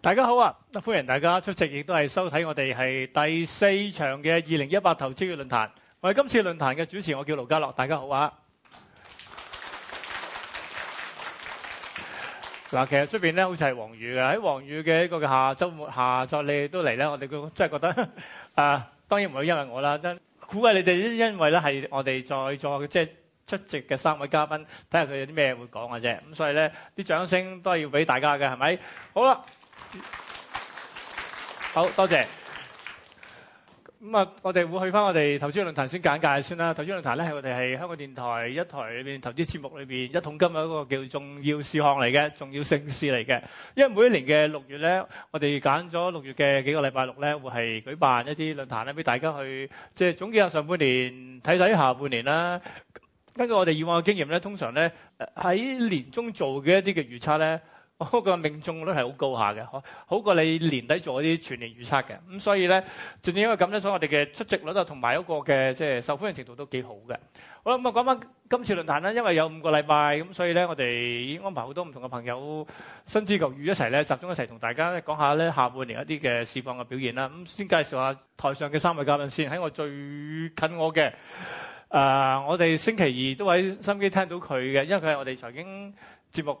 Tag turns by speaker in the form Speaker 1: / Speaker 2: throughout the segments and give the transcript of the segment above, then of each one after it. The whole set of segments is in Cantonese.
Speaker 1: 大家好啊！歡迎大家出席，亦都係收睇我哋係第四場嘅二零一八投資嘅論壇。我哋今次論壇嘅主持，我叫盧家樂，大家好啊！嗱，其實出面咧，好似係黃雨嘅喺黃雨嘅一個下週末下晝，你哋都嚟咧。我哋都真係覺得啊，當然唔會因為我啦，估計你哋因為咧係我哋在座嘅即係出席嘅三位嘉賓，睇下佢有啲咩會講嘅啫。咁所以咧，啲掌聲都係要俾大家嘅，係咪？好啦。好多謝咁啊！我哋會去返我哋投資論壇先簡介先啦。投資論壇咧，係我哋係香港電台一台裏邊投資節目裏邊一桶金嘅一個叫重要事項嚟嘅重要盛事嚟嘅。因為每一年嘅六月咧，我哋揀咗六月嘅幾個禮拜六咧，會係舉辦一啲論壇咧，俾大家去即係總結下上半年睇睇下半年啦。根據我哋以往嘅經驗咧，通常咧喺年中做嘅一啲嘅預測咧。我 個命中率係好高下嘅，好過你年底做嗰啲全年預測嘅。咁所以呢，正正因為咁呢，所以我哋嘅出席率啊，同埋嗰個嘅即係受歡迎程度都幾好嘅。好啦，咁啊講翻今次論壇啦，因為有五個禮拜，咁所以呢，我哋安排好多唔同嘅朋友新知舊雨一齊呢，集中一齊同大家講下呢下半年一啲嘅市況嘅表現啦。咁先介紹下台上嘅三位嘉賓先，喺我最近我嘅，誒、呃，我哋星期二都喺收音機聽到佢嘅，因為佢係我哋財經節目。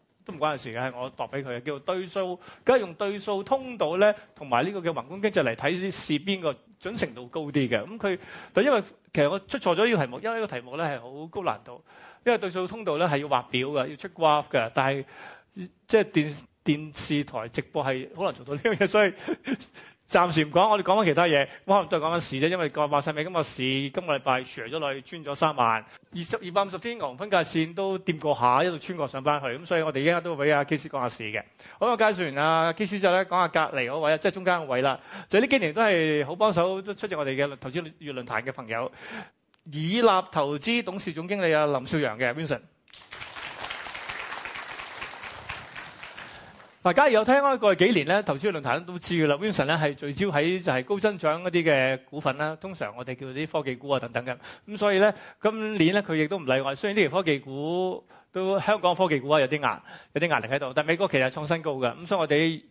Speaker 1: 都唔關佢事嘅，我度俾佢叫做對數，梗係用對數通道咧，同埋呢個叫宏觀經濟嚟睇是邊個準程度高啲嘅。咁佢就因為其實我出錯咗呢個題目，因為呢個題目咧係好高難度，因為對數通道咧係要畫表嘅，要出 graph 嘅，但係即係電電視台直播係好難做到呢樣嘢，所以。暫時唔講，我哋講緊其他嘢。我可能都講緊市啫，因為話話晒未。今個市今個禮拜除咗落去穿咗三萬二十二百五十天黃分界線都掂過下，一路穿過上班去。咁所以我哋而家都俾阿 Kiss 講下市嘅。好我介紹完阿基 s 之後咧，講下隔離嗰位，即、就、係、是、中間位啦。就呢幾年都係好幫手，都出席我哋嘅投資越論壇嘅朋友，以立投資董事總經理啊，林少陽嘅 Vincent。大家如果有聽開過去幾年咧，投資論壇都知嘅啦。Vincent 咧係聚焦喺就係高增長嗰啲嘅股份啦，通常我哋叫做啲科技股啊等等嘅。咁所以咧今年咧佢亦都唔例外。雖然呢條科技股都香港科技股啊有啲壓有啲壓力喺度，但係美國其實創新高嘅。咁所以我哋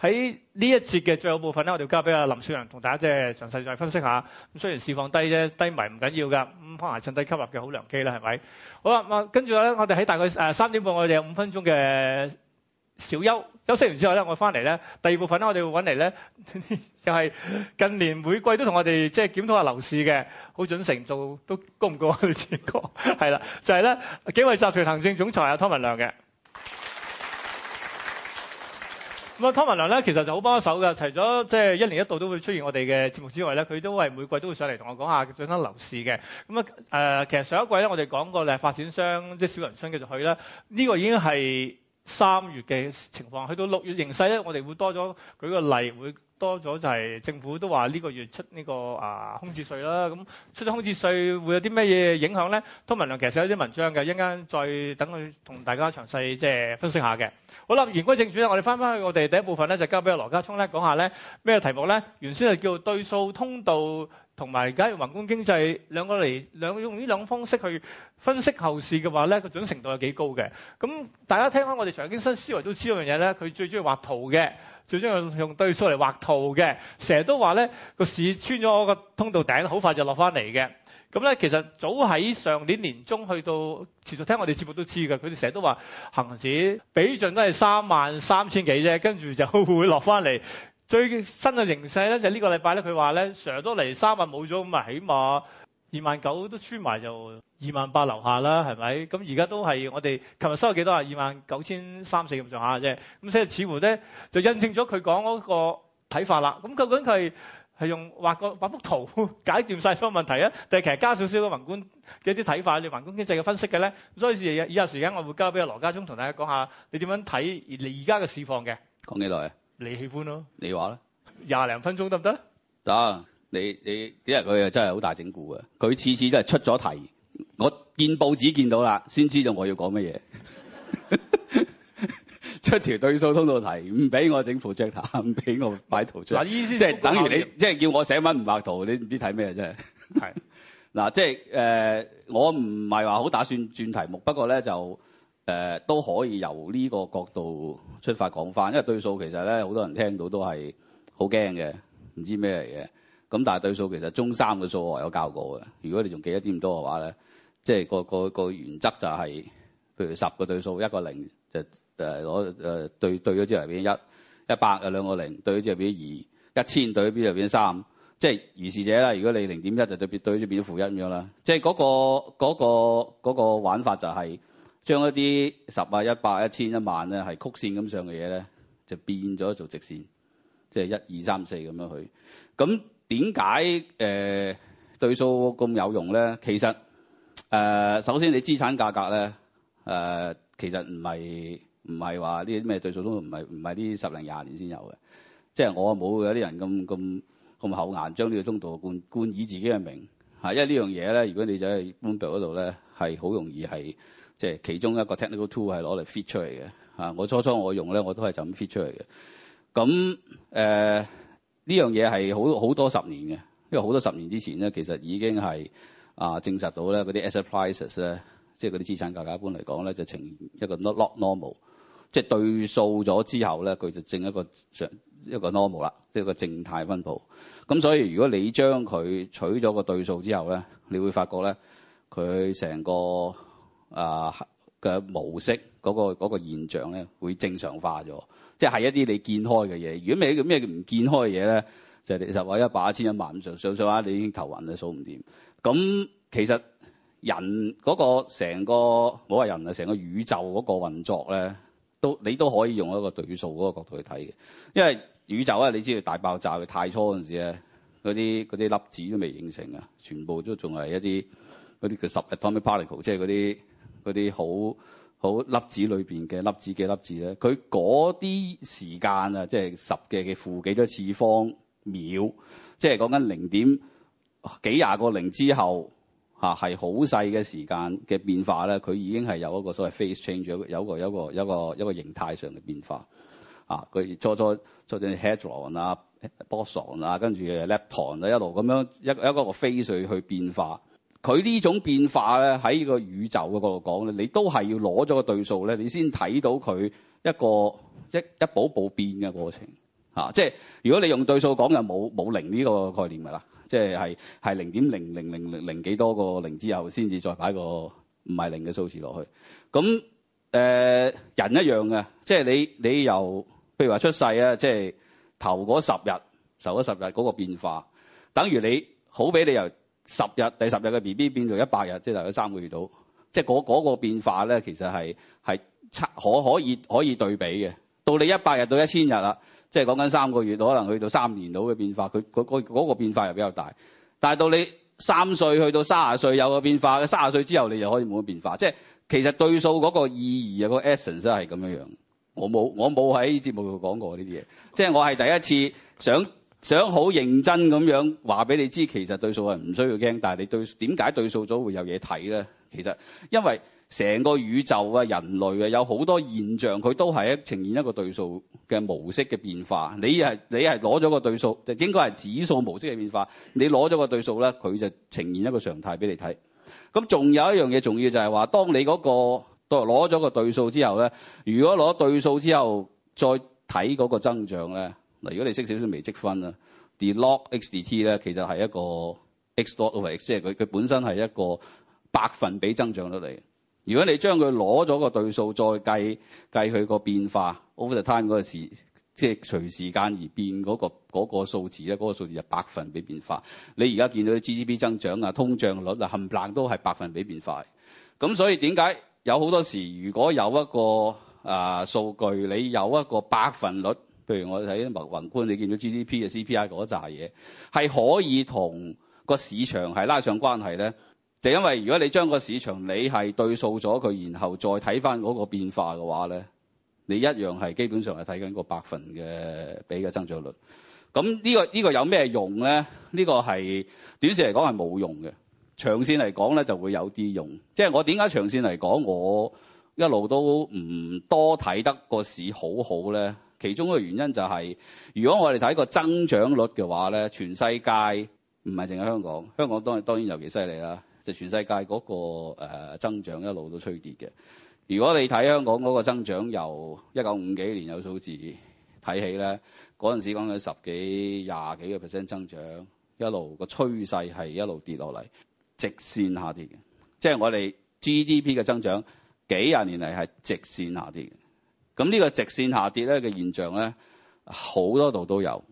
Speaker 1: 喺呢一節嘅最後部分咧，我哋交俾阿林少陽同大家即係詳細再分析下。咁雖然市況低啫，低迷唔緊要㗎。咁可能趁低吸入嘅好良機啦，係咪？好啦，跟住咧，我哋喺大概三點半，我哋有五分鐘嘅。小休休息完之後咧，我翻嚟咧第二部分咧，我哋會揾嚟咧，就係近年每季都同我哋即係檢討下樓市嘅，好準成做都高唔高啊？你指哥係啦，就係咧，紀惠集團行政總裁阿湯文亮嘅。咁啊，湯文亮咧其實就好幫手㗎，除咗即係一年一度都會出現我哋嘅節目之外咧，佢都係每季都會上嚟同我講下最新樓市嘅。咁啊，誒，其實上一季咧，我哋講過咧，發展商即係小林春繼續去啦，呢個已經係。三月嘅情況，去到六月形勢咧，我哋會多咗舉個例，會多咗就係政府都話呢個月出呢個啊空置稅啦。咁出咗空置稅會有啲咩嘢影響咧？湯文亮其實有啲文章嘅，一陣間再等佢同大家詳細即係分析下嘅。好啦，言歸正傳咧，我哋翻返去我哋第一部分咧，就交俾羅家聰咧講下咧咩題目咧？原先係叫做對數通道。同埋，假如宏觀經濟兩個嚟用呢兩方式去分析後市嘅話咧，個準程度有幾高嘅。咁大家聽翻我哋財經新思維都知嗰樣嘢咧，佢最中意畫圖嘅，最中意用對數嚟畫圖嘅，成日都話咧個市穿咗個通道頂，好快就落翻嚟嘅。咁咧，其實早喺上年年中去到，持續聽我哋節目都知嘅，佢哋成日都話恆指比盡都係三萬三千幾啫，跟住就會落翻嚟。最新嘅形勢咧，就是、個禮呢個禮拜咧，佢話咧，成日都嚟三萬冇咗，咁啊，起碼二萬九都穿埋就二萬八留下啦，係咪？咁而家都係我哋琴日收幾多啊？二萬九千三四咁上下啫。咁所以似乎咧就印證咗佢講嗰個睇法啦。咁究竟佢係用畫個畫幅圖解斷曬所有問題啊？定係其實加少少嘅宏觀嘅一啲睇法，你宏觀經濟嘅分析嘅咧？所以而而家有時間，我會交俾阿羅家聰同大家講下你點樣睇而而家嘅市況嘅。
Speaker 2: 講幾耐啊？你喜歡咯、啊？你話啦，
Speaker 1: 廿零分鐘得唔得？
Speaker 2: 得，你你因為佢又真係好大整蠱嘅，佢次次都係出咗題，我見報紙見到啦，先知道我要講乜嘢。 出條對數通道題，唔俾我整 projector，唔俾我擺圖出，即、啊、係、就是、等於你，即係、就是、叫我寫文唔畫圖，你唔知睇咩真係。係 嗱，即係誒，我唔係話好打算轉題目，不過咧就。誒都可以由呢個角度出發講翻，因為對數其實咧，好多人聽到都係好驚嘅，唔知咩嚟嘅。咁但係對數其實中三嘅數學有教過嘅。如果你仲記得啲咁多嘅話咧，即係個個個原則就係，譬如十個對數一個零就誒攞誒對對咗之後變成一一百啊兩個零對咗之後變成二一千對咗之後變成三，即係如是者啦。如果你零點一就對對咗變負一咁樣啦，即係嗰個嗰個嗰個玩法就係。將一啲十啊、一百、一千、一萬咧，係曲線咁上嘅嘢咧，就變咗做直線，即係一二三四咁樣去。咁點解對數咁有用咧？其實、呃、首先你資產價格咧、呃、其實唔係唔係話呢啲咩對數通唔係唔係呢十零廿年先有嘅，即係我冇有啲人咁咁咁厚顏將呢個通道冠冠以自己嘅名吓，因為呢樣嘢咧，如果你就係 n u 嗰度咧，係好容易係。即係其中一個 technical tool 係攞嚟 fit 出嚟嘅吓。我初初我用咧，我都係就咁 fit 出嚟嘅。咁誒呢樣嘢係好好多十年嘅，因為好多十年之前咧，其實已經係啊證實到咧嗰啲 asset prices 咧，即係嗰啲資產價格，一般嚟講咧就呈現一個 log normal，即係對數咗之後咧，佢就正一個上一個 normal 啦，即係一個正態分佈。咁所以如果你將佢取咗個對數之後咧，你會發覺咧佢成個，啊、呃、嘅模式嗰、那個嗰、那個現象咧，會正常化咗，即係係一啲你見開嘅嘢。如果未一個咩叫唔見開嘅嘢咧，就係、是、實話一百一千一萬上上上你已經頭暈啦，數唔掂。咁其實人嗰個成個，我話人啊，成個宇宙嗰個運作咧，你都你都可以用一個對數嗰個角度去睇嘅。因為宇宙啊，你知道大爆炸嘅太初嗰陣時咧，嗰啲嗰啲粒子都未形成啊，全部都仲係一啲嗰啲叫 subatomic particle，即係啲。嗰啲好好粒子裏邊嘅粒子嘅粒子咧，佢嗰啲時間啊，即係十嘅嘅負幾多次方秒，即係講緊零點幾廿個零之後嚇，係好細嘅時間嘅變化咧，佢已經係有一個所謂 phase change，有有一個有一個有一個一個形態上嘅變化啊，佢初初初陣 hadron 啊，boson 啊，跟住 lepton 啊，一路咁樣一一個個飛水去變化。佢呢種變化咧，喺個宇宙角度講咧，你都係要攞咗個對數咧，你先睇到佢一個一一步步變嘅過程、啊、即係如果你用對數講就冇冇零呢個概念㗎啦，即係係係零點零零零零幾多個零之後，先至再擺個唔係零嘅數字落去。咁誒、呃、人一樣嘅，即係你你由譬如話出世啊，即係頭嗰十日頭嗰十日嗰個變化，等於你好比你由十日第十日嘅 BB 變做一百日，即係、就是、大概三個月到，即係嗰嗰個變化咧，其實係係可可以可以對比嘅。到你一百日到一千日啦，即係講緊三個月，可能去到三年到嘅變化，佢、那、嗰個變變化又比較大。但係到你三歲去到卅歲有個變化，卅歲之後你就可以冇變化。即、就、係、是、其實對數嗰個意義啊，那個 essence 係咁樣樣。我冇我冇喺節目度講過呢啲嘢，即、就、係、是、我係第一次想。想好認真咁樣話俾你知，其實對數係唔需要驚。但係你對點解對數咗會有嘢睇咧？其實因為成個宇宙啊、人類啊，有好多現象佢都係一呈現一個對數嘅模式嘅變化。你係你係攞咗個對數，就應該係指數模式嘅變化。你攞咗個對數咧，佢就呈現一個常態俾你睇。咁仲有一樣嘢重要就係話，當你嗰個攞咗個對數之後咧，如果攞對數之後再睇嗰個增長咧。嗱，如果你識少少微積分啦 d log x dt 咧，其實係一個 x dot over x，即係佢佢本身係一個百分比增長率嚟。如果你將佢攞咗個對數，再計計佢個變化，over the time 嗰個時，即係隨時間而變嗰、嗰個數、嗰個嗰個、字咧，嗰、嗰個數字就係百分比變化。你而家見到啲 GDP 增長啊、通脹率啊，冚唪唥都係百分比變化。咁所以點解有好多時，如果有一個啊數、呃、據，你有一個百分率？譬如我睇啲宏觀，你見到 GDP 嘅 CPI 嗰扎嘢，係可以同個市場係拉上關係咧。就因為如果你將個市場你係對數咗佢，然後再睇翻嗰個變化嘅話咧，你一樣係基本上係睇緊個百分嘅比嘅增長率。咁呢個呢個有咩用咧？呢個係短線嚟講係冇用嘅，長線嚟講咧就會有啲用。即係我點解長線嚟講，我一路都唔多睇得個市好好咧？其中一個原因就係、是，如果我哋睇個增長率嘅話咧，全世界唔係淨係香港，香港當當然尤其犀利啦。就是、全世界嗰、個、呃、增長一路都趨跌嘅。如果你睇香港嗰個增長由一九五幾年有數字睇起咧，嗰陣時講緊十幾、廿幾個 percent 增長，一路個趨勢係一路跌落嚟，直線下跌嘅。即係我哋 GDP 嘅增長幾廿年嚟係直線下跌嘅。咁呢個直線下跌咧嘅現象咧，好多度都有。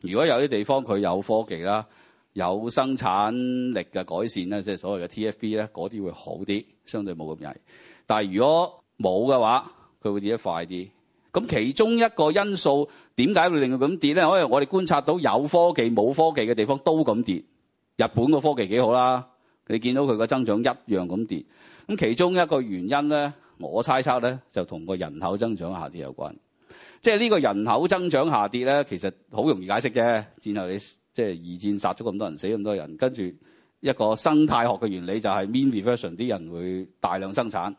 Speaker 2: 如果有啲地方佢有科技啦、有生產力嘅改善呢，即係所謂嘅 TFB 咧，嗰啲會好啲，相對冇咁曳。但係如果冇嘅話，佢會跌得快啲。咁其中一個因素點解會令到咁跌咧？因為我哋觀察到有科技、冇科技嘅地方都咁跌。日本個科技幾好啦，你見到佢個增長一樣咁跌。咁其中一個原因咧。我猜測咧就同個人口增長下跌有關，即係呢個人口增長下跌咧，其實好容易解釋啫。戰後你即係、就是、二戰殺咗咁多人死咁多人，跟住一個生態學嘅原理就係 mean reversion，啲人會大量生產，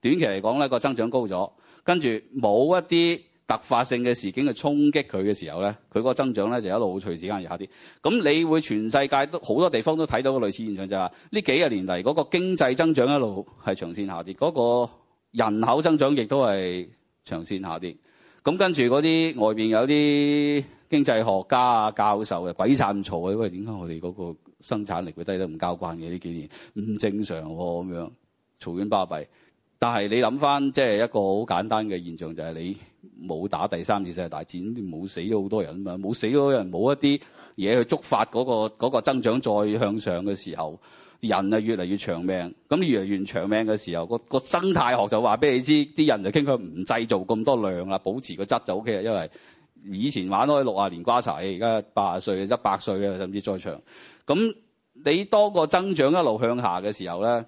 Speaker 2: 短期嚟講咧個增長高咗，跟住冇一啲突發性嘅事件去衝擊佢嘅時候咧，佢個增長咧就一路隨時間而下跌。咁你會全世界都好多地方都睇到個類似現象，就是，就係話呢幾廿年嚟嗰個經濟增長一路係長線下跌，嗰、那個。人口增長亦都係長線下跌，咁跟住嗰啲外面有啲經濟學家啊教授鬼散嘈嘅，喂點解我哋嗰個生產力會低得唔交關嘅呢幾年唔正常喎、啊、咁樣，嘈冤巴閉。但係你諗翻即係一個好簡單嘅現象，就係你冇打第三次世界大戰，冇死咗好多人啊嘛，冇死咗人，冇一啲嘢去觸發嗰、嗰個嗰個增長再向上嘅時候。人啊越嚟越長命，咁越嚟越長命嘅時候，個個生態學就話俾你知，啲人就傾佢唔製造咁多量啦，保持個質就 O K 啦。因為以前玩開六啊年瓜柴，而家八十歲、一百歲甚至再長，咁你多個增長一路向下嘅時候咧，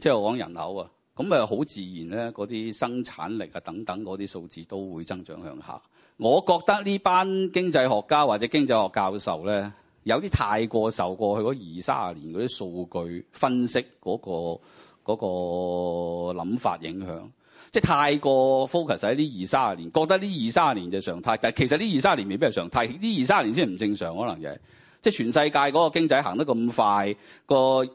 Speaker 2: 即係講人口啊，咁啊好自然咧，嗰啲生產力啊等等嗰啲數字都會增長向下。我覺得呢班經濟學家或者經濟學教授咧。有啲太過受過去嗰二三十年嗰啲數據分析嗰個嗰個諗法影響，即係太過 focus 喺呢二三十年，覺得呢二三十年就常態，但係其實呢二三十年未必係常態，呢二三十年先係唔正常可能嘅。即係全世界嗰個經濟行得咁快，個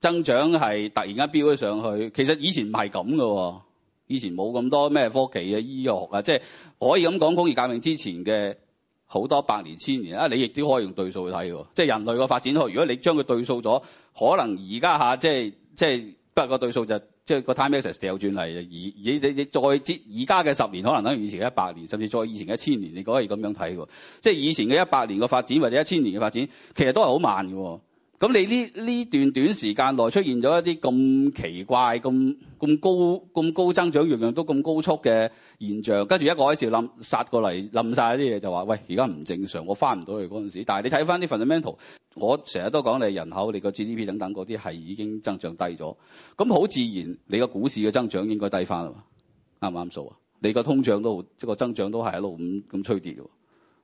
Speaker 2: 增長係突然間飆咗上去，其實以前唔係咁噶，以前冇咁多咩科技啊、醫學啊，即係可以咁講工業革命之前嘅。好多百年、千年啊！你亦都可以用對數去睇喎，即係人類個發展。如果你將佢對數咗，可能而家嚇即係即係不過個對數就即係個 time axis 掉轉嚟。而你你你再接而家嘅十年，可能等於以前嘅一百年，甚至再以前嘅一千年，你可以咁樣睇喎。即係以前嘅一百年嘅發展或者一千年嘅發展，其實都係好慢嘅。咁你呢呢段短時間內出現咗一啲咁奇怪、咁咁高、咁高增長，樣樣都咁高速嘅現象，跟住一個海嘯冧殺過嚟，冧曬啲嘢就話，喂，而家唔正常，我翻唔到去嗰陣時。但係你睇翻啲 fundamental，我成日都講你人口、你個 GDP 等等嗰啲係已經增長低咗，咁好自然，你個股市嘅增長應該低翻啦嘛？啱唔啱數啊？你個通脹都即個增長都係一路咁咁吹跌嘅。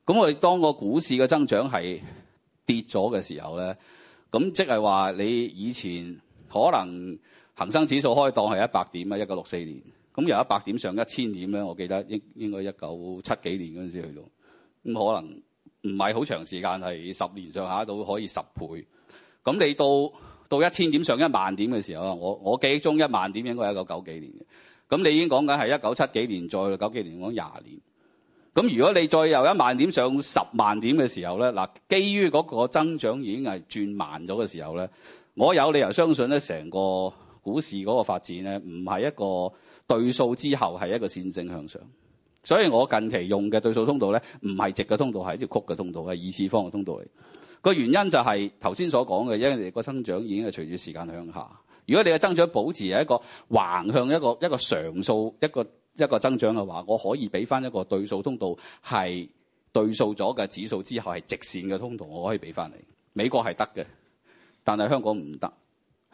Speaker 2: 咁我哋當個股市嘅增長係跌咗嘅時候咧，咁即係話你以前可能恆生指數開檔係一百點啊，一九六四年。咁由一百點上一千點咧，我記得應應該一九七幾年嗰陣時去到咁，可能唔係好長時間，係十年上下到可以十倍。咁你到到一千點上一萬點嘅時候，我我記憶中一萬點應該係一九九幾年嘅。咁你已經講緊係一九七幾年再到九幾年講廿年。咁如果你再由一萬點上十萬點嘅時候咧，嗱，基於嗰個增長已經係轉慢咗嘅時候咧，我有理由相信咧，成個股市嗰個發展咧，唔係一個。對數之後係一個線性向上，所以我近期用嘅對數通道咧，唔係直嘅通道，係一條曲嘅通道，係二次方嘅通道嚟。個原因就係頭先所講嘅，因為你個增長已經係隨住時間向下。如果你嘅增長保持係一個橫向一個一個常數一個一個增長嘅話，我可以俾翻一個對數通道，係對數咗嘅指數之後係直線嘅通道，我可以俾翻你。美國係得嘅，但係香港唔得。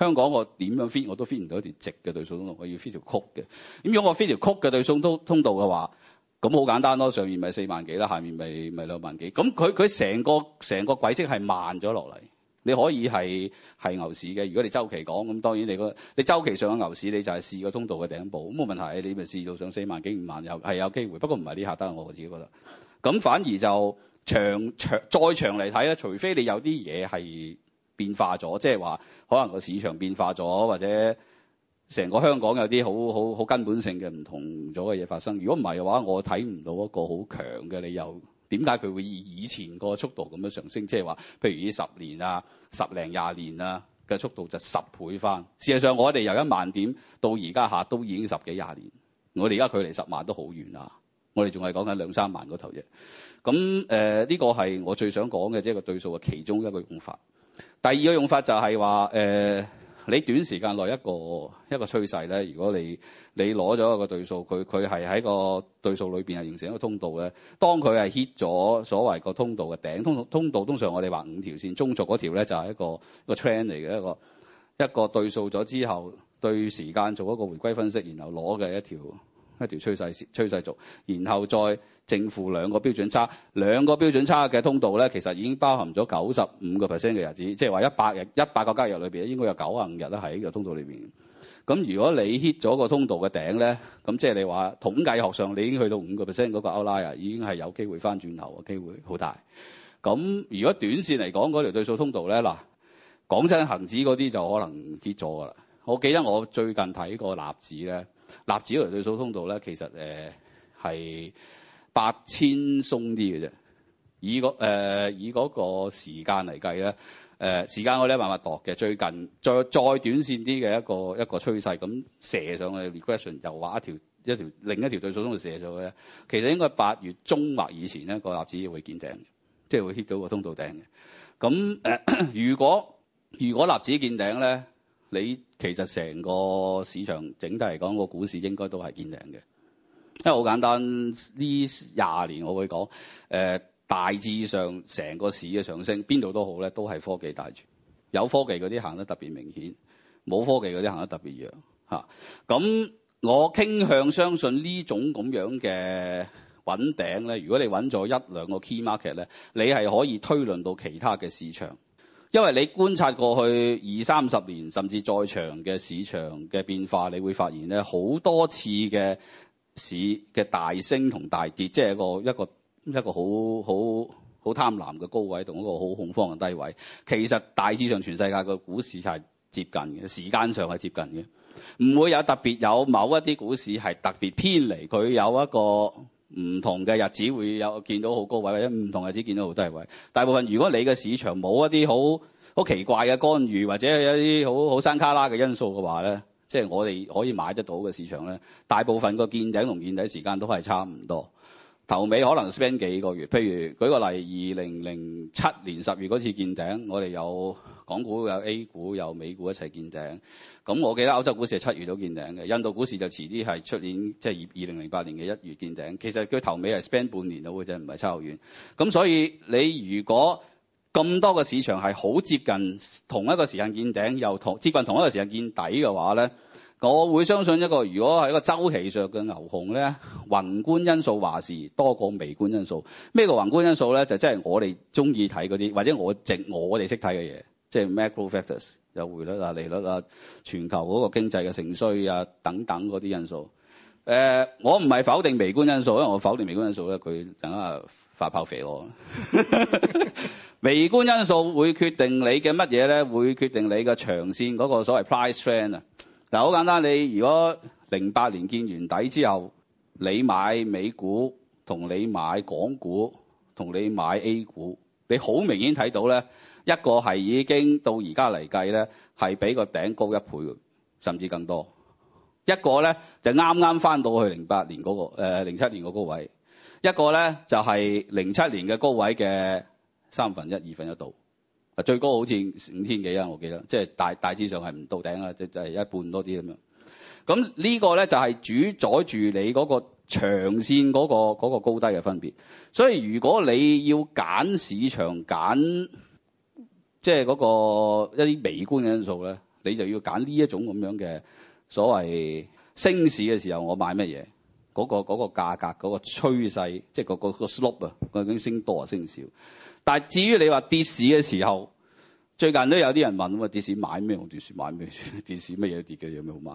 Speaker 2: 香港我點樣 fit 我都 fit 唔到一條直嘅對，對數通道，我要 fit 條曲嘅。咁如果我 fit 條曲嘅對數通通道嘅話，咁好簡單咯，上面咪四萬幾啦，下面咪咪兩萬幾。咁佢佢成個成個軌跡係慢咗落嚟。你可以係係牛市嘅，如果你週期講，咁當然你個你週期上嘅牛市你就係試個通道嘅頂部，咁冇問題。你咪試到上四萬幾五萬又係有，有機會，不過唔係呢下得，我自己覺得。咁反而就長長再長嚟睇咧，除非你有啲嘢係。變化咗，即係話可能個市場變化咗，或者成個香港有啲好好好根本性嘅唔同咗嘅嘢發生。如果唔係嘅話，我睇唔到一個好強嘅理由。點解佢會以以前個速度咁樣上升？即係話，譬如呢十年啊、十零廿年啊嘅速度就十倍翻。事實上，我哋由一萬點到而家下都已經十幾廿年，我哋而家距離十萬都好遠啊！我哋仲係講緊兩三萬嗰頭啫。咁呢、呃呢個係我最想講嘅，即係個對數嘅其中一個用法。第二個用法就係話，誒、呃，你短時間內一個一個趨勢咧，如果你你攞咗一個對數，佢佢係喺個對數裏面係形成一個通道咧。當佢係 hit 咗所謂個通道嘅頂，通道通道通常我哋畫五條線中軸嗰條咧，就係、是、一個一個 trend 嚟嘅一個一個對數咗之後，對時間做一個回歸分析，然後攞嘅一條。一條趨勢趨勢軸，然後再正負兩個標準差，兩個標準差嘅通道咧，其實已經包含咗九十五個 percent 嘅日子，即係話一百日一百個交易日裏邊咧，應該有九啊五日咧喺呢個通道裏邊。咁如果你 hit 咗個通道嘅頂咧，咁即係你話統計學上你已經去到五個 percent 嗰個 outlier，已經係有機會翻轉頭嘅機會好大。咁如果短線嚟講嗰條對數通道咧，嗱，講真恆指嗰啲就可能 hit 咗噶啦。我記得我最近睇個納指咧。納指嘅對數通道咧，其實誒係八千鬆啲嘅啫。以嗰以個時間嚟計咧，誒、呃、時間我有慢慢度嘅。最近再再短線啲嘅一個一個趨勢，咁射，射上去 regression 又畫一條一條另一條對數通道射咗嘅，其實應該八月中或以前咧個納指會見頂，即係會 hit 到個通道頂嘅。咁、呃、如果如果納指見頂咧，你？其實成個市場整體嚟講，個股市應該都係見頂嘅，因為好簡單。呢廿年我會講、呃，大致上成個市嘅上升，邊度都好咧，都係科技帶住。有科技嗰啲行得特別明顯，冇科技嗰啲行得特別弱嚇。咁、啊、我傾向相信呢種咁樣嘅穩頂咧，如果你穩咗一兩個 key market 咧，你係可以推論到其他嘅市場。因為你觀察過去二三十年甚至再長嘅市場嘅變化，你會發現咧，好多次嘅市嘅大升同大跌，即係一個一個一個好好好貪婪嘅高位同一個好恐慌嘅低位。其實大致上全世界嘅股市係接近嘅，時間上係接近嘅，唔會有特別有某一啲股市係特別偏離，佢有一個。唔同嘅日子會有見到好高位，或者唔同的日子見到好低位。大部分如果你嘅市場冇一啲好好奇怪嘅干預，或者有啲好好山卡拉嘅因素嘅話呢，即係我哋可以買得到嘅市場呢，大部分個見頂同見底時間都係差唔多。頭尾可能 span 幾個月，譬如舉個例，二零零七年十月嗰次見頂，我哋有港股有 A 股有美股一齊見頂，咁我記得歐洲股市係七月到見頂嘅，印度股市就遲啲係出年，即係二二零零八年嘅一月見頂。其實佢頭尾係 span 半年到嘅啫，唔係差好遠。咁所以你如果咁多個市場係好接近同一個時間見頂，又同接近同一個時間見底嘅話咧，我會相信一個，如果係一個周期上嘅牛熊咧，宏觀因素話事多過微觀因素。咩個宏觀因素咧？就即係我哋中意睇嗰啲，或者我直我哋識睇嘅嘢，即係 macro factors 有匯率啊、利率啊、全球嗰個經濟嘅盛衰啊等等嗰啲因素。呃、我唔係否定微觀因素，因為我否定微觀因素咧，佢等下發炮肥我 微觀因素會決定你嘅乜嘢咧？會決定你嘅長線嗰個所謂 price trend 啊。嗱，好簡單，你如果零八年見完底之後，你買美股同你買港股同你買 A 股，你好明顯睇到咧，一個係已經到而家嚟計咧，係比個頂高一倍甚至更多；一個咧就啱啱翻到去零八年嗰、嗰個，呃、零七年個高位；一個咧就係零七年嘅高位嘅三分一、二分一度。啊，最高好似五千幾啊，我記得，即係大大致上係唔到頂啊，即就係一半多啲咁樣。咁呢個咧就係主宰住你嗰個長線嗰個嗰個高低嘅分別。所以如果你要揀市場揀，即係嗰個一啲微觀嘅因素咧，你就要揀呢一種咁樣嘅所謂升市嘅時候，我買乜嘢，嗰個嗰個價格嗰個趨勢，即係嗰個 slope 啊，究竟升多啊，升少？但係至於你話跌市嘅時候，最近都有啲人問啊，跌市買咩？我跌市買咩？跌市乜嘢跌嘅有咩好買？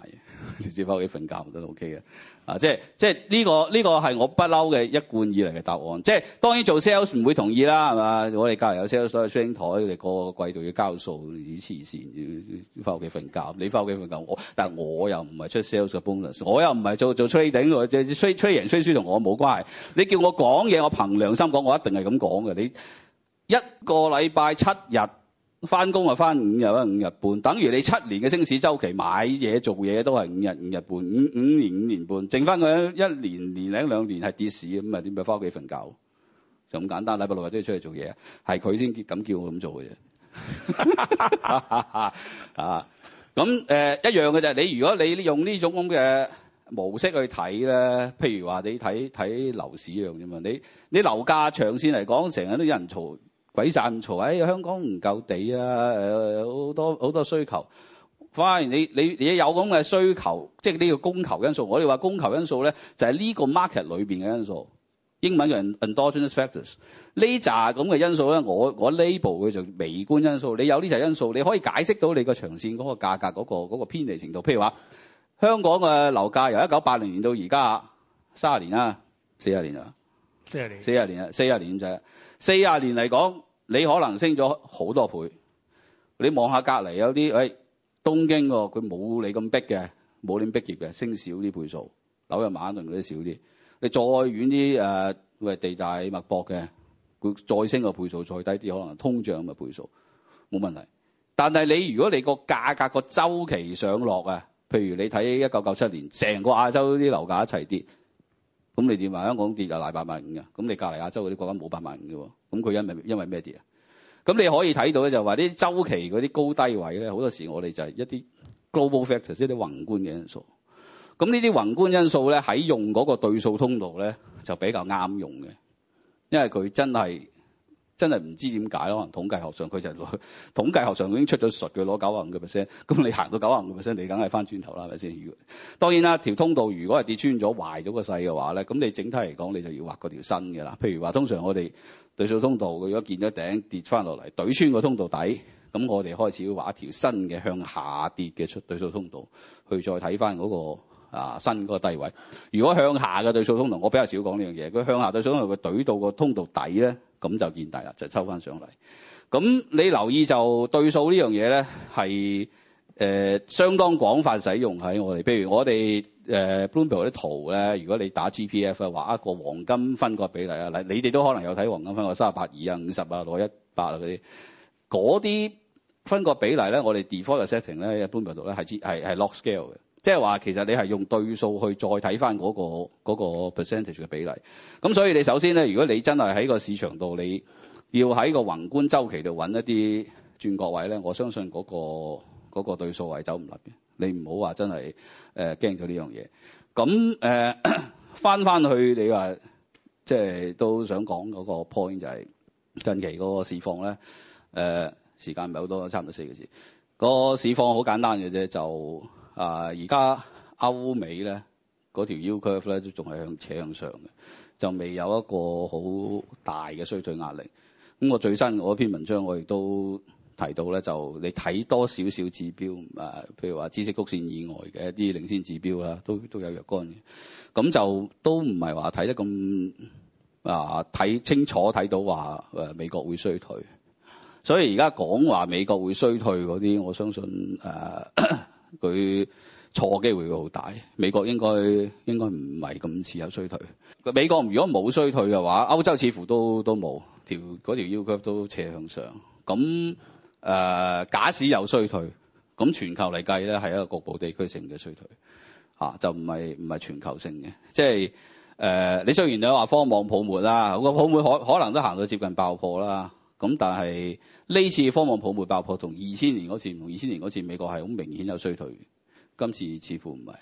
Speaker 2: 直接翻屋企瞓覺都 O K 嘅。啊，即係即係呢、這個呢、這個係我不嬲嘅一貫以嚟嘅答案。即係當然做 sales 唔會同意啦，係嘛？我哋隔籬有 sales，所有 trading 台，你個個季度要交數，你黐線，要翻屋企瞓覺。你翻屋企瞓覺，我但係我又唔係出 sales 嘅 bonus，我又唔係做做 trading，即係 trading 贏輸同我冇關係。你叫我講嘢，我憑良心講，我一定係咁講嘅。你一個禮拜七日翻工啊，翻五日或五日半，等於你七年嘅升市周期買，買嘢做嘢都係五日五日半，五五年五年半，剩翻佢一,一年年兩年係跌市咁啊，點樣翻屋企瞓覺？就咁簡單，禮拜六日都要出嚟做嘢，係佢先咁叫我咁做嘅啫。啊 咁、 呃、一樣嘅就係你如果你用呢種咁嘅模式去睇咧，譬如話你睇睇樓市一樣啫嘛，你你樓價長線嚟講，成日都有人嘈。鬼散嘈！誒、哎，香港唔夠地啊，誒，好多好多需求。反而你你你有咁嘅需求，即係你要供求因素。我哋話供求因素咧，就係、是、呢個 market 裏面嘅因素。英文叫 endogenous factors。呢扎咁嘅因素咧，我我 label 佢就微觀因素。你有呢紮因素，你可以解釋到你個長線嗰個價格嗰、那個嗰、那個偏離程度。譬如話，香港嘅樓價由一九八零年到而家三十年啊，四十年啦，四十年，四十年啊，四十年咁、啊、啦，四十年嚟、啊、講。你可能升咗好多倍，你望下隔離有啲，誒、哎、東京喎，佢冇你咁逼嘅，冇你咁逼熱嘅，升少啲倍數，紐約曼頓啲少啲。你再遠啲，誒、呃，喂地大物博嘅，佢再升個倍數再低啲，可能通脹嘅倍數冇問題。但係你如果你個價格個週期上落啊，譬如你睇一九九七年，成個亞洲啲樓價一齊跌。咁你點話？香港跌就大八萬五嘅。咁你隔離亞洲嗰啲國家冇八萬五嘅。咁佢因為因為咩跌啊？咁你可以睇到咧，就話啲週期嗰啲高低位咧，好多時我哋就係一啲 global factors，一啲宏觀嘅因素。咁呢啲宏觀因素咧，喺用嗰個對數通道咧，就比較啱用嘅，因為佢真係。真係唔知點解咯，可能統計學上佢就係、統計學上已經出咗術嘅攞九啊五嘅 percent，咁你行到九啊五嘅 percent，你梗係翻轉頭啦，係咪先？當然啦，條通道如果係跌穿咗壞咗個勢嘅話咧，咁你整體嚟講你就要畫個條新嘅啦。譬如話，通常我哋對數通道，如果見咗頂跌翻落嚟，對穿個通道底，咁我哋開始要畫一條新嘅向下跌嘅出對數通道去再睇翻嗰個。啊，新嗰個低位，如果向下嘅對數通道，我比較少講呢樣嘢。佢向下對數通道，佢對到個通道底咧，咁就見底啦，就抽翻上嚟。咁你留意就對數呢樣嘢咧，係、呃、誒相當廣泛使用喺我哋。譬如我哋誒 Bloomberg 嗰啲圖咧，如果你打 GPF 話一個黃金分割比例啊，嗱，你哋都可能有睇黃金分割三十八二啊、五十啊、六一八啊嗰啲，嗰啲分割比例咧，我哋 default setting 咧喺 Bloomberg 度咧係係 log scale 嘅。即係話，其實你係用對數去再睇翻嗰個嗰個 percentage 嘅比例。咁所以你首先咧，如果你真係喺個市場度，你要喺個宏觀周期度搵一啲轉角位咧，我相信嗰個嗰個對數位走唔甩嘅。你唔好話真係驚咗呢樣嘢。咁翻翻去你話，即係都想講嗰個 point 就係近期嗰個市況咧。呃。時間唔係好多，差唔多四個字。嗰個市況好簡單嘅啫，就啊！而家歐美咧嗰條 U curve 咧都仲係向斜向上嘅，就未有一個好大嘅衰退壓力。咁我最新我一篇文章我亦都提到咧，就你睇多少少指標、啊、譬如話知識曲線以外嘅一啲領先指標啦，都都有若干嘅，咁就都唔係話睇得咁啊睇清楚睇到話誒美國會衰退，所以而家講話美國會衰退嗰啲，我相信、啊佢錯機會會好大，美國應該應該唔係咁似有衰退。美國如果冇衰退嘅話，歐洲似乎都都冇條嗰條腰骨都斜向上。咁誒、呃，假使有衰退，咁全球嚟計咧係一個局部地區性嘅衰退、啊、就唔係唔係全球性嘅。即係誒、呃，你雖然你話科網泡沫啦，個泡沫可可能都行到接近爆破啦。咁但係呢次科網泡沫爆破，同二千年嗰次、同二千年嗰次美國係好明顯有衰退，今次似乎唔係、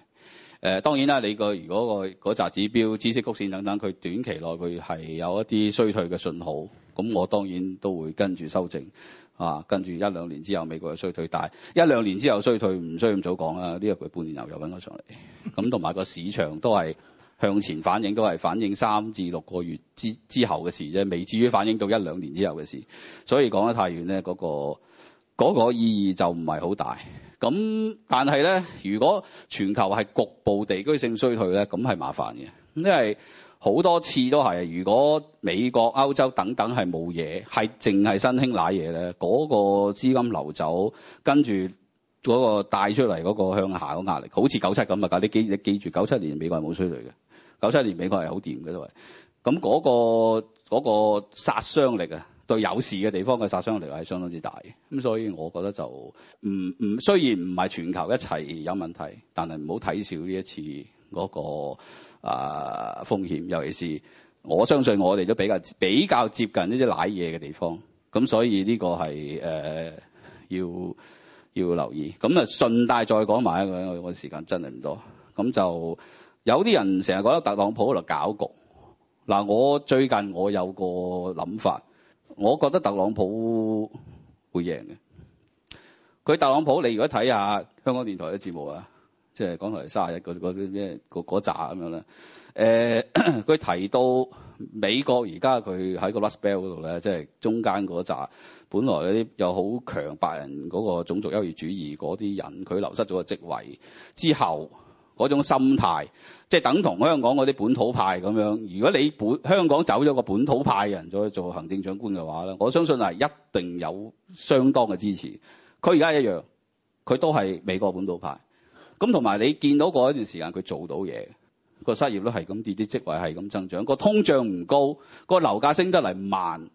Speaker 2: 呃。當然啦，你個如果個嗰扎指標、知識曲線等等，佢短期內佢係有一啲衰退嘅信號，咁我當然都會跟住修正啊。跟住一兩年之後，美國又衰退，但係一兩年之後衰退唔需要咁早講啦。呢個佢半年後又揾咗上嚟，咁同埋個市場都係。向前反映都係反映三至六個月之之後嘅事啫，未至於反映到一兩年之後嘅事。所以講得太遠咧，嗰個嗰個意義就唔係好大。咁但係咧，如果全球係局部地區性衰退咧，咁係麻煩嘅，因為好多次都係，如果美國、歐洲等等係冇嘢，係淨係新興奶嘢咧，嗰個資金流走，跟住嗰個帶出嚟嗰個向下嘅壓力，好似九七咁啊！你記記住，九七年美國係冇衰退嘅。九七年美國係好掂嘅都係，咁、嗰、嗰個嗰、嗰個殺傷力啊，對有事嘅地方嘅殺傷力係相當之大嘅。咁所以，我覺得就唔唔，雖然唔係全球一齊有問題，但係唔好睇少呢一次嗰、嗰個啊、呃、風險。尤其是我相信我哋都比較比較接近呢啲奶嘢嘅地方，咁所以呢個係誒、呃、要要留意。咁啊順帶再講埋一、嗰個，我時間真係唔多，咁就。有啲人成日覺得特朗普喺度搞局，嗱我最近我有個諗法，我覺得特朗普會贏嘅。佢特朗普，你如果睇下香港電台嘅節目啊，即係講台三十一嗰嗰啲咩嗰咁樣啦。佢、呃、提到美國而家佢喺個、Rust、Belt 嗰度咧，即、就、係、是、中間嗰紮，本來嗰啲有好強白人嗰個種族優越主義嗰啲人，佢流失咗個職位之後。嗰種心態，即係等同香港嗰啲本土派咁樣。如果你本香港走咗個本土派嘅人再去做行政長官嘅話咧，我相信係一定有相當嘅支持。佢而家一樣，佢都係美國本土派。咁同埋你見到嗰一段時間佢做到嘢，個失業率係咁跌，啲職位係咁增長，個通脹唔高，個樓價升得嚟慢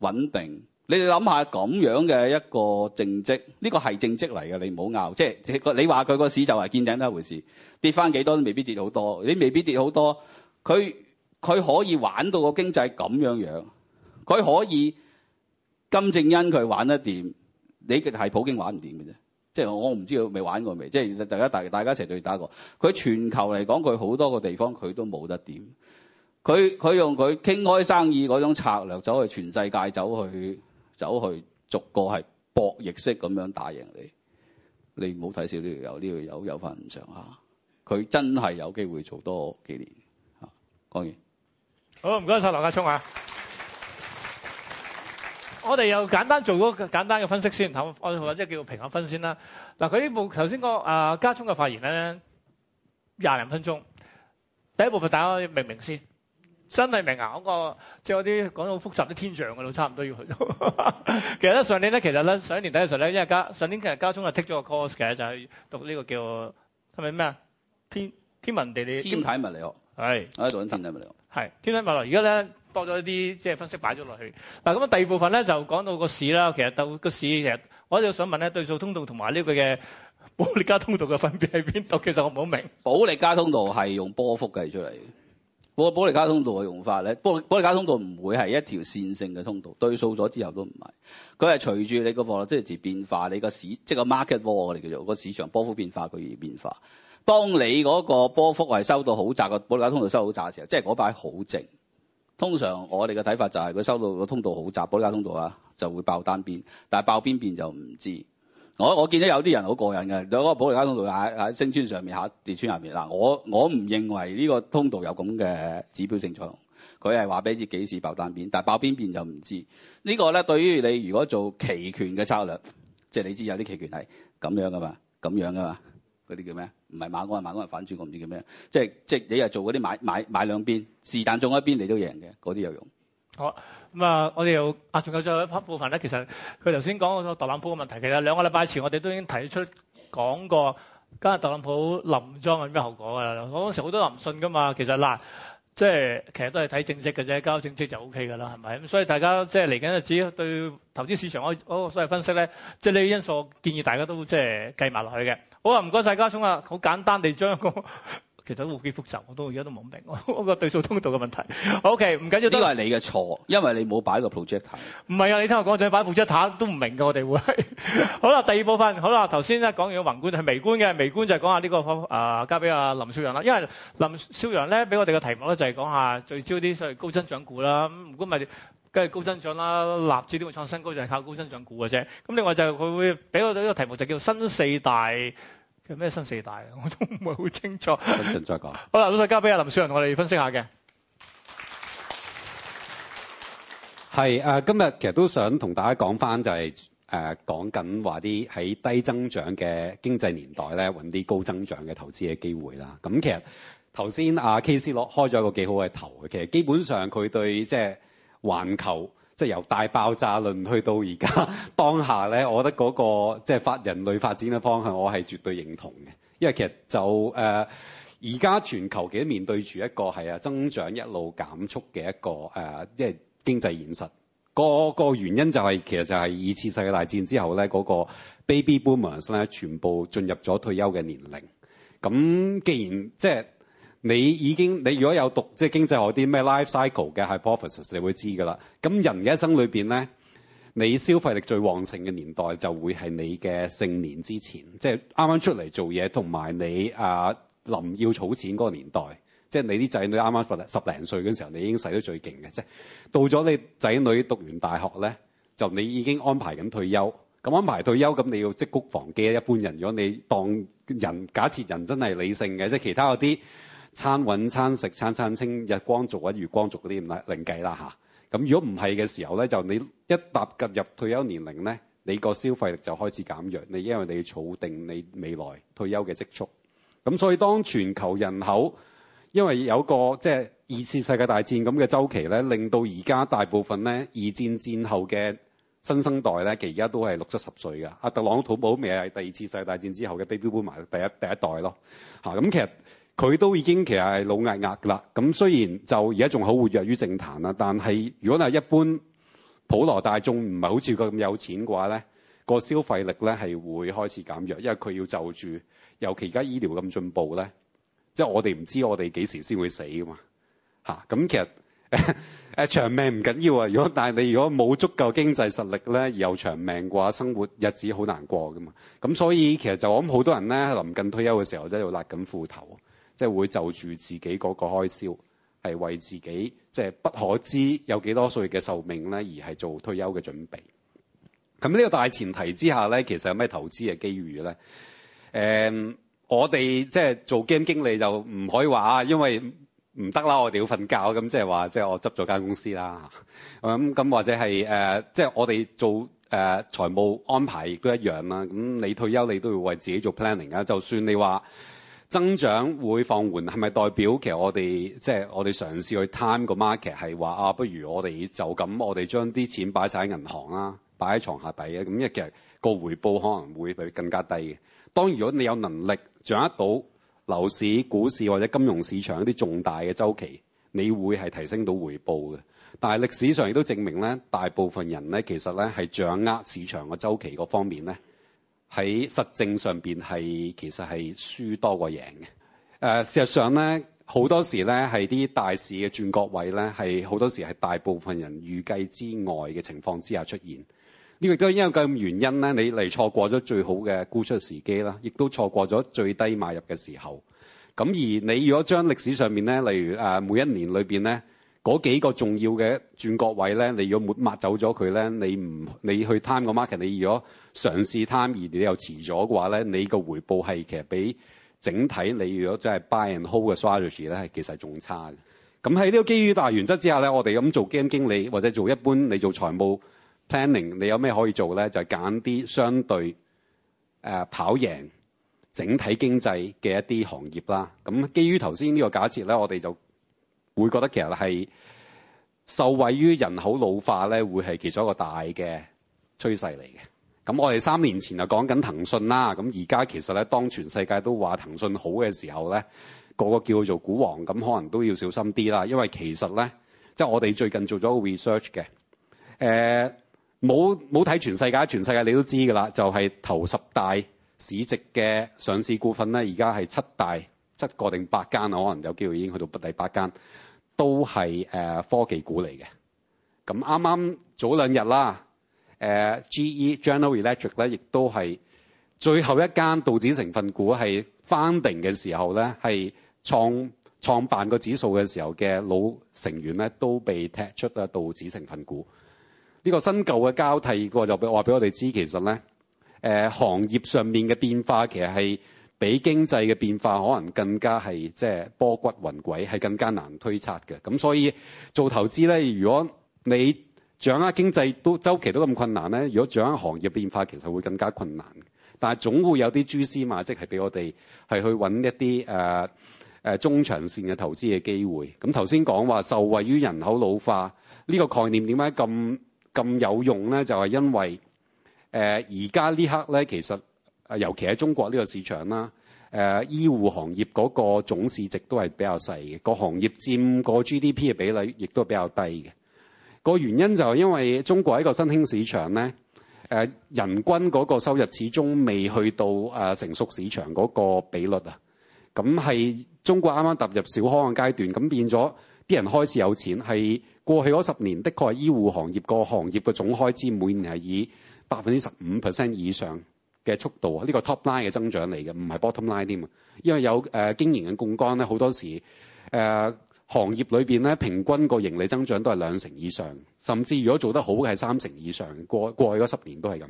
Speaker 2: 穩定。你哋諗下咁樣嘅一個政績，呢個係政績嚟嘅。你唔好拗，即係你話佢個市就係見頂得一回事，跌翻幾多都未必跌好多。你未必跌好多，佢佢可以玩到個經濟咁樣樣，佢可以金正恩佢玩得掂，你係普京玩唔掂嘅啫。即係我唔知道未玩過未？即係大家大家大家一齊對打過。佢全球嚟講，佢好多個地方佢都冇得掂。佢佢用佢傾開生意嗰種策略走去全世界走去。走去逐個係博弈式咁樣打贏你，你，你唔好睇少呢條友，呢條友有翻咁上下，佢真係有機會做多幾年吓。講完，
Speaker 1: 好唔該晒。羅家聰啊！ 我哋又簡單做個簡單嘅分析分先，我我即係叫平分分先啦。嗱，佢呢部頭先個啊家聰嘅發言咧，廿零分鐘，第一部分，大家明明先？真係明啊！嗰個即係嗰啲講到好複雜啲天象嘅咯，差唔多要去 其呢。其實咧上年咧，其實咧上一年底嘅時候咧，因為加上年其實家聰啊剔咗個 course 嘅，就係、是、讀呢個叫係咪咩啊？天天文地理天體物理學，係啊，做緊天體物理學，係天體物理。而家咧多咗一啲即係分析擺咗落去。嗱咁啊，第二部分咧就講到個市啦。其實到個市，其實我就想問咧，對數通道同埋呢個嘅保利加通道嘅分別喺邊度？其實我唔好明
Speaker 2: 白。保利加通道係用波幅計出嚟。個保利交通道嘅用法咧，保保利交通道唔會係一條線性嘅通道，對數咗之後都唔係。佢係隨住你個貨，即係變化，你個市，即係個 market w a 叫做個市場波幅變化，佢而變化。當你嗰個波幅係收到好窄，個保利交通道收到好窄嘅時候，即係嗰班好靜。通常我哋嘅睇法就係佢收到個通道好窄，保利交通道啊，就會爆單邊，但係爆邊邊就唔知道。我我見到有啲人好過癮嘅，嗰個保歷加通道喺喺星村上面，喺地村下面啦。我我唔認為呢個通道有咁嘅指標性作用。佢係話俾你知幾時爆單邊，但爆邊邊就唔知。呢個咧對於你如果做期權嘅策略，即係你知有啲期權係咁樣啊嘛，咁樣啊嘛，嗰啲叫咩？唔係馬鞍，馬鞍反轉，我唔知叫咩。即係即係你又做嗰啲買買買兩邊，是但中一邊你都贏嘅，嗰啲有用。
Speaker 1: 好。咁、嗯、啊，我哋又啊，仲有最後一 part 部分咧。其實佢頭先講過，特朗普嘅問題，其實兩個禮拜前我哋都已經提出講過，加特朗普臨裝有咩後果㗎啦。嗰陣時好多人都唔信㗎嘛。其實嗱，即係其實都係睇政績㗎啫，交政績就 O K 㗎啦，係咪？咁所以大家即係嚟緊，只子對投資市場嗰所謂分析咧，即係呢啲因素建議大家都即係計埋落去嘅。好啊，唔該晒，家聰啊，好簡單地將個。其實都好幾複雜，我都而家都冇明，嗰 個對數通道嘅問題。OK，唔緊要都。呢個係你嘅錯，因為你冇擺個 projector。唔係啊，你聽我講就係擺 projector 都唔明嘅，我哋會。 好啦，第二部分，好啦，頭先咧講完宏觀，係微觀。嘅，微觀就係講下呢、呢個科、呃、交俾阿林少陽啦。因為林少陽咧，俾我哋嘅題目咧就係講下聚焦啲所謂高增長股啦。咁如果唔係，梗係高增長啦，納指點會創新高就係、是、靠高增長股嘅啫。咁另外就係佢會俾我哋呢個題目就叫新四大。有咩新四大啊？我都唔係好清楚，
Speaker 3: 一陣再講。
Speaker 1: 好啦，老細交俾阿林少陽，我哋分析一下嘅。
Speaker 3: 係誒，今日其實都想同大家講翻、就是，就係誒講緊話啲喺低增長嘅經濟年代咧，揾啲高增長嘅投資嘅機會啦。咁其實頭先阿 K C 攞開咗一個幾好嘅頭，其實基本上佢對即係、就是、環球。即係由大爆炸論去到而家當下咧，我覺得嗰、那個即係發人類發展嘅方向，我係絕對認同嘅。因為其實就誒而家全球其實面對住一個係啊增長一路減速嘅一個誒即係經濟現實。個、那個原因就係、是、其實就係二次世界大戰之後咧，嗰、那個 baby boomers 咧全部進入咗退休嘅年齡。咁既然即係。就是你已經，你如果有讀即係經濟學啲咩 life cycle 嘅 hypothesis，你會知㗎啦。咁人嘅一生裏面咧，你消費力最旺盛嘅年代就會係你嘅盛年之前，即係啱啱出嚟做嘢，同埋你啊臨要儲錢嗰個年代，即係你啲仔女啱啱十零歲嗰時候，你已經使得最勁嘅啫。即係到咗你仔女讀完大學咧，就你已經安排緊退休。咁安排退休咁，咁你要積谷防饑。一般人如果你當人假設人真係理性嘅，即係其他嗰啲。餐揾餐食，餐餐清，日光族或者月光族嗰啲唔啦，另計啦嚇。咁、啊、如果唔係嘅時候咧，就你一踏入退休年齡咧，你個消費力就開始減弱。你因為你要儲定你未來退休嘅積蓄，咁所以當全球人口因為有個即係、就是、二次世界大戰咁嘅周期咧，令到而家大部分咧二戰戰後嘅新生代咧，其實而家都係六七十歲㗎。阿特朗普都未係第二次世界大戰之後嘅 baby boomer，第一第一代咯。咁、啊嗯、其實。佢都已經其實係老曬額㗎啦。咁雖然就而家仲好活躍於政壇啦，但係如果係一般普羅大眾唔係好似佢咁有錢嘅話咧，個消費力咧係會開始減弱，因為佢要就住。尤其而家醫療咁進步咧，即係我哋唔知我哋幾時先會死㗎嘛嚇。咁、啊、其實誒誒、啊、長命唔緊要啊。如果但係你如果冇足夠經濟實力咧，有長命嘅話，生活日子好難過㗎嘛。咁所以其實就我諗好多人咧臨近退休嘅時候都喺度勒緊褲頭。即係會就住自己嗰個開銷，係為自己即係、就是、不可知有幾多歲嘅壽命咧，而係做退休嘅準備。咁呢個大前提之下咧，其實有咩投資嘅機遇咧？誒、嗯，我哋即係做 game 經理就唔可以話啊，因為唔得啦，我哋要瞓覺。咁即係話，即係我執咗間公司啦。咁咁或者係誒、呃，即係我哋做誒財、呃、務安排都一樣啦。咁你退休你都要為自己做 planning 啊。就算你話，增長會放緩，係咪代表其實我哋即係我哋嘗試去 time 個 market 係話啊？不如我哋就咁，我哋將啲錢擺晒喺銀行啦，擺喺床下底嘅咁，因為其實個回報可能會比更加低嘅。當如果你有能力掌握到樓市、股市或者金融市場一啲重大嘅周期，你會係提升到回報嘅。但係歷史上亦都證明咧，大部分人咧其實咧係掌握市場嘅周期嗰方面咧。喺實證上面係其實係輸多過贏嘅。誒、呃，事實上咧，好多時咧係啲大市嘅轉角位咧，係好多時係大部分人預計之外嘅情況之下出現。呢個都因為咁原因咧，你嚟錯過咗最好嘅沽出時機啦，亦都錯過咗最低買入嘅時候。咁而你如果將歷史上面咧，例如誒每一年裏面咧，嗰幾個重要嘅轉角位咧，你如果抹走咗佢咧，你唔你去 time 個 market，你如果嘗試 time 而你又遲咗嘅話咧，你個回報係其實比整體你如果真係 buy and hold 嘅 strategy 咧，係其實仲差嘅。咁喺呢個基於大原則之下咧，我哋咁做 game 經理或者做一般你做財務 planning，你有咩可以做咧？就係揀啲相對誒、呃、跑贏整體經濟嘅一啲行業啦。咁基於頭先呢個假設咧，我哋就。會覺得其實係受惠於人口老化咧，會係其中一個大嘅趨勢嚟嘅。咁我哋三年前啊講緊騰訊啦，咁而家其實咧，當全世界都話騰訊好嘅時候咧，個個叫佢做股王，咁可能都要小心啲啦。因為其實咧，即係我哋最近做咗個 research 嘅，誒冇冇睇全世界，全世界你都知㗎啦，就係頭十大市值嘅上市股份咧，而家係七大七個定八間啊，我可能有機會已經去到第八間。都係科技股嚟嘅，咁啱啱早兩日啦，GE General Electric 咧，亦都係最後一間道指成分股係翻定嘅時候咧，係創創辦個指數嘅時候嘅老成員咧，都被踢出啊道指成分股。呢、這個新舊嘅交替，過，就俾話俾我哋知，其實咧行業上面嘅變化，其實係。比經濟嘅變化可能更加係即係波譎雲詭，係更加難推測嘅。咁所以做投資咧，如果你掌握經濟都周期都咁困難咧，如果掌握行業變化其實會更加困難。但係總會有啲蛛絲馬跡係俾我哋係去揾一啲誒、呃、中長線嘅投資嘅機會。咁頭先講話受惠於人口老化呢、這個概念點解咁咁有用咧？就係、是、因為誒而家呢刻咧其實。啊，尤其喺中國呢個市場啦、呃，醫護行業嗰個總市值都係比較細嘅，個行業佔個 GDP 嘅比率亦都比較低嘅。個原因就係因為中國一個新興市場咧、呃，人均嗰個收入始終未去到、呃、成熟市場嗰個比率啊。咁係中國啱啱踏入小康嘅階段，咁變咗啲人開始有錢，係過去嗰十年的確係醫護行業個行業嘅總開支每年係以百分之十五 percent 以上嘅速度啊，呢、這個 top line 嘅增長嚟嘅，唔係 bottom line 添啊，因為有誒、呃、經營嘅槓桿咧，好多時誒、呃、行業裏邊咧，平均個盈利增長都係兩成以上，甚至如果做得好嘅係三成以上。過過去嗰十年都係咁，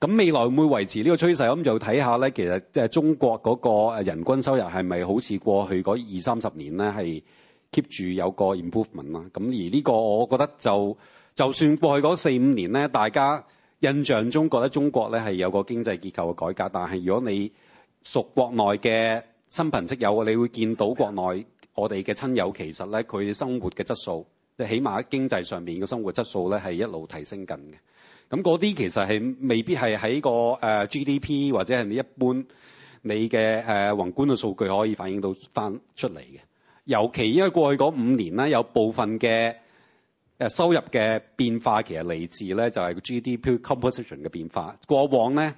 Speaker 3: 咁未來會唔會維持個趨勢看看呢個趨勢？咁就睇下咧。其實即係、呃、中國嗰個人均收入係咪好似過去嗰二三十年咧係 keep 住有個 improvement 啦？咁而呢個我覺得就就算過去嗰四五年咧，大家。印象中覺得中國咧係有個經濟結構嘅改革，但係如果你屬國內嘅親朋戚友，你會見到國內我哋嘅親友其實咧，佢生活嘅質素，即起碼喺經濟上面嘅生活質素咧係一路提升緊嘅。咁嗰啲其實係未必係喺個 GDP 或者係你一般你嘅誒宏觀嘅數據可以反映到翻出嚟嘅。尤其因為過去嗰五年咧，有部分嘅誒收入嘅變化其實嚟自咧就係、是、個 GDP composition 嘅變化。過往咧，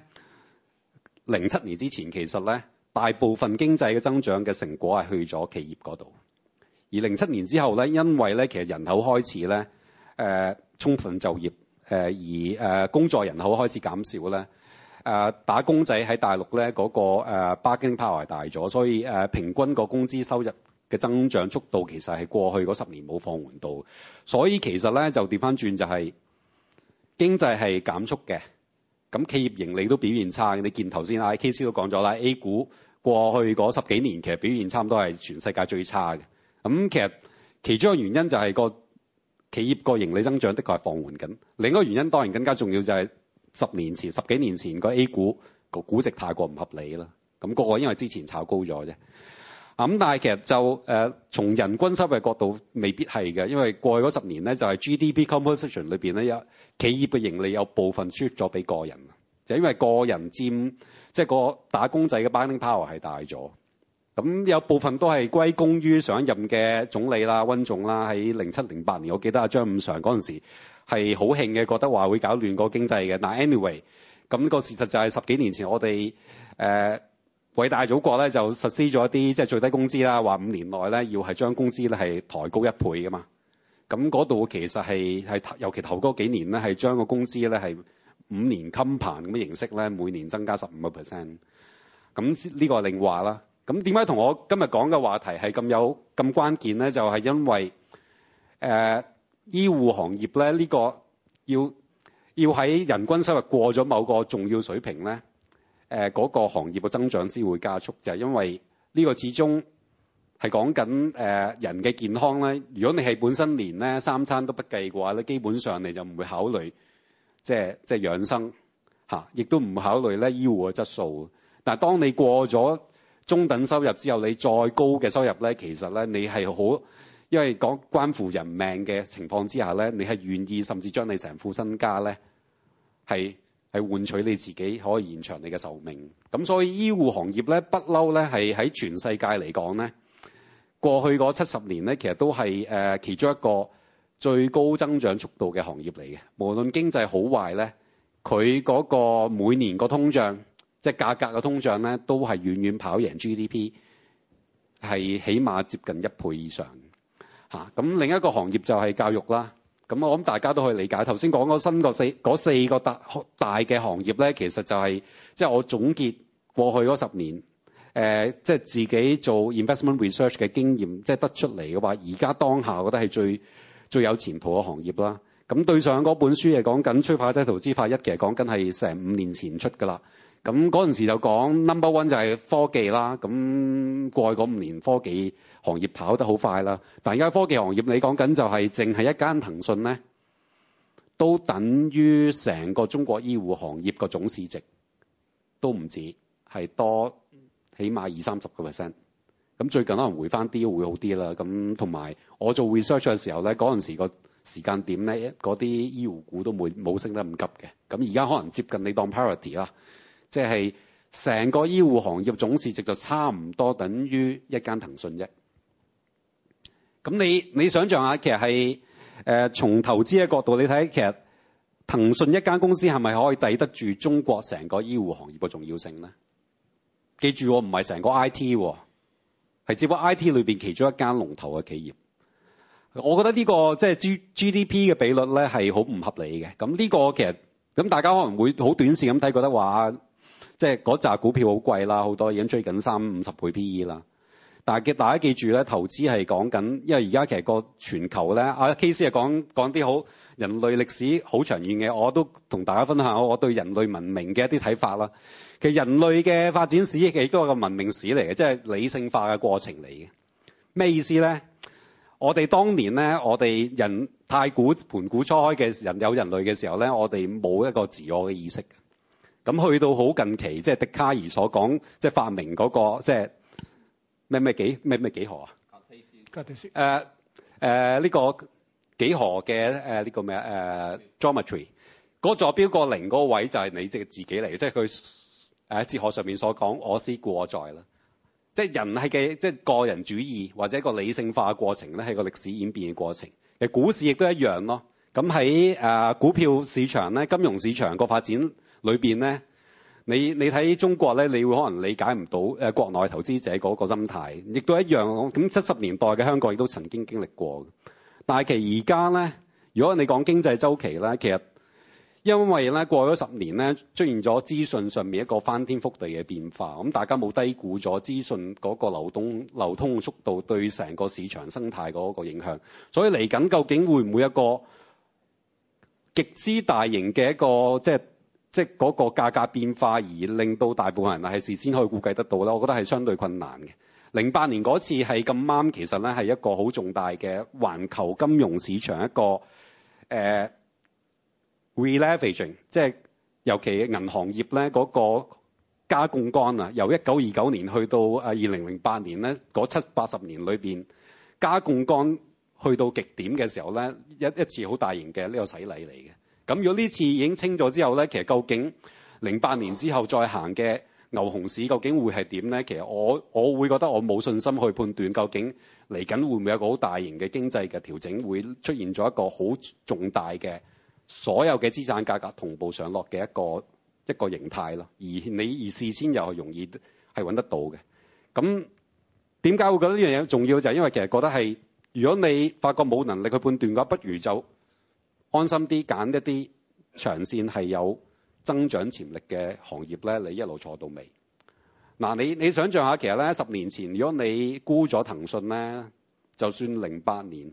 Speaker 3: 零七年之前其實咧，大部分經濟嘅增長嘅成果係去咗企業嗰度。而零七年之後咧，因為咧其實人口開始咧、呃、充分就業、呃、而工作人口開始減少咧、呃、打工仔喺大陸咧嗰、那個、呃、bargaining power 大咗，所以、呃、平均個工資收入。嘅增長速度其實係過去嗰十年冇放緩到，所以其實咧就掉返轉就係、是、經濟係減速嘅，咁企業盈利都表現差嘅。你見頭先啦，KC 都講咗啦，A 股過去嗰十幾年其實表現差唔多係全世界最差嘅。咁其實其中一個原因就係、是、個企業個盈利增長的確係放緩緊。另一個原因當然更加重要就係、是、十年前、十幾年前個 A 股個估值太過唔合理啦。咁、那個個因為之前炒高咗啫。咁、嗯、但係其實就誒、呃、從人均收入角度未必係嘅，因為過去嗰十年咧就係、是、GDP composition 裏面咧有企業嘅盈利有部分輸咗俾個人，就因為個人佔即係、就是、個打工仔嘅 binding power 係大咗。咁有部分都係歸功於上一任嘅總理啦，溫總啦，喺零七零八年我記得阿張五常嗰陣時係好興嘅，覺得話會搞亂個經濟嘅。但 anyway，咁個事實就係十幾年前我哋誒。呃偉大祖國咧就實施咗一啲即係最低工資啦，話五年內咧要係將工資咧係抬高一倍噶嘛。咁嗰度其實係係尤其頭嗰幾年咧係將個工資咧係五年襟盤咁嘅形式咧，每年增加十五個 percent。咁呢個另話啦。咁點解同我今日講嘅話題係咁有咁關鍵咧？就係、是、因為誒、呃、醫護行業咧呢、呢個要要喺人均收入過咗某個重要水平咧。誒、呃、嗰、那個行業嘅增長先會加速，就係因為呢個始終係講緊人嘅健康咧。如果你係本身連咧三餐都不計嘅話咧，基本上你就唔會考慮即係即係養生、啊、亦都唔考慮咧醫護嘅質素。但係當你過咗中等收入之後，你再高嘅收入咧，其實咧你係好，因為講關乎人命嘅情況之下咧，你係願意甚至將你成副身家咧係。係換取你自己可以延長你嘅壽命，咁所以醫護行業咧不嬲咧係喺全世界嚟講咧，過去嗰七十年咧，其實都係、呃、其中一個最高增長速度嘅行業嚟嘅。無論經濟好壞咧，佢嗰個每年個通脹，即係價格嘅通脹咧，都係遠遠跑贏 GDP，係起碼接近一倍以上嚇。咁另一個行業就係教育啦。咁我諗大家都可以理解。頭先講嗰新個四四個大大嘅行業咧，其實就係即係我總結過去嗰十年，呃、即係自己做 investment research 嘅經驗，即係得出嚟嘅話，而家當下我覺得係最最有前途嘅行業啦。咁對上嗰本書係講緊《催化劑投資法一》，其實講緊係成五年前出㗎啦。咁嗰陣時就講 Number One 就係科技啦。咁過去嗰五年科技行業跑得好快啦。但而家科技行業你講緊就係淨係一間騰訊咧，都等於成個中國醫護行業個總市值都唔止係多起碼二三十個 percent。咁最近可能回翻啲會好啲啦。咁同埋我做 research 嘅時候咧，嗰陣時個時間點咧，嗰啲醫護股都冇冇升得咁急嘅。咁而家可能接近你當 parity 啦。即係成個醫護行業總市值就差唔多等於一間騰訊啫。咁你你想象下，其實係誒、呃、從投資嘅角度你看，你睇其實騰訊一間公司係咪可以抵得住中國成個醫護行業嘅重要性咧？記住、哦，我唔係成個 I T，係、哦、只不過 I T 裏邊其中一間龍頭嘅企業。我覺得呢、這個即係、就是、G G D P 嘅比率咧係好唔合理嘅。咁呢個其實咁大家可能會好短線咁睇，覺得話。即係嗰扎股票好貴啦，好多已經追緊三五十倍 PE 啦。但係記大家記住咧，投資係講緊，因為而家其實個全球咧，阿 KC 係講講啲好人類歷史好長遠嘅。我都同大家分享我對人類文明嘅一啲睇法啦。其實人類嘅發展史亦都係個文明史嚟嘅，即係理性化嘅過程嚟嘅。咩意思咧？我哋當年咧，我哋人太古盤古初開嘅人有人類嘅時候咧，我哋冇一個自我嘅意識。咁去到好近期，即、就、係、是、笛卡爾所講，即、就、係、是、發明嗰、那個，即係咩咩幾咩咩幾何啊？誒、啊、誒，呢、啊這個幾何嘅呢、啊這個咩誒、啊啊、geometry，嗰、那個坐標個零個位就係你即係自己嚟嘅，即係佢誒哲學上面所講我思故我在啦。即、就、係、是、人係嘅，即、就、係、是、個人主義或者一個理性化嘅過程咧，係個歷史演變嘅過程。股市亦都一樣咯。咁喺誒股票市場咧，金融市場個發展。裏面咧，你你睇中國咧，你會可能理解唔到、呃、國內投資者嗰個心態，亦都一樣咁。七十年代嘅香港亦都曾經經歷過，但係其實而家咧，如果你講經濟周期咧，其實因為咧過咗十年咧，出現咗資訊上面一個翻天覆地嘅變化，咁大家冇低估咗資訊嗰個流動流通速度對成個市場生態嗰個影響，所以嚟緊究竟會唔會一個極之大型嘅一個即係？就是即係嗰個價格變化而令到大部分人係事先可以估計得到啦，我覺得係相對困難嘅。零八年嗰次係咁啱，其實咧係一個好重大嘅環球金融市場一個誒，呃、relevaging，即係尤其銀行業咧嗰、那個加槓杆啊，由一九二九年去到誒二零零八年咧，嗰七八十年裏邊加槓杆去到極點嘅時候咧，一一次好大型嘅呢個洗禮嚟嘅。咁如果呢次已經清咗之後咧，其實究竟零八年之後再行嘅牛熊市究竟會係點咧？其實我我會覺得我冇信心去判斷究竟嚟緊會唔會有個好大型嘅經濟嘅調整，會出現咗一個好重大嘅所有嘅資產價格同步上落嘅一個一個形態咯。而你而事先又係容易係揾得到嘅。咁點解會覺得呢樣嘢重要？就係因為其實覺得係如果你發覺冇能力去判斷嘅話，不如就。安心啲揀一啲長線係有增長潛力嘅行業咧，你一路坐到尾。嗱、啊，你你想象下，其實咧十年前如果你沽咗騰訊咧，就算零八年，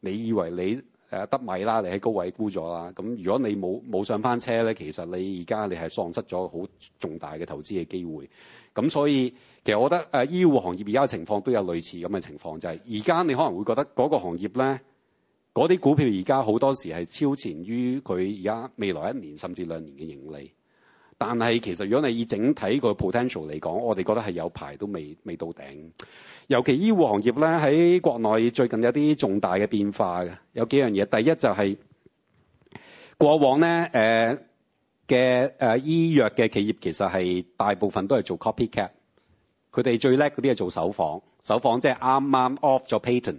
Speaker 3: 你以為你得米啦，你喺高位沽咗啦，咁如果你冇冇上返車咧，其實你而家你係喪失咗好重大嘅投資嘅機會。咁所以其實我覺得誒、呃、醫護行業而家情況都有類似咁嘅情況，就係而家你可能會覺得嗰個行業咧。嗰啲股票而家好多時係超前於佢而家未來一年甚至兩年嘅盈利，但係其實如果你以整體個 potential 嚟講，我哋覺得係有排都未未到頂。尤其醫護行業咧，喺國內最近有啲重大嘅變化嘅，有幾樣嘢。第一就係、是、過往咧，呃、嘅、呃、醫藥嘅企業其實係大部分都係做 copycat，佢哋最叻嗰啲係做首仿，首仿即係啱啱 off 咗 patent。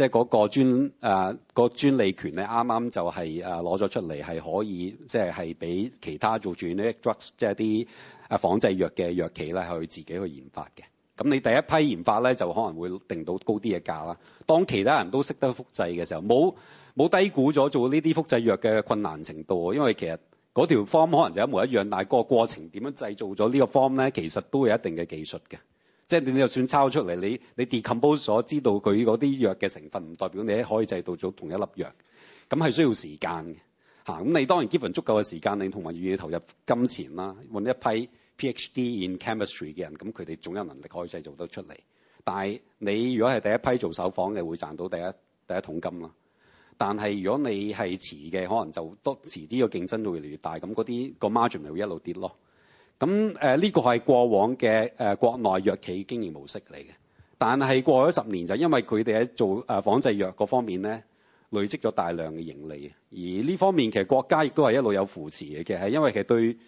Speaker 3: 即係嗰個專誒、呃嗰個專利權咧，啱啱就係誒攞咗出嚟，係可以即係係俾其他做住呢啲 drugs，即係啲誒仿製藥嘅藥企咧去自己去研發嘅。咁你第一批研發咧，就可能會定到高啲嘅價啦。當其他人都識得複製嘅時候，冇冇低估咗做呢啲複製藥嘅困難程度？因為其實嗰條 form 可能就一模一樣，但係個過程點樣製造咗呢個 form 咧，其實都有一定嘅技術嘅。即係你，你就算抄出嚟，你你 decompose 所知道佢嗰啲藥嘅成分，唔代表你可以製造做同一粒藥。咁係需要時間嘅，嚇、啊。咁你當然基本足夠嘅時間，你同埋願意投入金錢啦，揾一批 PhD in chemistry 嘅人，咁佢哋總有能力可以製造得出嚟。但係你如果係第一批做首房嘅，你會賺到第一第一桶金啦。但係如果你係遲嘅，可能就多遲啲，個競爭會越嚟越大，咁嗰啲個 margin 咪會一路跌咯。咁誒呢個係過往嘅誒、呃、國內藥企經營模式嚟嘅，但係過咗十年，就因為佢哋喺做誒呃、仿製藥嗰方面咧，累積咗大量嘅盈利，而呢方面其實國家亦都係一路有扶持嘅。其實係因為其實對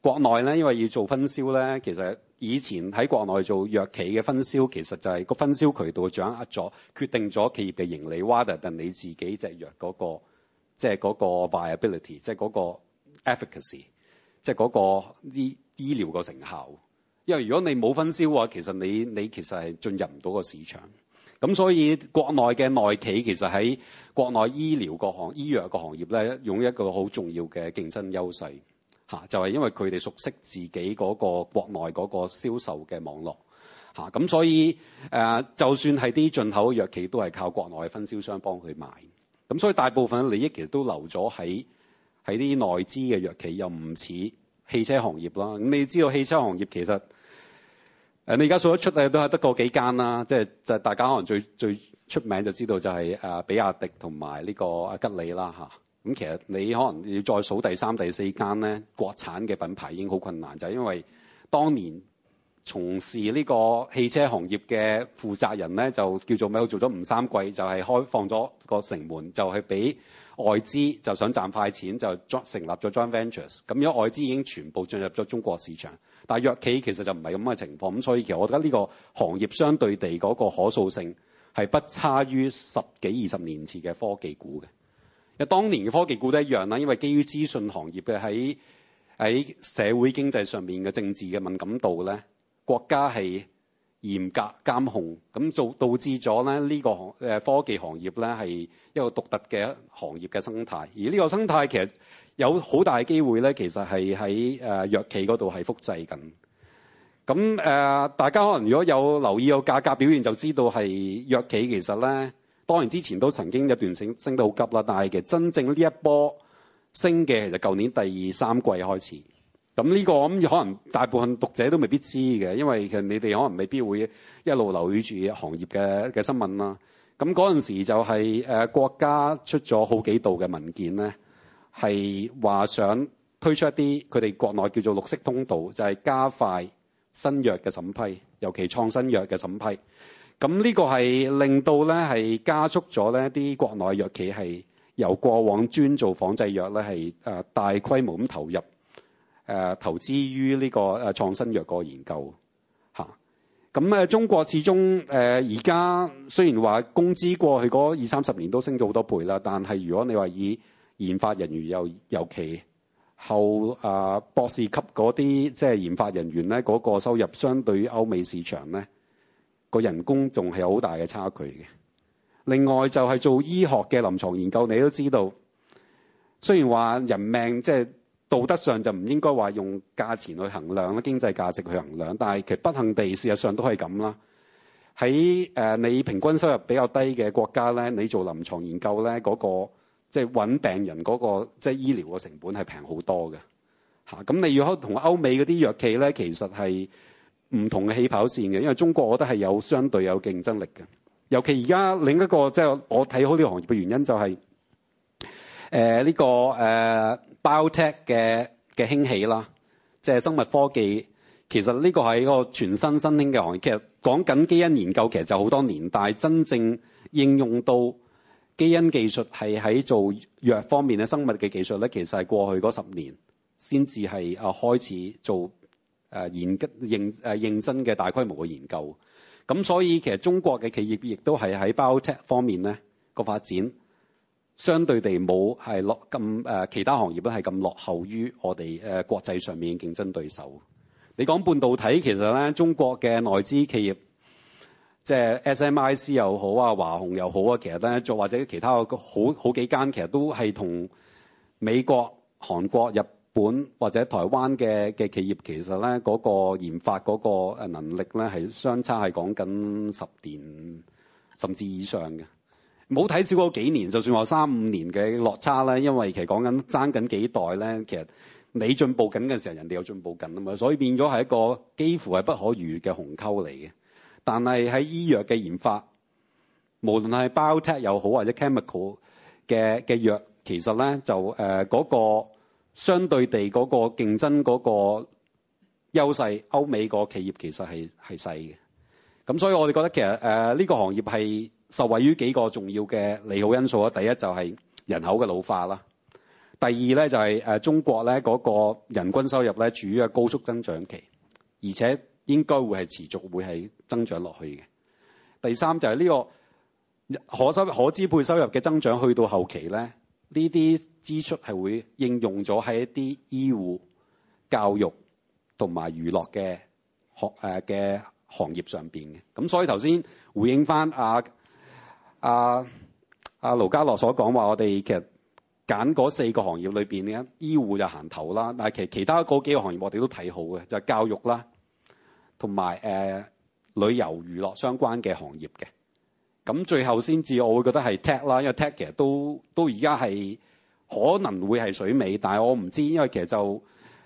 Speaker 3: 國內咧，因為要做分銷咧，其實以前喺國內做藥企嘅分銷，其實就係個分銷渠道掌握咗，決定咗企業嘅盈利 rather than 你自己隻藥嗰個即係嗰個 viability，即係嗰個 efficacy。即係嗰個醫療個成效，因為如果你冇分銷嘅話，其實你你其實係進入唔到個市場。咁所以國內嘅內企其實喺國內醫療個行、醫藥個行業咧，擁有一個好重要嘅競爭優勢嚇，就係因為佢哋熟悉自己嗰個國內嗰個銷售嘅網絡嚇。咁所以誒，就算係啲進口藥企，都係靠國內嘅分銷商幫佢買。咁所以大部分嘅利益其實都留咗喺，喺啲內資嘅藥企又唔似汽車行業啦。咁你知道汽車行業其實誒，你而家數得出嚟都係得個幾間啦。即係大大家可能最最出名就知道就係比亞迪同埋呢個阿吉利啦嚇。咁其實你可能要再數第三第四間咧，國產嘅品牌已經好困難，就係因為當年從事呢個汽車行業嘅負責人咧，就叫做咩？做咗吳三桂，就係開放咗個城門，就係俾。外資就想賺快錢，就 join 成立咗 joint ventures。咁樣外資已經全部進入咗中國市場，但係藥企其實就唔係咁嘅情況。咁所以其實我覺得呢個行業相對地嗰個可塑性係不差於十幾二十年前嘅科技股嘅。當年嘅科技股都一樣啦，因為基於資訊行業嘅喺喺社會經濟上面嘅政治嘅敏感度咧，國家係。嚴格監控，咁就導致咗咧呢個行誒科技行業咧係一個獨特嘅行業嘅生態，而呢個生態其實有好大機會咧，其實係喺誒藥企嗰度係複製緊。咁誒大家可能如果有留意個價格表現，就知道係藥企其實咧，當然之前都曾經一段升升得好急啦，但係其實真正呢一波升嘅其實舊年第二三季開始。咁呢個咁可能大部分讀者都未必知嘅，因為其實你哋可能未必會一路留意住行業嘅嘅新聞啦。咁嗰陣時就係呃國家出咗好幾度嘅文件咧，係話想推出一啲佢哋國內叫做綠色通道，就係加快新藥嘅審批，尤其創新藥嘅審批。咁嗯呢個係令到咧係加速咗呢啲國內藥企係由過往專做仿製藥咧係大規模咁投入。誒投資於呢個誒創新藥嗰個研究嚇，咁中國始終誒而家雖然話工資過去嗰二三十年都升咗好多倍啦，但係如果你話以研發人員尤尤其後博士級嗰啲即係研發人員咧嗰個收入，相對於歐美市場咧，個人工仲係有好大嘅差距嘅。另外就係做醫學嘅臨床研究，你都知道，雖然話人命即係。道德上就唔應該話用價錢去衡量啦，經濟價值去衡量。但係其實不幸地，事實上都係咁啦。喺誒你平均收入比較低嘅國家咧，你做臨床研究咧嗰個即係揾病人嗰個即係醫療嘅成本係平好多嘅嚇。咁你要同歐美嗰啲藥企咧，其實係唔同嘅起跑線嘅，因為中國我覺得係有相對有競爭力嘅。尤其而家另一個即係我睇好呢個行業嘅原因就係誒呢個誒。呃 biotech 嘅嘅興起啦，即係生物科技。其實呢個係一個全新新興嘅行業。其實講緊基因研究，其實就好多年，但係真正應用到基因技術係喺做藥方面嘅生物嘅技術咧，其實係過去嗰十年先至係誒開始做誒研究認誒認真嘅大規模嘅研究。咁所以其實中國嘅企業亦都係喺 biotech 方面咧個發展。相對地冇係落咁誒，其他行業咧係咁落後於我哋誒國際上面嘅競爭對手。你講半導體其實咧，中國嘅內資企業，即係 SMIC 又好啊、華虹又好啊，其實咧做或者其他好好幾間其實都係同美國，韓國，日本，或者台灣嘅嘅企業，其實咧嗰個研發嗰個誒能力咧係相差係講緊十年甚至以上嘅。唔好睇少嗰幾年，就算話三五年嘅落差咧，因為其實講緊爭緊幾代咧，其實你進步緊嘅時候，人哋有進步緊啊嘛，所以變咗係一個幾乎係不可逾越嘅鴻溝嚟嘅。但係喺醫藥嘅研發，無論係 biotech 又好，或者 chemical 嘅嘅藥，其實咧就嗰、呃嗰個相對地嗰個競爭嗰個優勢，歐美個企業其實係細嘅。咁所以我哋覺得其實呢、呃呢個行業係，受惠於幾個重要嘅利好因素，第一就係人口嘅老化啦，第二咧就係誒中國咧嗰個人均收入咧處於嘅高速增長期，而且應該會係持續會係增長落去嘅。第三就係呢個可收可支配收入嘅增長去到後期咧，呢啲支出係會應用咗喺一啲醫護、教育同埋娛樂嘅嘅行業上面嘅。咁所以頭先回應返啊。阿阿羅家聰所講話，我哋其實揀嗰四個行業裏邊咧，醫護就行頭啦，但係其其他嗰幾個行業我哋都睇好嘅，就係、是、教育啦，同埋、呃、旅遊娛樂相關嘅行業嘅。咁最後先至，我會覺得係 tech 啦，因為 tech 其實都都而家係可能會係水尾，但係我唔知，因為其實就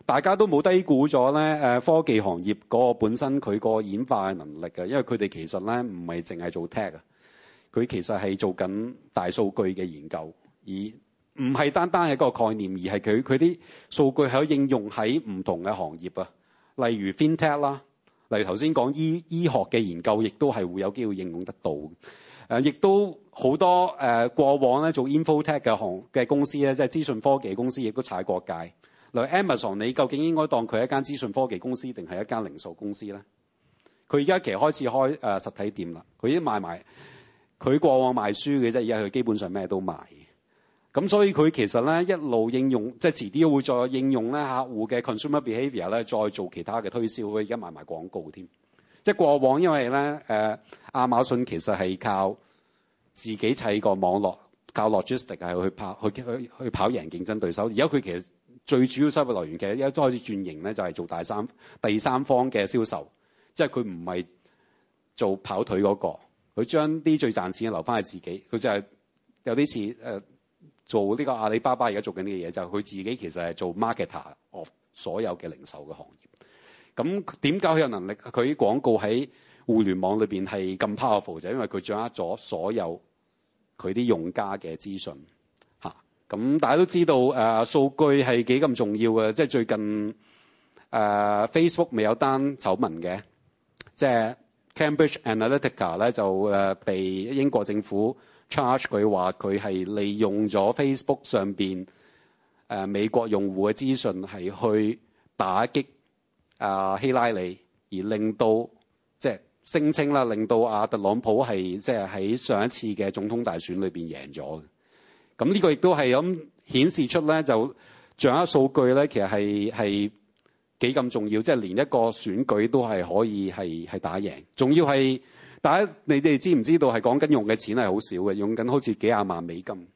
Speaker 3: 大家都冇低估咗咧、呃、科技行業嗰個本身佢個演化嘅能力嘅，因為佢哋其實咧唔係淨係做 tech 啊。佢其實係做緊大數據嘅研究，而唔係單單係一個概念，而係佢佢啲數據係可應用喺唔同嘅行業啊，例如 FinTech 啦，例如頭先講醫醫學嘅研究，亦都係會有機會應用得到。亦、呃、都好多、呃、過往咧做 InfoTech 嘅行嘅公司咧，即係資訊科技公司，亦都踩過界。例如 Amazon，你究竟應該當佢一間資訊科技公司定係一間零售公司咧？佢而家其實開始開實體店啦，佢已經賣埋。佢過往賣書嘅啫，而家佢基本上咩都賣，咁所以佢其實咧一路應用，即係遲啲會再應用咧客戶嘅 consumer behaviour 咧，再做其他嘅推銷。佢而家賣埋廣告添。即係過往因為咧，誒、啊、亞馬遜其實係靠自己砌個網絡，靠 logistics 係去跑去去去跑贏競爭對手。而家佢其實最主要收入來源其實而家都開始轉型咧，就係做第三第三方嘅銷售，即係佢唔係做跑腿嗰、那個。佢將啲最賺錢嘅留翻去自己，佢就係有啲似、呃、做呢個阿里巴巴而家做緊嘅嘢，就係、是、佢自己其實係做 marketer of 所有嘅零售嘅行業。咁點解佢有能力？佢啲廣告喺互聯網裏邊係咁 powerful，就因為佢掌握咗所有佢啲用家嘅資訊。嚇、啊、咁大家都知道數、呃、據係幾咁重要嘅，即、就、係、是、最近誒、呃、Facebook 未有單醜聞嘅，即、就、係、是。Cambridge Analytica 咧，就誒被英國政府 charge 佢，話佢係利用咗 Facebook 上邊誒美國用戶嘅資訊係去打擊啊希拉里，而令到即係、就是、聲稱啦，令到啊特朗普係即係喺上一次嘅總統大選裏邊贏咗嘅。咁呢個亦都係咁顯示出咧，就掌握數據咧，其實係係，是幾咁重要，即係連一個選舉都係可以係係打贏，仲要係大家，你哋知唔知道係講緊用嘅錢係好少嘅，用緊好似幾廿萬美金。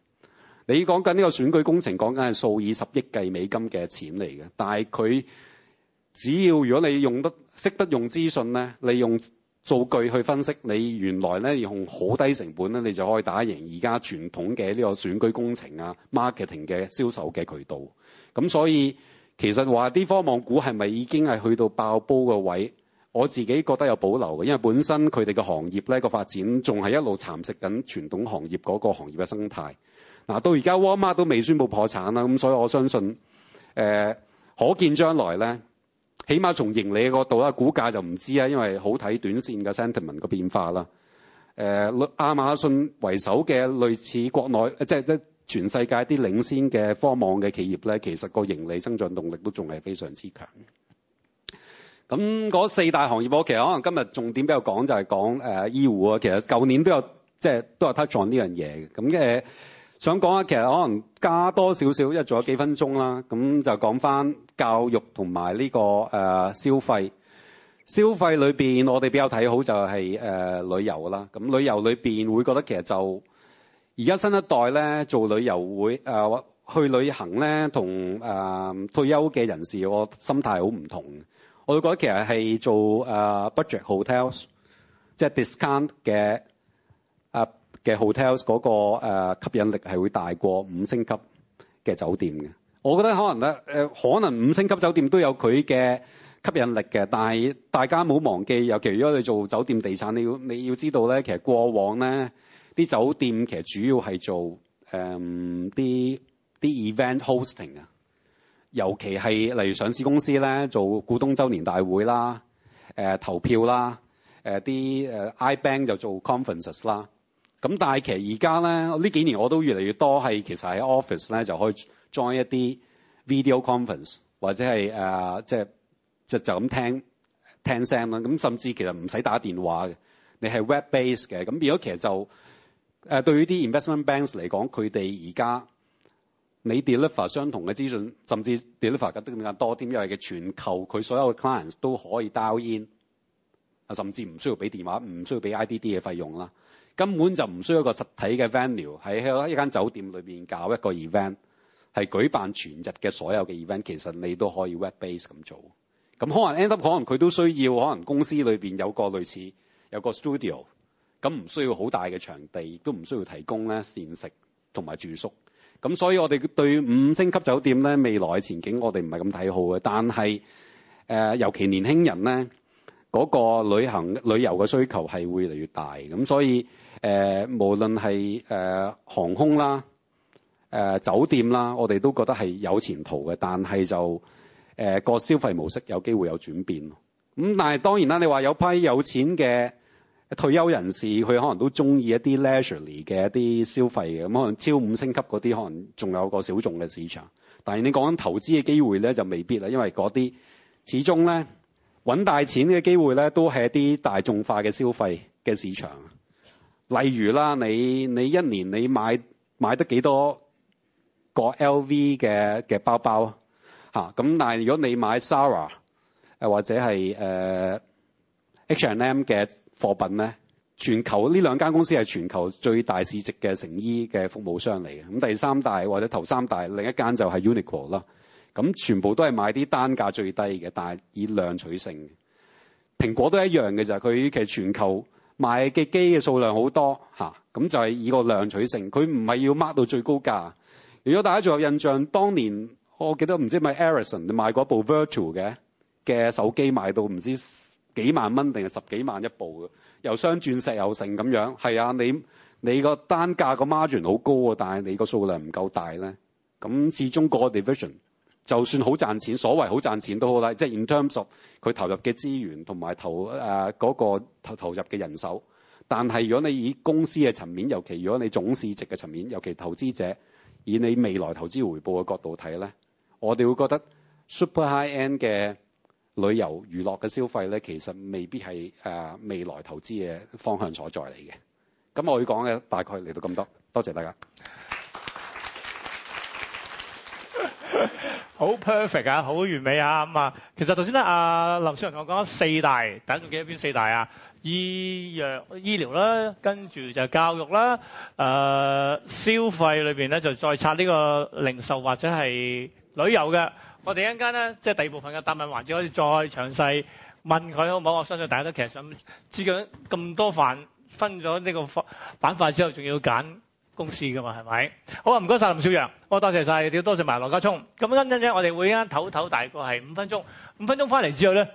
Speaker 3: 你講緊呢個選舉工程，講緊係數以十億計美金嘅錢嚟嘅。但係佢只要如果你用得識得用資訊咧，你用數據去分析，你原來咧用好低成本咧，你就可以打贏而家傳統嘅呢個選舉工程啊，marketing 嘅銷售嘅渠道。咁所以。其實話啲科網股係咪已經係去到爆煲嘅位？我自己覺得有保留嘅，因為本身佢哋嘅行業咧個發展仲係一路蠶食緊傳統行業嗰個行業嘅生態。嗱，到而家 Walmart 都未宣布破產啦，咁所以我相信、呃、可見將來咧，起碼從盈利嘅角度啦，股價就唔知啊，因為好睇短線嘅 sentiment 嘅變化啦。誒、呃，亞馬遜為首嘅類似國內即全世界啲領先嘅科網嘅企業咧，其實個盈利增長動力都仲係非常之強的。咁嗰四大行業我其實可能今日重點比較講就係講誒、呃、醫護啊，其實舊年都有即係都有 touch on 呢樣嘢嘅。咁、呃、嘅想講下，其實可能加多少少，因為仲有幾分鐘啦。咁就講返教育同埋呢個誒、呃、消費。消費裏邊我哋比較睇好就係、是、誒、呃、旅遊啦。咁旅遊裏邊會覺得其實就而家新一代咧做旅遊會、呃、去旅行咧同、呃、退休嘅人士我心態好唔同。我覺得其實係做、呃、budget hotels，即係 discount 嘅嘅、呃、hotels 嗰個、呃、吸引力係會大過五星級嘅酒店嘅。我覺得可能咧、呃、可能五星級酒店都有佢嘅吸引力嘅，但大家冇忘記，尤其如果你做酒店地產，你要你要知道咧，其實過往咧。啲酒店其實主要係做誒啲啲 event hosting 啊，尤其係例如上市公司咧做股東周年大會啦，呃、投票啦，啲、呃呃、i bank 就做 conferences 啦。咁但係其實而家咧呢幾年我都越嚟越多係其實喺 office 咧就可以 join 一啲 video conference 或者係即係就、就咁聽聽聲啦。咁甚至其實唔使打電話嘅，你係 web base 嘅，咁變咗其實就～啊、對於啲 investment banks 嚟講，佢哋而家你 deliver 相同嘅資訊，甚至 deliver 得更加多添，因為嘅全球佢所有嘅 clients 都可以 dial in、啊、甚至唔需要俾電話，唔需要俾 IDD 嘅費用啦，根本就唔需要一個實體嘅 venue 喺一間酒店裏面搞一個 event，係舉辦全日嘅所有嘅 event，其實你都可以 web base 咁做。咁可能 end up 可能佢都需要可能公司裏面有個類似有個 studio。咁唔需要好大嘅場地，亦都唔需要提供咧膳食同埋住宿。咁所以我哋對五星級酒店咧未來嘅前景，我哋唔係咁睇好嘅。但係誒，尤其年輕人咧嗰個旅行旅遊嘅需求係會嚟越大。咁所以誒，無論係誒航空啦、誒酒店啦，我哋都覺得係有前途嘅。但係就誒個消費模式有機會有轉變。咁但係當然啦，你話有批有錢嘅。退休人士佢可能都中意一啲 leisurely 嘅一啲消費嘅，咁可能超五星級嗰啲可能仲有個小眾嘅市場。但係你講緊投資嘅機會咧就未必啦，因為嗰啲始終咧揾大錢嘅機會咧都係一啲大眾化嘅消費嘅市場。例如啦，你你一年你買買得幾多個 LV 嘅嘅包包啊？咁，但係如果你買 Zara 或者係誒 H&M 嘅。Uh, H &M 貨品咧，全球呢兩間公司係全球最大市值嘅成衣嘅服務商嚟嘅，咁第三大或者頭三大另一間就係 Uniqlo 啦，咁全部都係買啲單價最低嘅，但係以量取勝。蘋果都一樣嘅就係佢其實全球賣嘅機嘅數量好多咁、啊、就係以個量取勝，佢唔係要 mark 到最高價。如果大家仲有印象，當年我記得唔知咪 Ericsson 賣嗰部 Virtual 嘅嘅手機賣到唔知幾萬蚊定係十幾萬一部嘅，又雙鑽石又成咁樣，係啊，你你個單價個 margin 好高啊，但係你個數量唔夠大咧，咁始終個 division 就算好賺錢，所謂好賺錢都好啦，即係 in terms of 佢投入嘅資源同埋投誒嗰個投投入嘅人手，但係如果你以公司嘅層面，尤其如果你總市值嘅層面，尤其投資者以你未來投資回報嘅角度睇咧，我哋會覺得 super high end 嘅。旅遊娛樂嘅消費咧，其實未必係、啊、未來投資嘅方向所在嚟嘅。咁我要講嘅大概嚟到咁多，多謝大家。
Speaker 1: 好 perfect 啊，好完美啊！咁、嗯、啊，其實頭先咧，阿、啊、林少陽同我講咗四大，大家仲記得邊四大啊？醫藥、醫療啦，跟住就教育啦，呃、消費裏面咧就再拆呢個零售或者係旅遊嘅。我哋一陣間咧，即係第二部分嘅答問環節，可以再詳細問佢好唔好？我相信大家都其實想，知道咁咁多範分咗呢個板塊之後，仲要揀公司噶嘛，係咪？好啊，唔該曬林少陽，好多謝曬，亦都多謝埋羅家聰。咁一陣間我哋會一陣唞唞，大概係五分鐘。五分鐘翻嚟之後咧，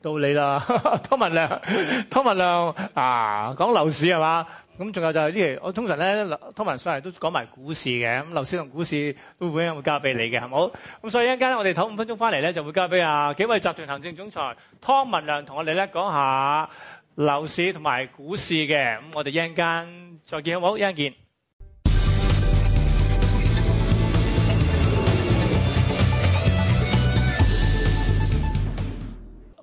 Speaker 1: 到你啦，湯文亮，湯文亮啊，講樓市係嘛？咁仲有就係呢？我通常咧，湯文亮上嚟都講埋股市嘅，咁，樓市同股市都會唔會交俾你嘅？好唔好咁，所以一陣間咧，我哋唞五分鐘翻嚟咧，就會交俾啊幾位集團行政總裁湯文亮同我哋咧講下樓市同埋股市嘅。咁，我哋一陣間再見，好，一陣間見。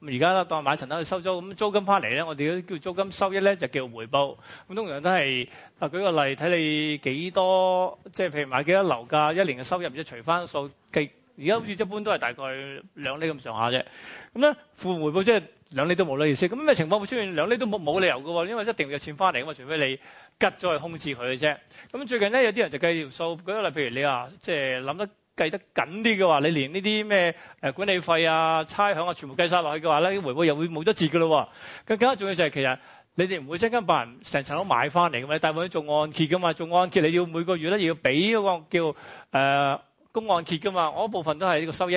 Speaker 1: 咁而家咧當買層樓去收租，咁租金翻嚟咧，我哋叫租金收益咧就叫回報。咁通常都係啊，舉個例睇你幾多，即係譬如買幾多樓價一年嘅收入，而家除翻數計，而家好似一般都係大概兩厘咁上下啫。咁咧負回報即係兩厘都冇呢意思。咁咩情況會出現兩厘都冇，冇理由㗎喎？因為一定有錢翻嚟嘅嘛，除非你吉咗去控制佢嘅啫。咁最近咧有啲人就計條數，舉個例譬如你啊，即係諗得。計得緊啲嘅話，你連呢啲咩誒管理費啊、差餉啊，全部計晒落去嘅話咧，啲回報又會冇得蝕嘅咯。更加重要就係其實你哋唔會即刻把人成層樓買翻嚟嘅嘛，大部分做按揭嘅嘛，做按揭你要每個月咧要俾嗰個叫誒公按揭嘅嘛，嗰部分都係呢個收益。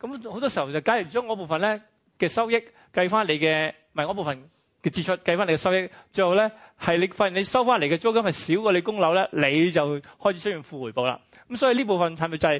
Speaker 1: 咁好多時候就假如將嗰部分咧嘅收益計翻你嘅，唔係嗰部分嘅支出計翻你嘅收益，最後咧係你發現你收翻嚟嘅租金係少過你供樓咧，你就開始出現負回報啦。咁、嗯、所以呢部分係咪就係、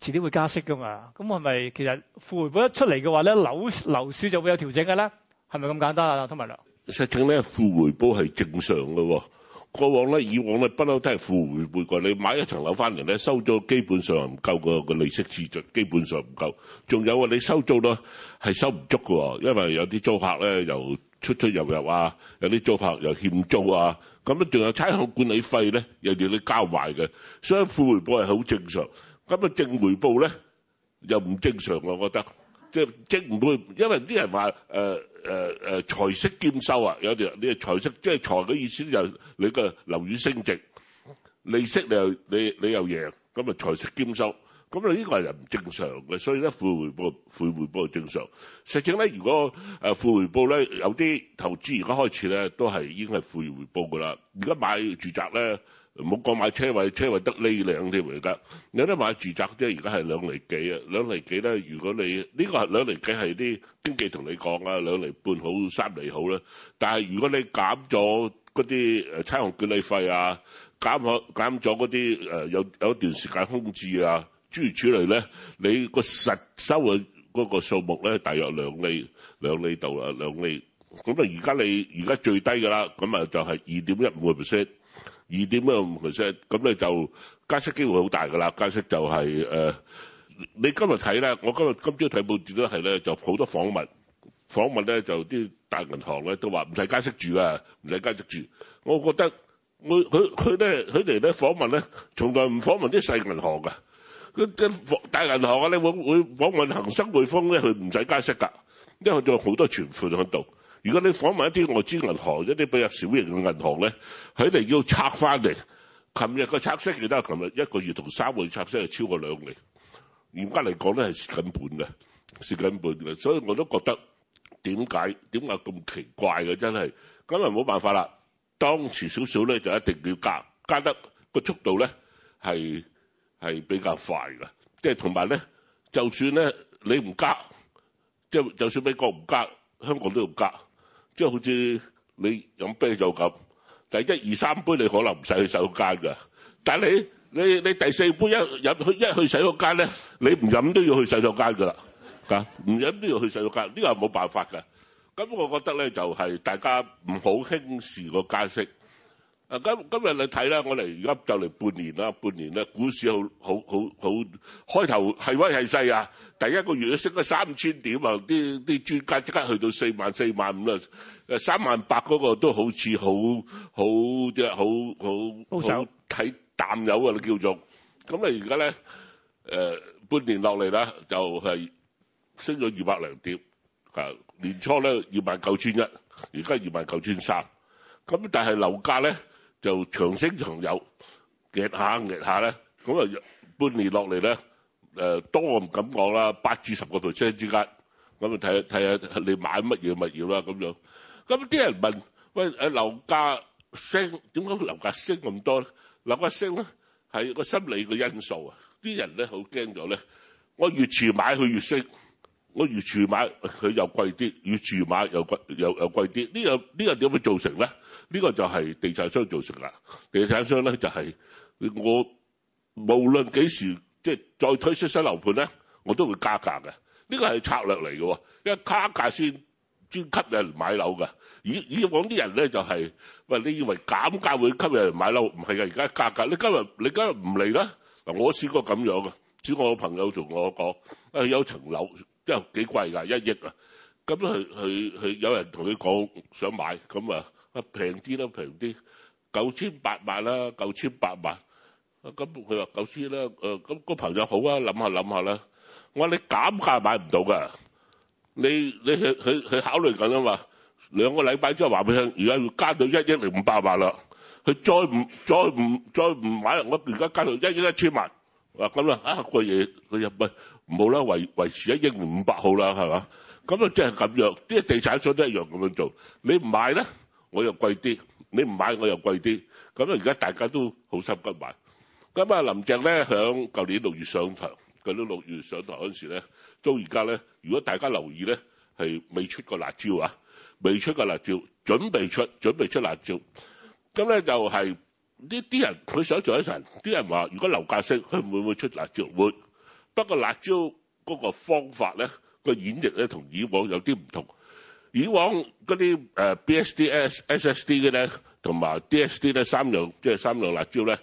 Speaker 1: 是、遲啲會加息噶嘛、啊？咁係咪其實負回報一出嚟嘅話咧，樓樓市就會有調整嘅咧？係咪咁簡單啊湯文亮？
Speaker 4: 實情咧負回報係正常㗎喎、啊。過往咧，以往咧不嬲都係負回報㗎。你買一層樓翻嚟咧，收咗基本上唔夠個、那個利息資助，基本上唔夠。仲有啊，你收租啦，係收唔足喎、啊，因為有啲租客咧又由出出入入啊，有啲租客又欠租啊，咁咧仲有差餉管理費咧，有啲交埋嘅，所以負回報係好正常。咁啊正回報咧又唔正常啊，我覺得即係正唔會，因為啲人話誒誒誒財息兼收啊，有啲啊呢個財息即係財嘅意思就你個樓宇升值，利息你又你你又贏，咁啊財息兼收。咁啊！呢個係唔正常嘅，所以咧負回報、負回報正常。實際咧，如果誒負回報咧，有啲投資而家開始咧，都係已經係負回報噶啦。而家買住宅咧，唔好講買車位，車位得呢兩啲嚟噶。而家有啲買住宅啫，而家係兩釐幾啊，兩釐幾咧。如果你呢個係兩釐幾係啲經紀同你講啊，兩釐半好、三釐好啦。但係如果你減咗嗰啲誒差餉管理費啊，減咗減咗嗰啲誒有有段時間空置啊。諸如此類咧，你個實收嘅嗰個數目咧，大約兩釐兩釐度啦，兩釐咁啊。而家你而家最低㗎啦，咁啊就係二點一五個 percent，二點一五個 percent 咁咧，就加息機會好大㗎啦。加息就係誒，你今日睇咧，我今日今朝睇報紙都係咧，就好多訪問，訪問咧就啲大銀行咧都話唔使加息住啊，唔使加息住。我覺得我佢佢咧，佢哋咧訪問咧，從來唔訪問啲細銀行㗎。嗰啲大銀行啊，你會會訪問恒生、匯豐咧，佢唔使加息㗎，因為仲有好多存款喺度。如果你訪問一啲外資銀行，一啲比較小型嘅銀行咧，佢哋要拆翻嚟。琴日個拆息亦都係琴日一個月同三個月拆息係超過兩厘，嚴格嚟講咧係蝕緊本嘅，蝕緊本嘅，所以我都覺得點解點解咁奇怪嘅，真係咁啊，冇辦法啦，當遲少少咧就一定要加，加得個速度咧係。係比較快㗎，即係同埋咧，就算咧你唔加，即係就算美國唔加，香港都要加，即係好似你飲啤酒咁，第一二三杯你可能唔使去洗手間㗎，但係你你你第四杯一飲去一去洗手間咧，你唔飲都要去洗手間㗎啦，唔飲都要去洗手間，呢個係冇辦法㗎。咁我覺得咧就係大家唔好輕視個加息。啊，今今日你睇啦，我嚟而家就嚟半年啦，半年咧，股市好好好好，開頭係威係勢啊，第一個月都升咗三千點啊，啲啲專家即刻去到四萬四萬五啦，誒三萬八嗰個都好似好好即係，好好好睇淡友啊，你叫做，咁啊而家咧誒半年落嚟啦，就係升咗二百零點，啊年初咧二萬九千一，而家二萬九千三，咁但係樓價咧？就長升長有，跌下跌下咧，咁啊半年落嚟咧，誒多我唔敢講啦，八至十個台車之間，咁啊睇睇下你買乜嘢物業啦咁樣。咁啲人問：喂，誒樓價升點解樓價升咁多咧？樓價升咧係個心理嘅因素啊！啲人咧好驚咗咧，我越遲買佢越升。我越住買佢又貴啲，越住買又貴又又貴啲。呢、這個呢、這個點會造成咧？呢、這個就係地產商造成啦。地產商咧就係、是、我無論幾時即係再推出新樓盤咧，我都會加價嘅。呢、這個係策略嚟嘅，因為加價先先吸引人買樓㗎。以以往啲人咧就係、是、喂，你以為減價會吸引人買樓？唔係㗎，而家加價你今日你今日唔嚟呢？嗱，試我試過咁樣㗎。只我我朋友同我講：，誒有層樓。即係幾貴㗎，一億啊！咁佢佢佢有人同佢講想買，咁啊平啲啦，平啲九千八萬啦，九千八萬啊！咁佢話九千啦，誒咁個朋友好想想想想啊，諗下諗下啦。我話你減價買唔到㗎，你你佢佢考慮緊啊嘛。兩個禮拜之後話俾佢聽，而家要加到一億零五百萬啦。佢再唔再唔再唔買？我而家加到一億一千萬。話咁啦，啊，個嘢佢入咪。啊。唔好啦，維維持一億五百號啦，係嘛？咁啊，即係咁樣，啲地產商都一樣咁樣做。你唔買咧，我又貴啲；你唔買我又貴啲。咁啊，而家大家都好心急買。咁啊，林鄭咧響舊年六月上台，舊年六月上台嗰時咧，到而家咧，如果大家留意咧，係未出過辣椒啊，未出過辣椒，準備出，準備出辣椒。咁咧就係呢啲人佢想做一陣，啲人話：如果樓價升，佢會唔會出辣椒？會。不過辣椒嗰個方法咧，個演繹咧同以往有啲唔同。以往嗰啲誒 B S D S S S D 咧，同埋 D S D 咧三樣即係三樣辣椒咧，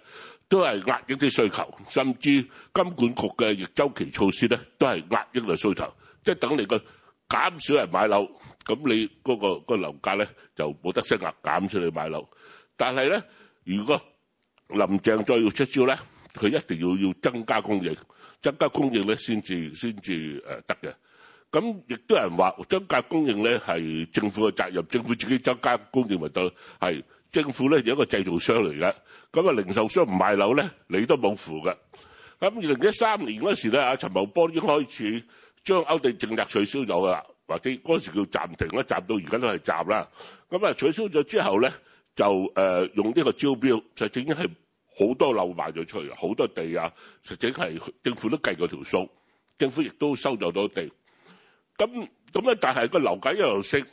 Speaker 4: 都係壓抑啲需求，甚至金管局嘅逆周期措施咧都係壓抑啲需求，即係等你個減少人買樓，咁你嗰個個樓價咧就冇得升啦。減少你買樓，但係咧，如果林鄭再要出招咧，佢一定要要增加供應。增加供應咧，先至先至誒得嘅。咁亦都有人話增加供應咧，係政府嘅責任，政府自己增加供應咪得咯？係政府咧，就一個製造商嚟嘅。咁啊，零售商唔賣樓咧，你都冇符㗎。咁二零一三年嗰時咧，阿陳茂波已經開始將勾地政策取消咗㗎啦，或者嗰時叫暫停啦，暫到而家都係暫啦。咁啊，取消咗之後咧，就誒用呢個招標就已經係。好多樓賣咗出去，好多地啊，實際係政府都計過條數，政府亦都收咗多地。咁咁咧，但係個樓價一樣升。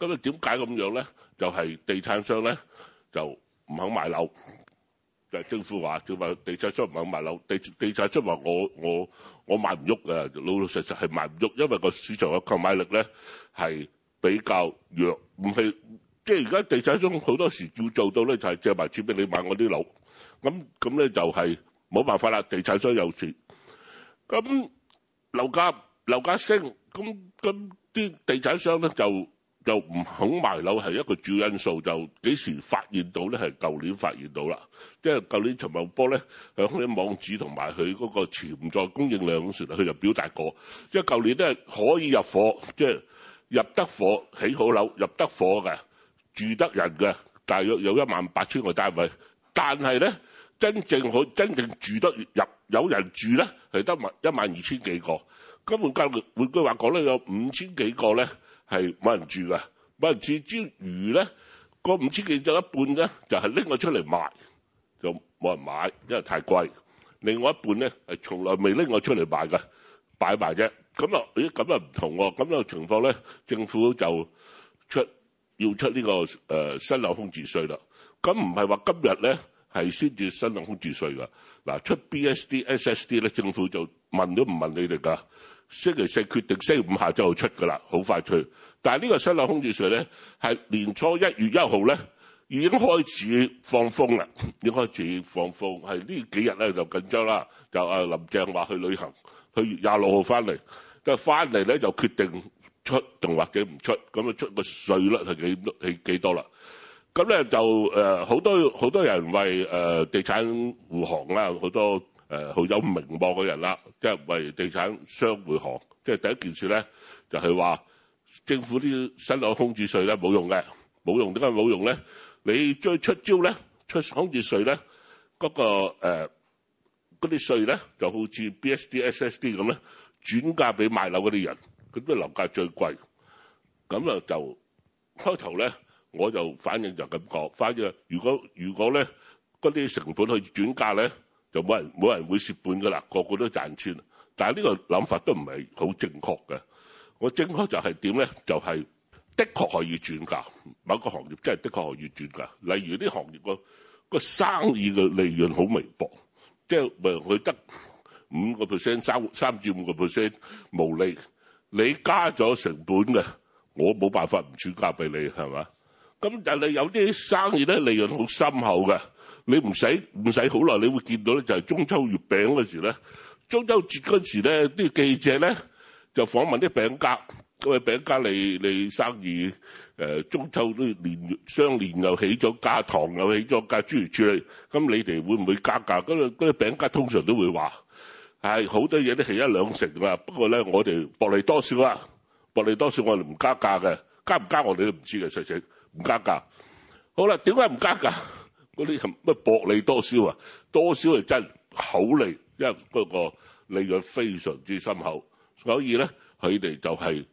Speaker 4: 咁啊，點解咁樣咧？就係、是、地產商咧就唔肯賣樓。就係、是、政府話，政府話地產商唔肯賣樓。地地產商話：我我我賣唔喐嘅，老老實實係賣唔喐，因為個市場嘅購買力咧係比較弱，唔係即係而家地產商好多時要做到咧，就係、是、借埋錢俾你買我啲樓。咁咁咧就係冇辦法啦，地產商有錢，咁樓價樓價升，咁咁啲地產商咧就就唔肯賣樓係一個主因素。就幾時發現到咧？係舊年發現到啦，即係舊年陳茂波咧喺啲網址同埋佢嗰個潛在供應量嗰時，佢就表達過，即係舊年都係可以入伙，即係入得伙起好樓，入得伙嘅住得人嘅，大約有一萬八千個單位，但係咧。真正可，真正住得入有人住咧，係得萬一萬二千幾個。根本，句換句話講咧，有五千幾個咧係冇人住噶，冇人住之餘咧，個五千幾就一半咧就係拎我出嚟賣，就冇人買，因為太貴。另外一半咧係從來未拎我出嚟賣噶，擺埋啫。咁啊，誒咁啊唔同喎。咁樣情況咧，政府就出要出呢個誒新樓空置稅啦。咁唔係話今日咧。係先至新冷空置稅㗎，嗱出 B S D S S D 咧，政府就問都唔問你哋㗎？星期四決定，星期五下晝就出㗎啦，好快脆。但係呢個新冷空置稅咧，係年初一月一號咧已經開始放風啦，已經開始放風，係呢幾日咧就緊張啦。就阿林鄭話去旅行，去廿六號翻嚟，咁翻嚟咧就決定出仲或者唔出，咁啊出個稅率係幾，幾多了？係幾多啦？咁咧就誒好多好多人為誒地產護航啦，好多誒好有名望嘅人啦，即係為地產商護航。即係第一件事咧，就係話政府啲新樓空置稅咧冇用嘅，冇用，點解冇用咧？你再出招咧，出空置稅咧，嗰個誒嗰啲稅咧就好似 BSD、SSD 咁咧，轉嫁俾賣樓嗰啲人，咁啲樓價最貴。咁啊就開頭咧。我就反應就咁講，反正如果如果咧嗰啲成本去轉嫁咧，就冇人冇人會蝕本噶啦，個個都賺錢。但係呢個諗法都唔係好正確嘅。我正確就係點咧？就係的確可以轉嫁，某一個行業真係的確可以轉嫁。例如啲行業個個生意嘅利潤好微薄，即係咪佢得五個 percent，三三至五個 percent 無利，你加咗成本嘅，我冇辦法唔轉嫁俾你係嘛？咁但係有啲生意咧，利潤好深厚嘅。你唔使唔使好耐，你會見到咧，就係中秋月餅嗰時咧，中秋節嗰時咧，啲記者咧就訪問啲餅家，嗰位餅家你，你你生意誒、呃、中秋都年相年又起咗加糖，又起咗加諸如此類，咁你哋會唔會加價？嗰個餅餅家通常都會話，係好多嘢都起一兩成啦。不過咧，我哋薄利多銷啊，薄利多銷，我哋唔加價嘅，加唔加我哋都唔知嘅實際。唔加價好啦。點解唔加價？嗰啲係乜薄利多銷啊？多銷係真厚利，因為嗰個利潤非常之深厚，所以咧，佢哋就係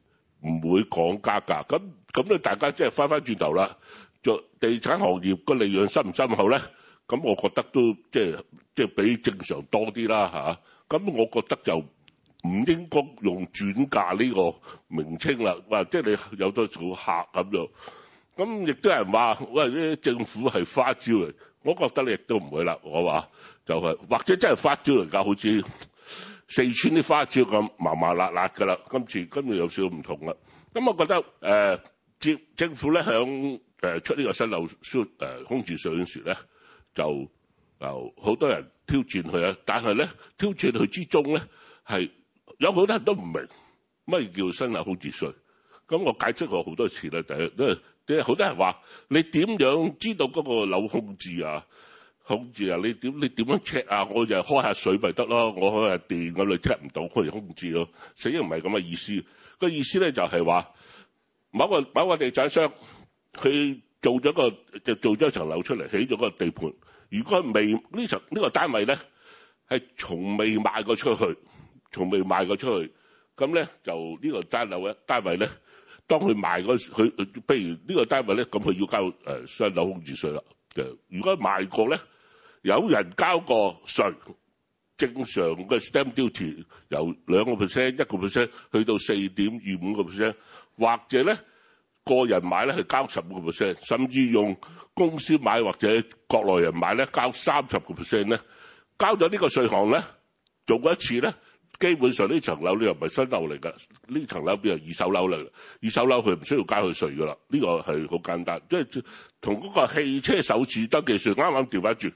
Speaker 4: 唔會講加價咁咁咧。大家即係翻翻轉頭啦，做地產行業個利潤深唔深厚咧？咁我覺得都即係即係比正常多啲啦嚇。咁我覺得就唔應該用轉嫁呢個名稱啦。哇！即係你有多少客咁就。咁亦都有人話喂，啲政府係花椒嚟，我覺得你亦都唔會啦。我話就係或者真係花椒嚟㗎，好似四川啲花椒咁麻麻辣辣㗎啦。今次今次有少少唔同啦。咁我覺得誒接政府咧響誒出呢個新樓誒空置稅時呢，就就好多人挑戰佢啊。但係咧挑戰佢之中咧係有好多人都唔明乜叫新樓空置稅。咁我解釋過好多次啦，第一都係。即係好多人話：你點樣知道嗰個樓空置啊、空置啊？你點你點樣 check 啊？我就開下水咪得咯，我開下電咁你 check 唔到佢空置咯。死人唔係咁嘅意思，個意思咧就係話某個某個地產商佢做咗個就做咗一層樓出嚟，起咗嗰個地盤。如果未呢層呢個單位咧係從未賣過出去，從未賣過出去，咁咧就呢個單樓咧單位咧。當佢賣嗰時佢，譬如呢個單位咧，咁佢要交誒、呃、雙樓空置稅啦。如果賣過咧，有人交過稅，正常嘅 stamp duty 由兩個 percent 一個 percent 去到四點二五個 percent，或者咧個人買咧係交十五個 percent，甚至用公司買或者國內人買咧交三十個 percent 咧，交咗呢交個稅項咧，做過一次咧。基本上呢層樓你又唔係新樓嚟㗎，呢層樓變係二手樓嚟，二手樓佢唔需要交佢稅㗎啦。呢個係好簡單，即係同嗰個汽車首次登記稅啱啱調翻轉。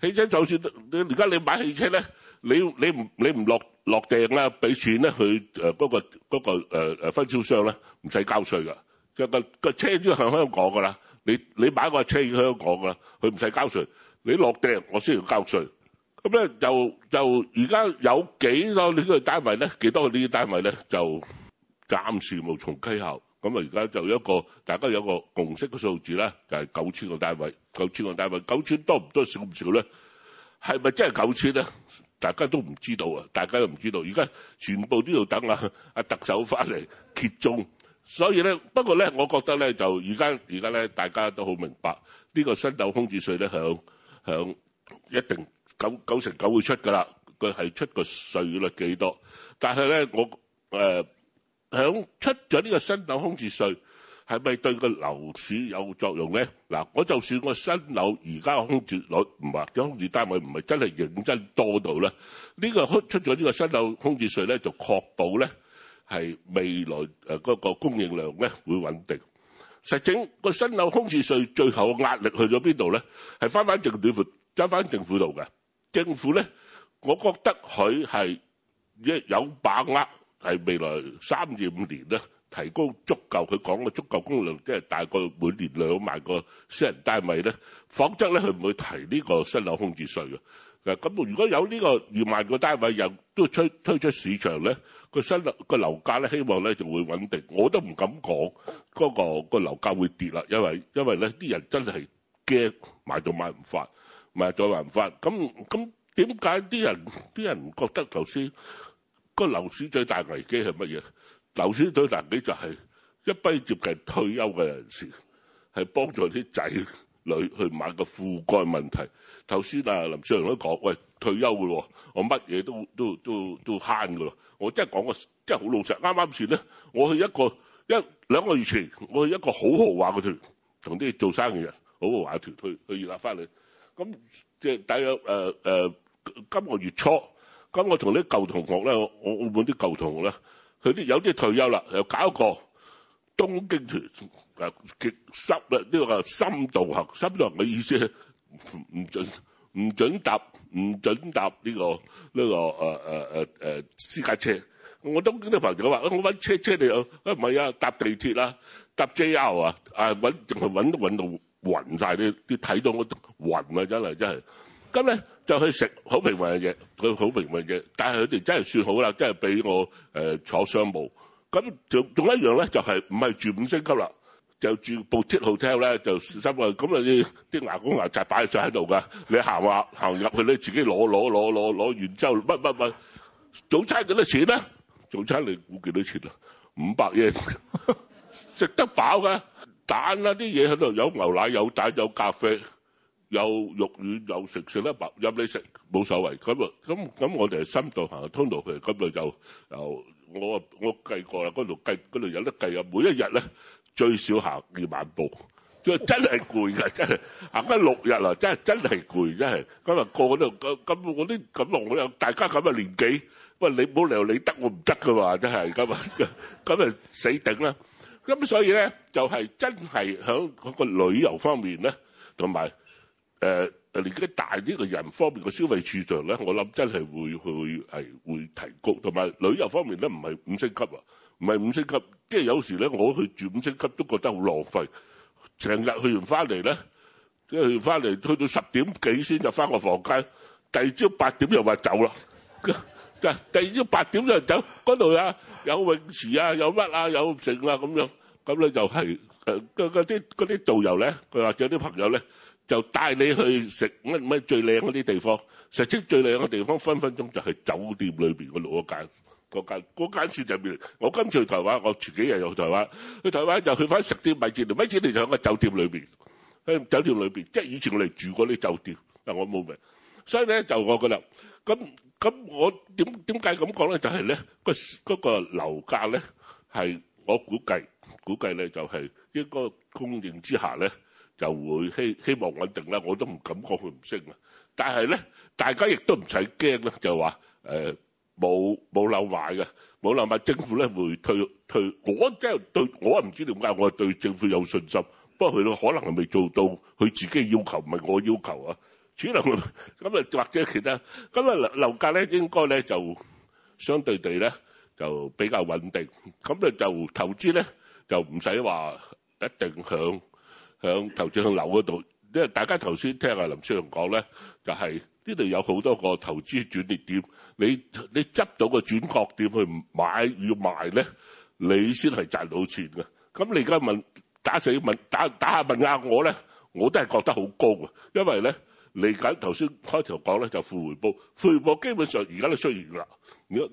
Speaker 4: 汽車就算你而家你買汽車咧，你你唔你唔落落訂啦，俾錢咧佢嗰個嗰、嗰個、呃、分銷商咧，唔使交稅㗎。即個個車都係向香港㗎啦，你你買個車要香港㗎，佢唔使交稅。你落訂我先要交稅。咁咧，就就而家有幾多呢個單位咧？幾多呢啲單位咧？就暫時無從稽考咁啊！而家就一個大家有一個共識嘅數字呢，就係九千個單位。九千個單位，九千多唔多少唔少咧，係咪真係九千咧？大家都唔知道啊！大家都唔知道，而家全部都要等啊！阿、啊、特首翻嚟揭盅，所以咧，不過咧，我覺得咧，就而家而家咧，大家都好明白呢、呢個新樓空置稅咧，響響一定。九九成九會出㗎啦，佢係出個稅率幾多。但係咧，我誒響出咗呢個新樓空置稅，係咪對個樓市有作用咧？嗱，我就算個新樓而家空置率唔係，啲空置單位唔係真係認真多到咧，呢個出出咗呢個新樓空置稅咧，就確保咧係未來誒嗰個供應量咧會穩定。實際整個新樓空置稅最後嘅壓力去咗邊度咧？係翻翻政府，翻翻政府度㗎。政府咧，我覺得佢係一有把握喺未來三至五年咧，提高足夠佢講嘅足夠供量，即係大概每年兩萬個私人單位咧。否則咧，佢唔會提呢個新樓空置稅嘅。咁如果有呢個二萬個單位又都推推出市場咧，個新樓個樓價咧，希望咧就會穩定。我都唔敢講嗰個個樓價會跌啦，因為因為咧啲人真係驚買到買唔翻。唔係再還法，咁咁點解啲人啲人唔覺得頭先個樓市最大危機係乜嘢？樓市最大危機就係一批接近退休嘅人士係幫助啲仔女去買個負蓋問題。頭先啊林少陽都講喂退休嘅喎，我乜嘢都都都都慳嘅喎。我真係講個真係好老實，啱啱前咧我去一個一兩個月前我去一個好豪華嘅團，同啲做生意嘅人好豪華嘅團去去熱鬧翻嚟。咁即係大約，誒誒，今個月初咁，我同啲舊同學咧，我澳門啲舊同學咧，佢啲有啲退休啦，又搞一個東京團，誒極濕啊，呢個話深度行，深度行嘅意思係唔唔準唔準搭唔準搭呢個呢個誒誒誒誒私家車。我東京啲朋友話：，我揾車車你，又啊唔係啊，搭地鐵啦、啊，搭 J R 啊啊，揾仲係揾到揾到暈晒啲啲睇到我。雲啊！真係真係咁咧，就去食好平凡嘅嘢，佢好平凡嘅嘢。但係佢哋真係算好啦，真係俾我誒、呃、坐商務。咁仲仲一樣咧，就係唔係住五星級啦，就住部鐵號廳咧，就三個咁啊，啲啲牙膏牙刷擺上喺度㗎。你行啊行入去，你自己攞攞攞攞攞完之後，乜乜乜早餐幾多錢呢？早餐你估幾多錢 yen, 啊？五百嘢食得飽㗎？蛋啦，啲嘢喺度有牛奶有蛋有咖啡。有肉丸，有食食得白飲，你食冇所謂咁啊！咁咁，我哋係深度行嘅通道，佢咁佢就又我我計過啦，嗰度計嗰度有得計啊！每一日咧最少行二萬步，真係攰㗎，真係行得六日啊！真係真係攰，真係咁啊！個嗰度咁咁，我啲咁老又大家咁嘅年紀，喂你冇理由你得我唔得㗎嘛？真係咁啊！咁啊死頂啦！咁所以咧就係真係響嗰個旅遊方面咧同埋。誒誒，年紀大啲嘅人方面嘅消費趨向咧，我諗真係會去係會提高，同埋旅遊方面咧，唔係五星級啊，唔係五星級，即係有時咧，我去住五星級都覺得好浪費，成日去完翻嚟咧，即係翻嚟去到十點幾先就翻個房間，第二朝八點又話走啦，就第二朝八點就走，嗰度啊有泳池啊，有乜啊，有剩啦咁樣，咁咧就係誒嗰嗰啲嗰啲導遊咧，佢或者啲朋友咧。就帶你去食乜乜最靚嗰啲地方，實質最靚嘅地方分分鐘就係酒店裏邊嗰間嗰間嗰間嗰間先就係。我今次去台灣，我前幾日又去台灣，去台灣就去翻食啲米芝蓮，米芝蓮就喺個酒店裏邊，喺酒店裏邊，即係以前我哋住過啲酒店。但我冇名，所以咧就我覺得，咁咁我點點解咁講咧？就係咧個嗰個樓價咧係我估計，估計咧就係一個供應之下咧。就會希希望穩定啦，我都唔敢講佢唔升啊。但係咧，大家亦都唔使驚啦，就話誒冇冇樓買嘅，冇樓買，政府咧會退退。我即係對，我唔知點解，我對政府有信心。不過佢可能係未做到佢自己要求，唔係我要求啊。主流咁啊，或者其他咁啊，樓樓價咧應該咧就相對地咧就比較穩定。咁咧就投資咧就唔使話一定響。響頭先響樓嗰度，即係大家頭先聽阿林少陽講咧，就係呢度有好多個投資轉捩點，你你執到個轉角點去買要賣咧，你先係賺到錢嘅。咁你而家問打死問打打下問下我咧，我都係覺得好高啊，因為咧你咁頭先開頭講咧就負回報，負回報基本上而家都出現啦。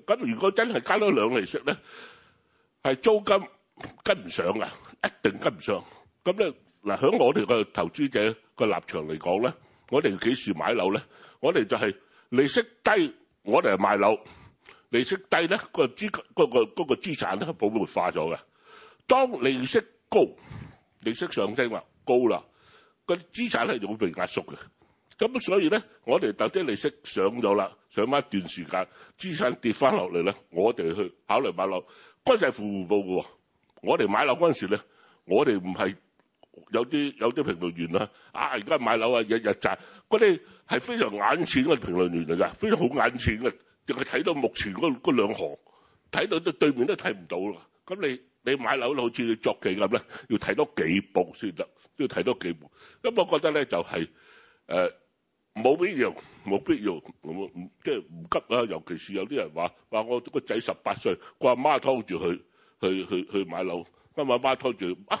Speaker 4: 咁如果真係加多兩釐息咧，係租金跟唔上啊，一定跟唔上。咁咧。嗱喺我哋個投資者個立場嚟講呢，我哋幾時買樓呢？我哋就係利息低，我哋買樓；利息低呢，嗰個資嗰、嗰個嗰、嗰個資、嗰個、產呢，泡沫化咗㗎。當利息高，利息上升啦，高啦，嗰個資產呢就會被壓縮㗎。咁所以呢，我哋等啲利息上咗啦，上翻一段時間，資產跌翻落嚟呢，我哋去考慮買樓，嗰陣係負回報嘅。我哋買樓嗰時呢，我哋唔係。有啲有啲評論員啦，啊，而家買樓啊，日日賺，嗰啲係非常眼淺嘅評論員嚟㗎，非常好眼淺嘅，淨係睇到目前嗰嗰兩行，睇到對對面都睇唔到啦。咁你你買樓好似要作記咁咧，要睇多幾步先得，都要睇多幾步。咁我覺得咧就係誒冇必要冇必要，唔唔即係唔急啊。尤其是有啲人話話我個仔十八歲，個阿媽拖住佢去去去去買樓，咁阿媽拖住啊。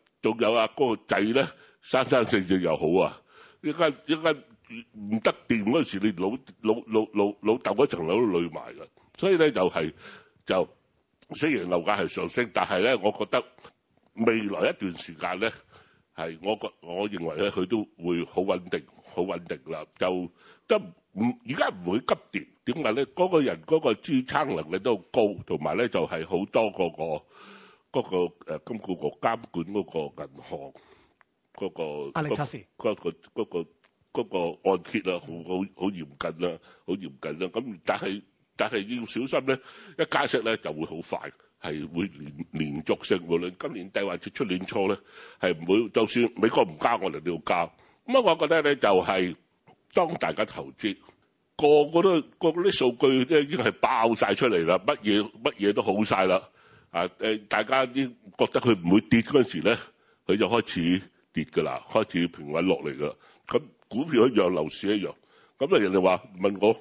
Speaker 4: 仲有阿哥個仔咧，生生性性又好啊！一間一間唔得電掂嗰時，你老老老老老豆嗰層樓都累埋噶。所以咧就係就雖然樓價係上升，但係咧，我覺得未來一段時間咧係我覺，我認為咧佢都會好穩定，好穩定啦。就都唔而家唔會急跌，點解咧？嗰個人嗰個支撐能力都高，同埋咧就係好多個個。嗰個誒金管局監管嗰個銀行嗰個壓力測試嗰個嗰個嗰個按揭啊，好好好嚴謹啦，好嚴謹啦。咁但係但係要小心咧，一加息咧就會好快，係會連連續升。無論今年定還是出年初咧，係唔會，就算美國唔加，我哋都要加。咁啊，我覺得咧就係當大家投資，個個都個個啲數據都已經係爆曬出嚟啦，乜嘢乜嘢都好曬啦。啊！誒，大家啲覺得佢唔會跌嗰陣時咧，佢就開始跌㗎啦，開始平穩落嚟㗎。咁股票一樣，樓市一樣。咁啊，人哋話問我，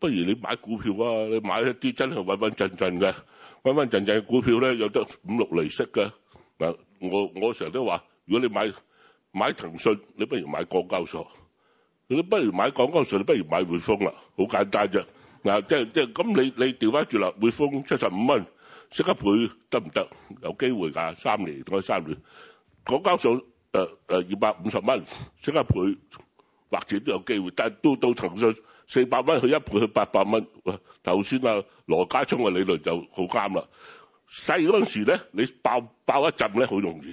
Speaker 4: 不如你買股票啊？你買一啲真係穩穩陣陣嘅，穩穩陣陣嘅股票咧，有得五六厘息嘅嗱。我我成日都話，如果你買買騰訊，你不如買港交所。你不如買港交所，你不如買匯豐啦，好簡單啫。嗱，即係即係咁，你你調翻轉啦，匯豐七十五蚊。升一倍得唔得？有機會㗎，三年同佢三年嗰間數誒誒二百五十蚊升一倍，或者都有機會。但係都到騰訊四百蚊，去一倍去八百蚊。頭先啊羅家聰嘅理論就好啱啦。細嗰陣時咧，你爆爆一陣咧好容易，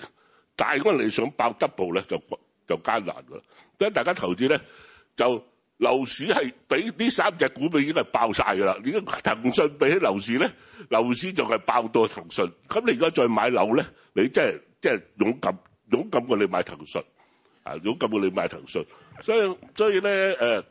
Speaker 4: 但係如果你想爆得步咧就就艱難㗎。而家大家投資咧就。樓市係俾呢三隻股票已經係爆晒㗎啦。而家騰訊俾起樓市咧，樓市就係爆到騰訊。咁你而家再買樓咧，你真係即係勇敢勇敢過你買騰訊啊！勇敢過你買騰訊，所以所以咧誒、呃，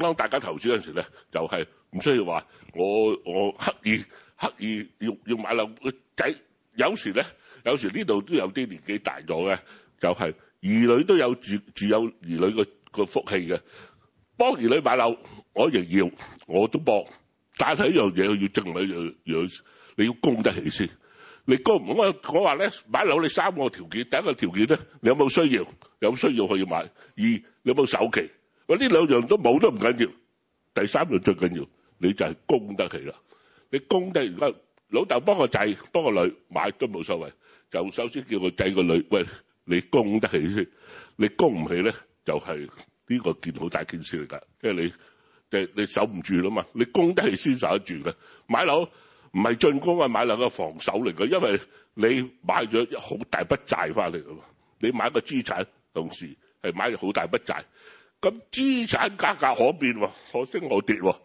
Speaker 4: 當大家投資嗰陣時咧，就係、是、唔需要話我我刻意刻意要要，要買樓仔。有時咧，有時呢度都有啲年紀大咗嘅，就係、是、兒女都有住，住有兒女嘅個福氣嘅。幫兒女買樓，我亦要，我都搏。但係呢樣嘢要證明，要你要供得起先。你供唔到，我我話咧，買樓你三個條件，第一個條件咧，你有冇需要？有需要可以買。二，你有冇首期？喂，呢兩樣都冇都唔緊要。第三樣最緊要，你就係供得起啦。你供得，如果老豆幫個仔幫個女買都冇所謂。就首先叫個仔個女，喂，你供得起先。你供唔起咧，就係。呢個件好大件事嚟㗎，即係你，即係你守唔住啦嘛，你攻得嚟先守得住嘅。買樓唔係進攻啊，買樓係防守嚟㗎，因為你買咗好大筆債翻嚟啊嘛，你買個資產同時係買咗好大筆債，咁資產價格可變喎，可升可跌喎，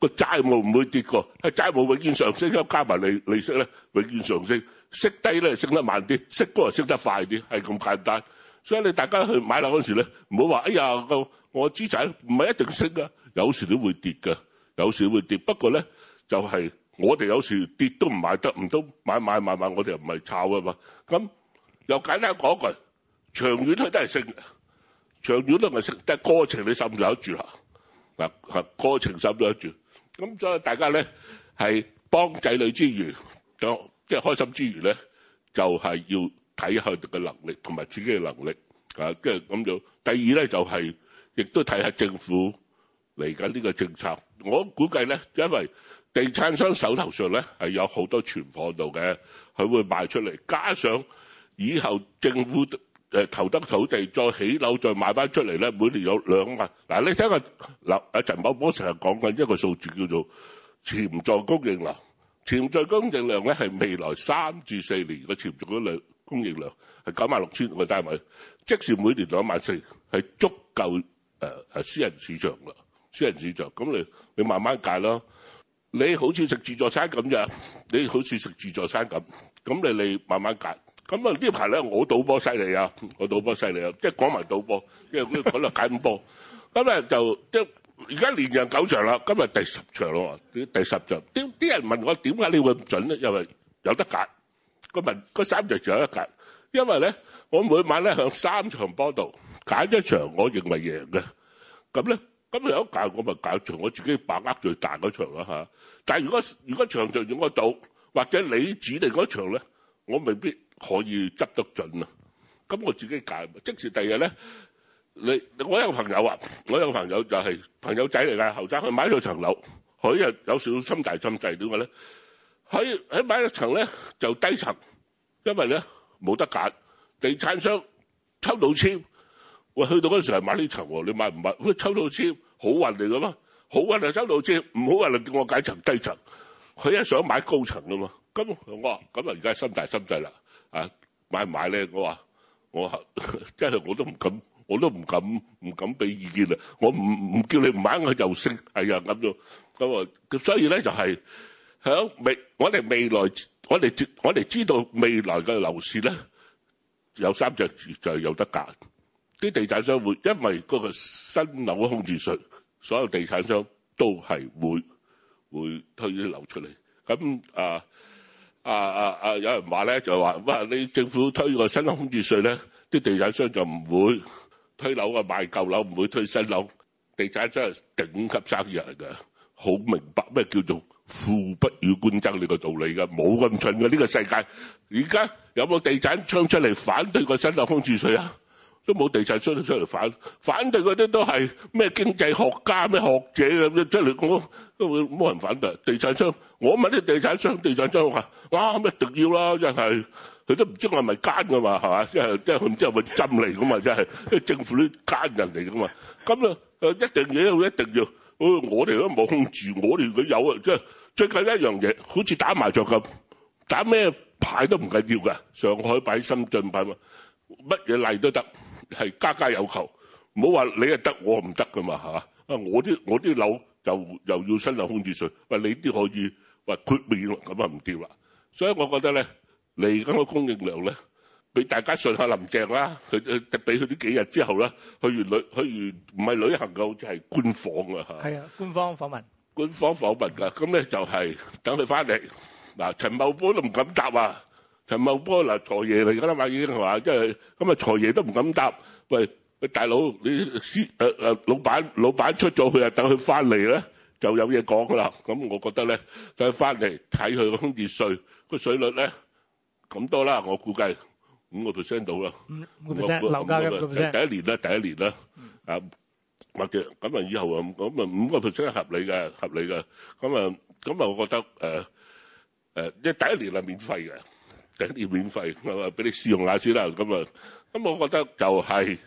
Speaker 4: 個債務唔會跌㗎，係債務永遠上升，加埋利利息咧，永遠上升，息低咧升得慢啲，息高又升得快啲，係咁簡單。所以你大家去買樓嗰陣時咧，唔好話哎呀，個我資產唔係一定升噶，有時都會跌嘅，有時會跌。不過咧就係我哋有時跌都唔買得，唔通買買買買，我哋又唔係炒啊嘛。咁又簡單講一句，長遠佢都係升嘅，長遠都係升，但係過程你受唔受得住啦？嗱，係過程受唔受得住。咁所以大家咧係幫仔女之餘，即係開心之餘咧，就係要。睇下佢哋嘅能力同埋自己嘅能力，啊，即係咁樣。第二咧就係亦都睇下政府嚟緊呢個政策。我估計咧，因為地產商手頭上咧係有好多存貨度嘅，佢會賣出嚟。加上以後政府誒投得土地再起樓再賣翻出嚟咧，每年有兩萬嗱。你睇下嗱阿陳茂波成日講緊一個數字叫做潛在供應量，潛在供應量咧係未來三至四年嘅潛在嘅量。供應量係九萬六千個單位，即係每年兩萬四係足夠誒誒私人市場啦，私人市場咁你你慢慢揀咯。你好似食自助餐咁樣，你好似食自助餐咁，咁你嚟慢慢揀。咁啊呢排咧我賭波犀利啊，我賭波犀利啊，即係講埋賭波，即係咩可能揀五波。咁咧就即係而家連贏九場啦，今日第十場咯喎，第十場。點啲人問我點解你會咁準咧？因為有得揀。個文個三就上一格，因為咧，我每晚咧向三場波度揀一場我認為贏嘅，咁咧咁有揀我咪揀場我自己把握最大嗰場啦嚇。但係如果如果場場要我賭，或者你指定嗰場咧，我未必可以執得準啊。咁我自己揀，即使第二日咧，你我有個朋友啊，我有個朋友就係朋友仔嚟㗎，後生佢買套層樓，佢又有少少心大心細點㗎咧？可以喺買一層咧就低層，因為咧冇得揀，地產商抽到簽，喂去到嗰陣時係買呢層，你買唔買？佢抽到簽好運嚟噶嘛，好運啊抽到簽，唔好運就叫我揀層低層，佢係想買高層噶嘛。咁我咁啊而家心大心細啦，啊買唔買咧？我話我即係我都唔敢，我都唔敢唔敢俾意見啦！我唔唔叫你唔買，我就識。哎呀咁樣咁啊，所以咧就係。響未？我哋未來，我哋接我哋知道未來嘅樓市咧，有三隻字就係有得揀。啲地產商會，因為嗰個新樓嘅空置稅，所有地產商都係會會推啲樓出嚟。咁啊啊啊！有人話咧，就話哇，你政府推個新樓空置稅咧，啲地產商就唔會推樓嘅賣舊樓，唔會推新樓。地產商係頂級生意嚟㗎，好明白咩叫做？富不與官爭呢個道理㗎，冇咁蠢㗎呢個世界。而家有冇地產商出嚟反對個新樓空置稅啊？都冇地產商出嚟反，反對嗰啲都係咩經濟學家、咩學者咁樣出嚟講，都冇人反對。地產商，我問啲地產商，地產商話，啱一定要啦，真係。佢都唔知我係咪奸㗎嘛？係嘛？即係即係佢唔知我係咪真嚟㗎嘛？即係即係政府啲奸人嚟㗎嘛？咁就誒一定要，佢一定要。哦，我哋都冇控住，我哋佢有啊，即係最近一樣嘢，好似打麻雀咁，打咩牌都唔緊要噶。上海擺深圳擺嘛，乜嘢嚟都得，係家家有求，唔好話你係得，我唔得噶嘛嚇。啊，我啲我啲樓又又要新樓空置稅，喂你啲可以，喂豁免咁啊唔掂啦。所以我覺得咧，你而家個供應量咧。俾大家信下林鄭啦，佢佢俾佢呢幾日之後咧，去完旅去完唔係旅行嘅，好似係官訪啊嚇。係啊，
Speaker 1: 官方訪問。
Speaker 4: 官方訪問㗎，咁咧就係等佢翻嚟嗱，陳茂波都唔敢答啊，陳茂波嗱財爺嚟㗎啦嘛，已經話即係，咁啊財爺都唔敢答，喂，大佬你司誒誒，老闆老闆出咗去啊，等佢翻嚟咧就有嘢講啦。咁我覺得咧，等佢翻嚟睇佢個空置稅個稅率咧咁多啦，我估計。五個 percent 到啦，五個 percent 樓價嘅五個 percent。第一年啦，第一年啦，啊，或者咁啊，以後啊咁啊，五個 percent 係合理嘅，合理嘅。咁啊，咁啊，我覺得誒誒，即係第一年係免費嘅，第一年免費，係咪俾你試用下先啦？咁啊，咁我覺得就係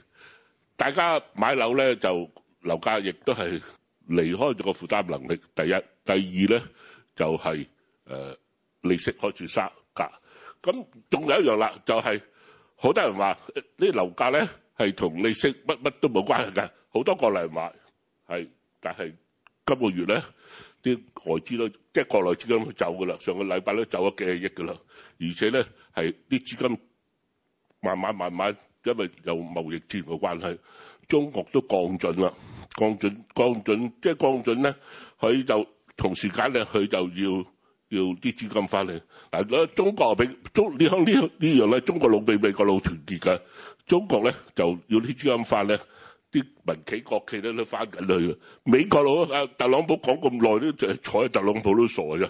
Speaker 4: 大家買樓咧，就樓價亦都係離開咗個負擔能力。第一，第二咧就係誒利息開始升價。咁仲有一樣啦，就係。好多人話呢樓價咧係同利息乜乜都冇關係㗎，好多國內人話係，但係今個月咧啲外資都即係國內資金都走㗎啦，上個禮拜都走咗幾十億㗎啦，而且咧係啲資金慢慢慢慢，因為有貿易戰嘅關係，中國都降準啦，降準降準即係降準咧，佢就同時間咧佢就要。要啲資金翻嚟嗱，嗰中國啊，比中呢呢呢樣咧，中國佬比美國佬團結嘅，中國咧就要啲資金翻咧，啲民企國企咧都翻緊去嘅。美國佬啊，特朗普講咁耐都就睬特朗普都傻咗，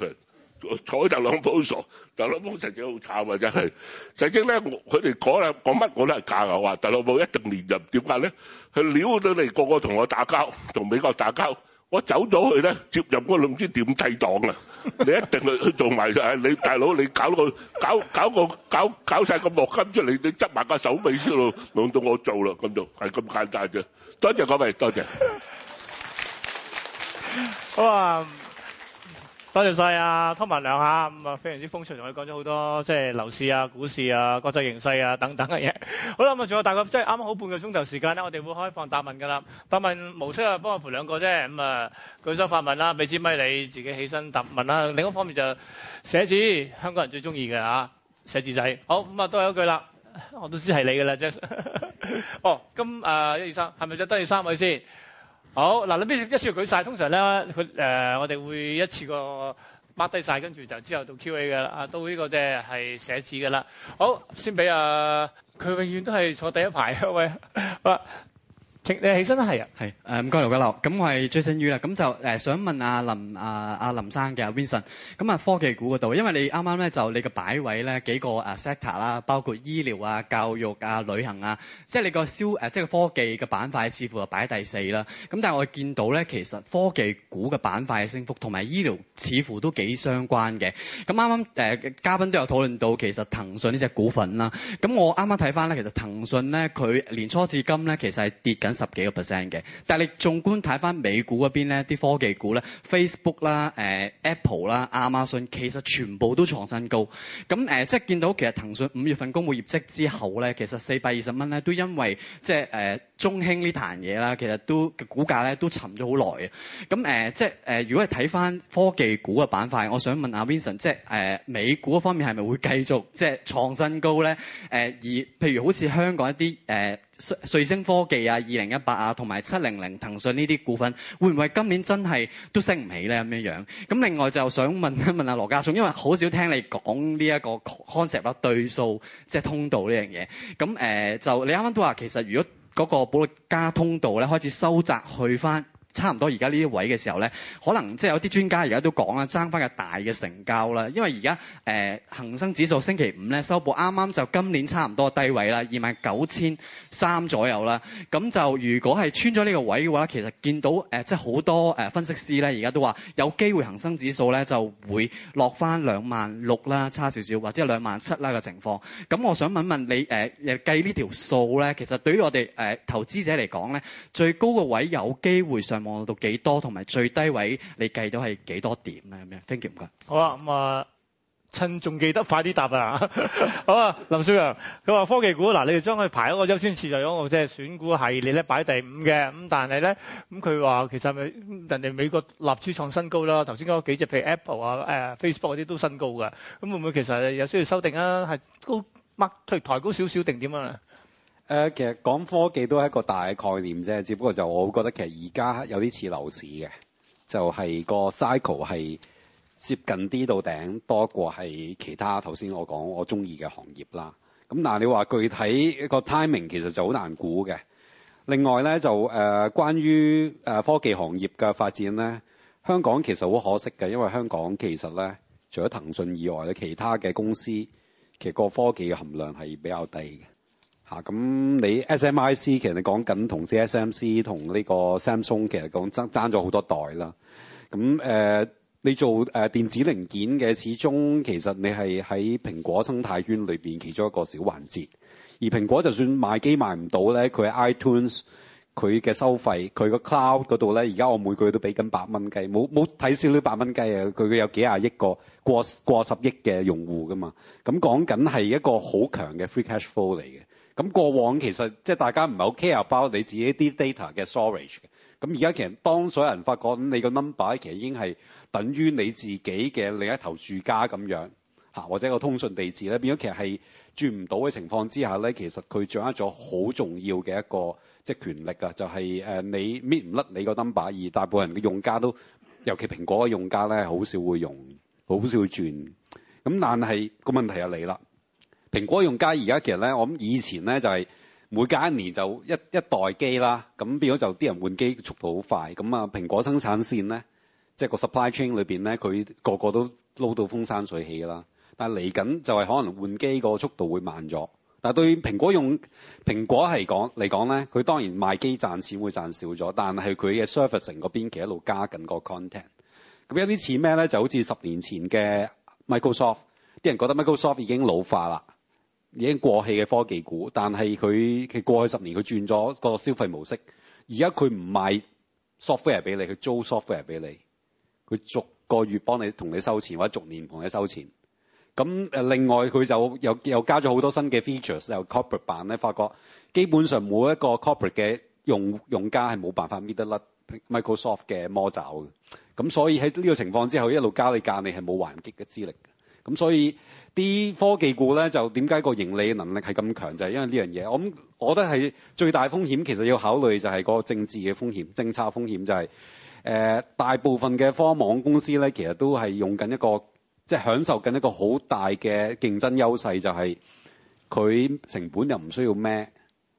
Speaker 4: 睬特朗普都傻，特朗普成日好慘啊真係，成日咧我佢哋講咧講乜我都係假嘅，話特朗普一定連任，點解咧？佢撩到你個個同我打交，同美國打交。我走咗去咧，接任我都唔知點替黨啦。你一定去去做埋啊！你大佬，你搞個搞搞個搞搞晒個莫金出嚟，你執埋個手尾先咯，輪到我做啦，咁就係咁簡單啫。多謝各位，多謝。
Speaker 1: 好啊。多謝晒啊，拖埋兩下咁啊，非常之風趣，同佢講咗好多即係樓市啊、股市啊、國際形勢啊等等嘅嘢。 好啦，咁、嗯、啊，仲有大概即係啱啱好半個鐘頭時間啦，我哋會開放答問噶啦。答問模式啊，幫我扶兩個啫。咁、嗯、啊，舉手發問啦、啊，俾支咪，咪你自己起身答問啦、啊。另一方面就寫字，香港人最中意嘅啊，寫字仔。好，咁、嗯、啊，都係嗰句啦，我都知係你噶啦，Jes。Jackson、 哦，咁，呃，一二三係咪就得二三位先？好嗱，你邊一次要舉曬？通常咧，佢、呃、我哋會一次過 mark 低曬，跟住就之後到 Q&A 嘅啦。啊，到呢個即係寫字㗎啦。好，先俾啊，佢永遠都係坐第一排，各喂。
Speaker 5: 啊你起身啦，係啊，係，唔該劉家樂，咁我係 Jason Yu 啦，咁就、呃、想問阿、啊、林啊阿林生嘅、啊、Vincent，咁啊科技股嗰度，因為你啱啱咧就你嘅擺位咧幾個 sector 啦，包括醫療啊、教育啊、旅行啊，即係你個消、啊、即係科技嘅板塊似乎係擺第四啦，咁但係我見到咧其實科技股嘅板塊嘅升幅同埋醫療似乎都幾相關嘅，咁啱啱誒嘉賓都有討論到其實騰訊呢隻股份啦，咁我啱啱睇翻咧其實騰訊咧佢年初至今咧其實係跌緊。十幾個 percent 嘅，但係你縱觀睇翻美股嗰邊咧，啲科技股咧，Facebook 啦、呃、誒 Apple 啦、Amazon，其實全部都創新高。咁誒、呃，即係見到其實騰訊五月份公布業績之後咧，其實四百二十蚊咧都因為即係誒、呃、中興呢壇嘢啦，其實都嘅股價咧都沉咗好耐嘅。咁誒、呃，即係誒、呃，如果係睇翻科技股嘅板塊，我想問阿 Vincent，即係誒、呃、美股方面係咪會繼續即係創新高咧？誒而譬如好似香港一啲誒、呃瑞星科技啊、二零一八啊、同埋七零零、騰訊呢啲股份，會唔會今年真係都升唔起咧？咁樣樣咁另外就想問一問啊，羅家聰，因為好少聽你講呢一個 concept 啦，對數即係通道呢樣嘢。咁誒、呃，就你啱啱都話，其實如果嗰個保力加通道咧開始收窄去翻。差唔多而家呢啲位嘅時候呢，可能即係有啲專家而家都講啦，爭翻個大嘅成交啦，因為而家誒恆生指數星期五呢收報啱啱就今年差唔多低位啦，二萬九千三左右啦。咁就如果係穿咗呢個位嘅話，其實見到、呃、即係好多呃、分析師呢，而家都話有機會恆生指數呢就會落翻兩萬六啦，差少少或者兩萬七啦嘅情況。咁我想問問你、呃、計呢條數呢，其實對於我哋、呃、投資者嚟講呢，最高嘅位有機會上望到幾多同埋最低位，你計到係幾多點咧？咁樣，thank you 唔該。好
Speaker 1: 啊，咁、嗯、啊，趁仲記得快啲答啊！ 好啊，林少陽，佢話科技股嗱，你哋將佢排一個優先次序嗰個即係選股系列咧，擺第五嘅，咁但係咧，咁佢話其實咪人哋美國納指創新高啦，頭先嗰幾隻譬如 Apple 啊、誒 Facebook 嗰啲都新高嘅，咁會唔會其實有需要修定啊？係高掹推抬高少少定點啊？
Speaker 3: 其實講科技都係一個大概念啫，只不過就我覺得其實而家有啲似樓市嘅，就係個 cycle 係接近啲到頂多過係其他頭先我講我中意嘅行業啦。咁但你話具體一個 timing 其實就好難估嘅。另外咧就、呃、關於、呃、科技行業嘅發展咧，香港其實好可惜嘅，因為香港其實咧除咗騰訊以外嘅其他嘅公司，其實個科技嘅含量係比較低嘅。咁、啊、你 SMIC 其實講緊同 CSMC 同呢個 Samsung 其實講爭咗好多代啦。咁誒、呃，你做、呃、電子零件嘅，始終其實你係喺蘋果生態圈裏面其中一個小環節。而蘋果就算賣機賣唔到咧，佢喺 iTunes 佢嘅收費，佢個 cloud 嗰度咧，而家我每個月都俾緊八蚊雞，冇冇睇少啲八蚊雞啊？佢佢有幾廿億個過，過十億嘅用戶噶嘛？咁講緊係一個好強嘅 free cash flow 嚟嘅。咁過往其實即係大家唔係好 care about 你自己啲 data 嘅 storage 嘅，咁而家其實當所有人發覺，咁你個 number 其實已經係等於你自己嘅另一頭住家咁樣吓，或者個通訊地址咧，變咗其實係轉唔到嘅情況之下咧，其實佢掌握咗好重要嘅一個即係權力啊，就係誒你搣唔甩你個 number，而大部分人嘅用家都，尤其蘋果嘅用家咧，好少會用，好少會轉。咁但係個問題又嚟啦。蘋果用家而家其實咧，我諗以前咧就係每隔一年就一一代機啦，咁變咗就啲人換機速度好快咁啊。蘋果生產線咧，即係個 supply chain 裏面咧，佢個個都撈到風生水起啦。但係嚟緊就係可能換機個速度會慢咗。但對蘋果用蘋果係講嚟講咧，佢當然賣機賺錢會賺少咗，但係佢嘅 service 嗰邊其實一路加緊個 content。咁有啲似咩咧？就好似十年前嘅 Microsoft，啲人覺得 Microsoft 已經老化啦。已經過氣嘅科技股，但係佢佢過去十年佢轉咗個消費模式，而家佢唔賣 software 俾你，佢租 software 俾你，佢逐個月幫你同你收錢或者逐年同你收錢。咁誒另外佢就又又加咗好多新嘅 features，又 corporate 版咧，發覺基本上每一個 corporate 嘅用用家係冇辦法搣得甩 Microsoft 嘅魔爪嘅。咁所以喺呢個情況之後一路加你價，你係冇還擊嘅資歷。咁所以啲科技股咧就點解個盈利能力係咁強，就係因為呢樣嘢。我我覺得係最大風險其實要考慮就係個政治嘅風險、政策風險，就係誒大部分嘅科網公司咧，其實都係用緊一個即係享受緊一個好大嘅競爭優勢，就係佢成本又唔需要咩，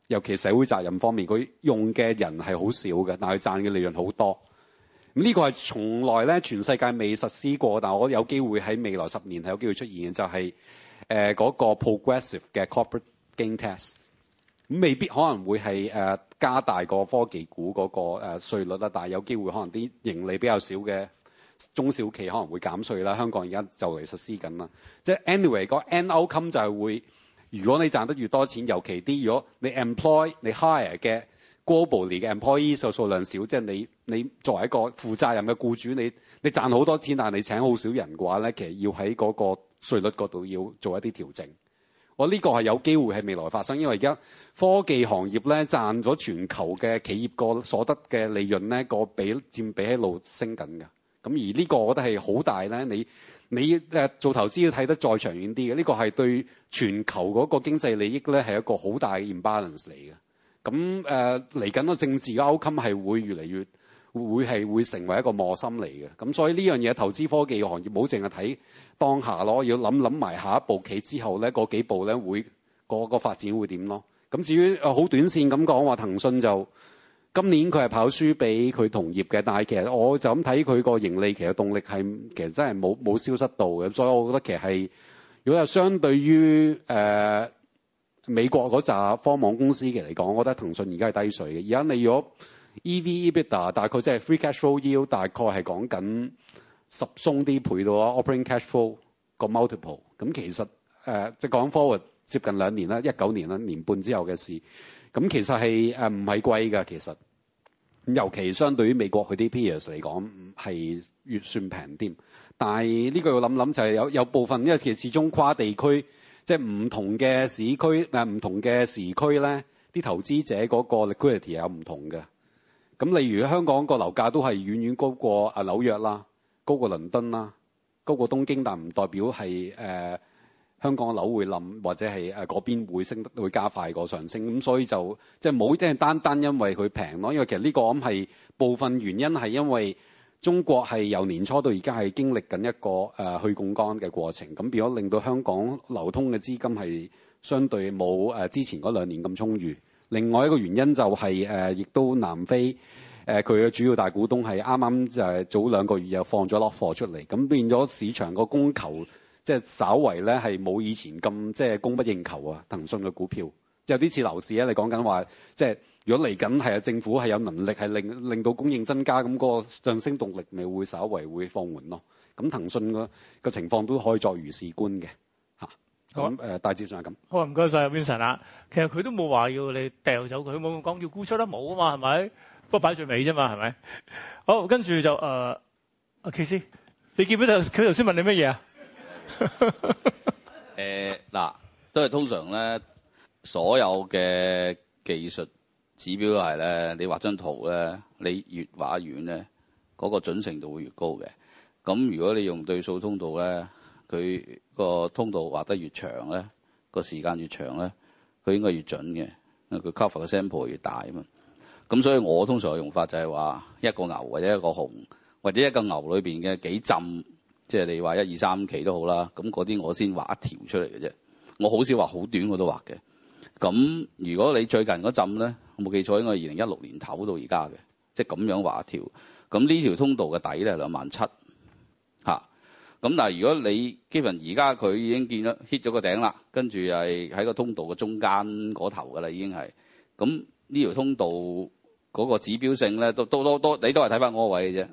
Speaker 3: 尤其社會責任方面，佢用嘅人係好少嘅，但係賺嘅利潤好多。咁、這個、呢個係從來咧全世界未實施過，但係我有機會喺未來十年係有機會出現嘅，就係誒嗰個 progressive 嘅 corporate gains tax。咁未必可能會係、呃、加大個科技股嗰、那個、呃、稅率啦，但係有機會可能啲盈利比較少嘅中小企可能會減稅啦。香港而家就嚟實施緊啦。即係 anyway 個 outcome 就係會，如果你賺得越多錢，尤其啲如果你 employ 你 hire 嘅。Global 嚟嘅 employee 數量少，即係你你作為一個負責任嘅雇主，你你賺好多錢，但係你請好少人嘅話咧，其實要喺嗰個稅率角度要做一啲調整。我呢個係有機會係未來發生，因為而家科技行業咧賺咗全球嘅企業個所得嘅利潤咧個比佔比喺度升緊㗎。咁而呢個我覺得係好大咧。你你做投資要睇得再長遠啲嘅，呢個係對全球嗰個經濟利益咧係一個好大嘅 imbalance 嚟嘅。咁誒嚟緊個政治嘅 outcome 係會越嚟越會係會成為一個磨心嚟嘅。咁所以呢樣嘢投資科技嘅行業冇淨係睇當下咯，要諗諗埋下一步棋之後咧，個幾步咧會個個發展會點咯。咁至於好短線咁講，話騰訊就今年佢係跑輸俾佢同業嘅，但係其實我就咁睇佢個盈利其實動力係其實真係冇冇消失到嘅，所以我覺得其實係如果係相對於誒。呃美國嗰紮科網公司嘅嚟講，我覺得騰訊而家係低水嘅。而家你如果 EV EBITDA 大概即係 free cash flow yield 大概係講緊十鬆啲倍到啊，operating cash flow 個 multiple 咁其實誒即講 forward 接近兩年啦，一九年啦年半之後嘅事，咁其實係誒唔係貴㗎其實，尤其相對於美國佢啲 peers 嚟講係越算平啲。但係呢個要諗諗就係有有部分因為其實始終跨地區。即係唔同嘅市區，呃、唔同嘅時區咧，啲投資者嗰個 liquidity 有唔同嘅。咁例如香港個樓價都係遠遠高過紐約啦，高過倫敦啦，高過東京，但唔代表係、呃、香港樓會冧或者係嗰邊會升會加快個上升。咁所以就即係冇即係單單因為佢平咯，因為其實呢、這個咁係部分原因係因為。中國係由年初到而家係經歷緊一個、呃、去槓桿嘅過程，咁變咗令到香港流通嘅資金係相對冇、呃、之前嗰兩年咁充裕。另外一個原因就係、是、亦、呃、都南非佢嘅、呃、主要大股東係啱啱就早兩個月又放咗落貨出嚟，咁、呃、變咗市場個供求即係稍為咧係冇以前咁即係供不應求啊。騰訊嘅股票。就有啲似樓市啊！你講緊話，即係如果嚟緊係啊，政府係有能力係令令到供應增加，咁個上升動力咪會稍微會放緩咯。咁騰訊個個情況都可以作如是觀嘅嚇。咁、呃、大致上係咁。
Speaker 1: 好，唔該晒。Vincent、呃、啊。其實佢都冇話要你掉走佢，冇講要沽出得冇啊嘛，係咪？不過擺住尾啫嘛，係咪？好，跟住就誒啊 KC，你見唔見到佢頭先問你乜嘢啊？誒 嗱、
Speaker 2: 呃，都係通常咧。所有嘅技術指標都係咧，你畫張圖咧，你越畫遠咧，嗰個準程度會越高嘅。咁如果你用對數通道咧，佢個通道畫得越長咧，個時間越長咧，佢應該越準嘅，因為佢 cover 嘅 sample 越大啊嘛。咁所以我通常嘅用法就係話一個牛或者一個熊或者一個牛裏面嘅幾浸，即係你話一二三期都好啦，咁嗰啲我先畫一條出嚟嘅啫。我好少畫好短我都畫嘅。咁如果你最近嗰陣咧，我冇記錯應該係二零一六年頭到而家嘅，即係咁樣畫條。咁呢條通道嘅底咧，係兩萬七嚇。咁但係如果你基本而家佢已經見咗 hit 咗個頂啦，跟住係喺個通道嘅中間嗰頭㗎啦，已經係。咁呢條通道嗰個指標性咧都都都你都係睇翻個位嘅啫。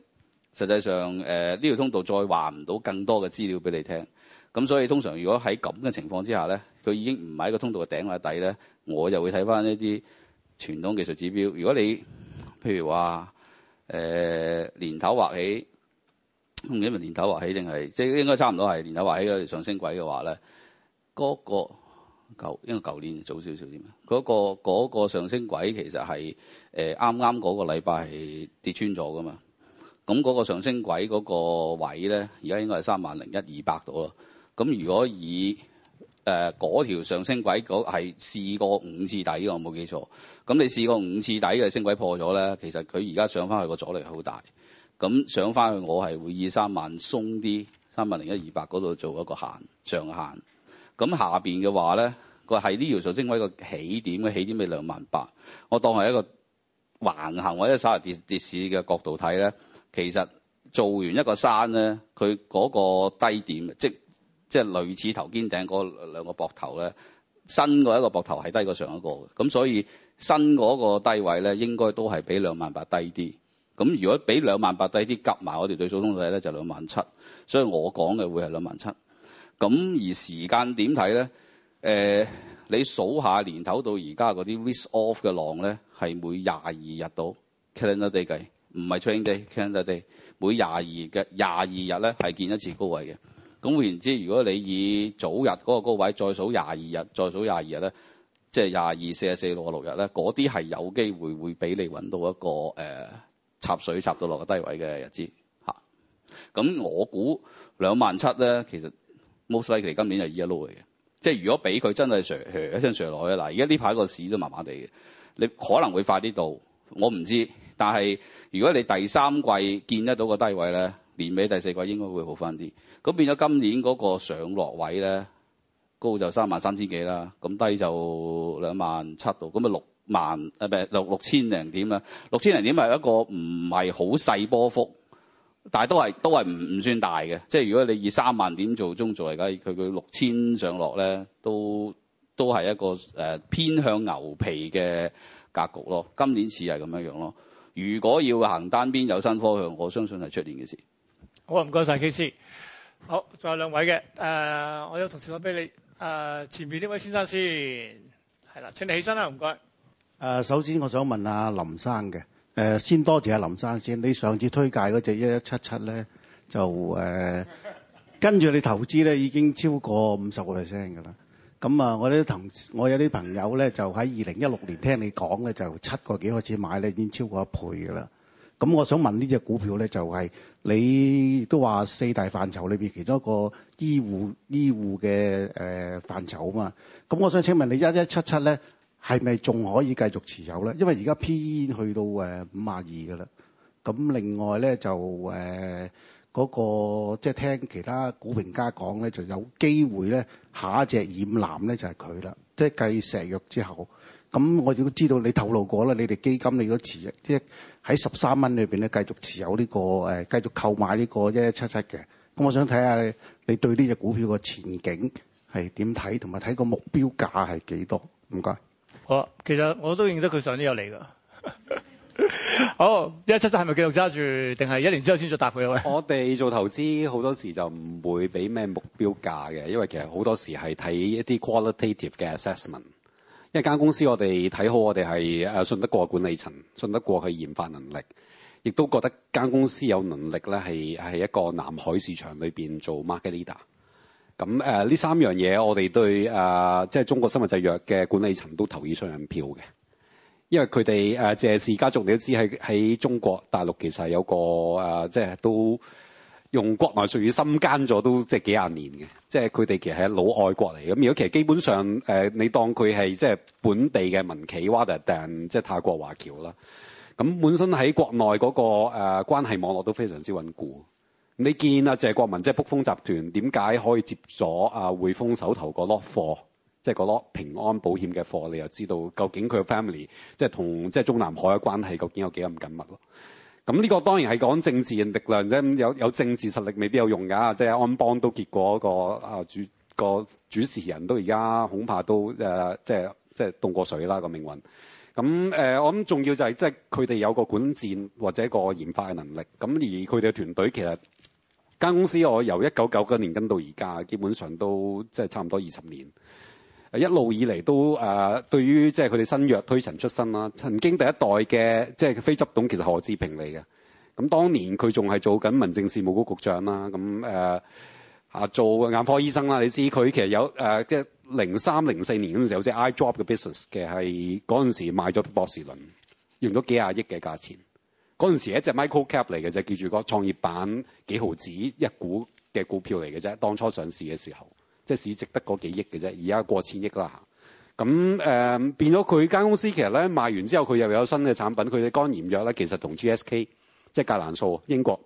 Speaker 2: 實際上誒，呃，呢條通道再話唔到更多嘅資料俾你聽。咁所以通常如果喺咁嘅情況之下咧，佢已經唔喺個通道嘅頂或底咧，我就會睇翻一啲傳統技術指標。如果你譬如話年、呃、頭滑起，因為年頭滑起定係即係應該差唔多係年頭滑起嘅上升軌嘅話咧，嗰、那個因為舊年早少少啲嘛，嗰、那個那個上升軌其實係啱啱嗰個禮拜係跌穿咗噶嘛，咁、那、嗰個上升軌嗰個位咧，而家應該係三萬零一二百度咯。咁如果以誒嗰、呃、條上升軌嗰係試過五次底，我冇記錯。咁你試過五次底嘅升軌破咗咧，其實佢而家上翻去個阻力好大。咁上翻去我係會以三萬鬆啲，三萬零一二百嗰度做一個限上限。咁下面嘅話咧，佢係呢條上升軌嘅起點嘅起點咪兩萬八？我當係一個橫行或者稍為跌跌市嘅角度睇咧，其實做完一個山咧，佢嗰個低點即。即係類似頭肩頂嗰兩個膊頭咧，新嗰一個膊頭係低過上一個嘅，咁所以新嗰個低位咧，應該都係比兩萬八低啲。咁如果比兩萬八低啲，夾埋我哋對數通底咧就兩萬七，所以我講嘅會係兩萬七。咁而時間點睇咧？誒、呃，你數下年頭到而家嗰啲 risk off 嘅浪咧，係每廿二日到 calendar day 計，唔係 trading day calendar day，每廿二嘅廿二日咧係見一次高位嘅。咁換言之，如果你以早日嗰個高位再數廿二日，再數廿二日咧，即係廿二、四十四、六個六日咧，嗰啲係有機會會俾你搵到一個、呃、插水插到落個低位嘅日子吓。咁我估兩萬七咧，其實 most likely 今年就二一六嚟嘅。即係如果俾佢真係 s h o 一聲 s 落去，嗱，而家呢排個市都麻麻地嘅，你可能會快啲到，我唔知。但係如果你第三季見得到個低位咧？年尾第四季應該會好翻啲，咁變咗今年嗰個上落位咧，高就三萬三千幾啦，咁低就兩萬七度，咁啊六萬六六千零點啊，六千零點係一個唔係好細波幅，但都係都係唔唔算大嘅，即係如果你以三萬點做中做嚟講，佢佢六千上落咧都都係一個、呃、偏向牛皮嘅格局咯，今年似係咁樣樣咯。如果要行單邊有新方向，我相信係出年嘅事。
Speaker 1: 好，唔該晒，KC 好，仲有兩位嘅。誒、呃，我有同事攞俾你。誒、呃，前面呢位先生先，係啦，請你起身啦，唔該。
Speaker 6: 誒、呃，首先我想問下林生嘅。誒、呃，先多謝阿林生先。你上次推介嗰隻一一七七咧，就誒、呃、 跟住你投資咧，已經超過五十個 percent 㗎啦。咁啊，我啲同我有啲朋友咧，就喺二零一六年聽你講咧，就七個幾開始買咧，已經超過一倍㗎啦。咁我想問呢隻股票咧，就係、是、你都話四大範疇裏面，其中一個醫護醫護嘅誒範疇啊嘛。咁我想請問你一一七七咧，係咪仲可以繼續持有咧？因為而家 P E 去到誒五廿二嘅啦。咁、呃、另外咧就嗰、呃那個即係、就是、聽其他股評家講咧，就有機會咧，下一隻染藍咧就係佢啦，即係繼石藥之後。咁我亦都知道你透露過啦，你哋基金你都持即喺十三蚊裏面咧繼續持有呢、這個繼續購買呢個一一七七嘅。咁我想睇下你對呢隻股票個前景係點睇，同埋睇個目標價係幾多？唔該。好，
Speaker 1: 其實我都認得佢上年有嚟㗎。
Speaker 6: 好
Speaker 1: oh,，一一七七係咪繼續揸住，定係一年之後先再答佢？我哋做
Speaker 3: 投資好多時就唔會俾咩目標價嘅，因為其實好多時係睇一啲 qualitative 嘅 assessment。因為間公司我哋睇好，我哋係誒信得過管理層，信得過佢研發能力，亦都覺得間公司有能力咧係係一個南海市場裏面做 market leader。咁誒呢三樣嘢，我哋對誒即係中國生物製藥嘅管理層都投以信任票嘅，因為佢哋誒謝氏家族你都知喺喺中國大陸其實有個、呃、即係都。用國內術語深耕咗都即係幾廿年嘅，即係佢哋其實係老愛國嚟。咁如果其實基本上、呃、你當佢係即係本地嘅民企，或者訂即係泰國華僑啦。咁本身喺國內嗰、那個、呃、關係網絡都非常之穩固。你見啊，謝國民即係卜蜂集團點解可以接咗阿、啊、匯豐手頭個 lock 貨，即係個 lock 平安保險嘅貨？你又知道究竟佢嘅 family 即係同即係中南海嘅關係究竟有幾咁緊密咯？咁、這、呢個當然係講政治嘅力量啫，有有政治實力未必有用㗎，即係安邦都結果個啊主個主持人都而家恐怕都、呃、即係即係凍過水啦、這個命運。咁、嗯呃、我諗重要就係、是、即係佢哋有個管戰或者個研發嘅能力。咁而佢哋嘅團隊其實間公司我由一九九九年跟到而家，基本上都即係差唔多二十年。一路以嚟都誒、呃、對於即係佢哋新藥推陳出新啦，曾經第一代嘅即係非執董其實何志平嚟嘅，咁當年佢仲係做緊民政事務局局長啦，咁誒、呃、啊做眼科醫生啦，你知佢其實有誒即係零三零四年嗰陣時候有隻 eye drop 嘅 business 嘅係嗰陣時買咗博士倫，用咗幾廿億嘅價錢，嗰陣時一隻 micro cap 嚟嘅就叫住個創業板幾毫子一股嘅股票嚟嘅啫，當初上市嘅時候。即市值得嗰幾億嘅啫，而家過千億啦。咁誒、呃、變咗佢間公司，其實咧賣完之後，佢又有新嘅產品。佢嘅肝炎藥咧，其實同 GSK 即格蘭素英國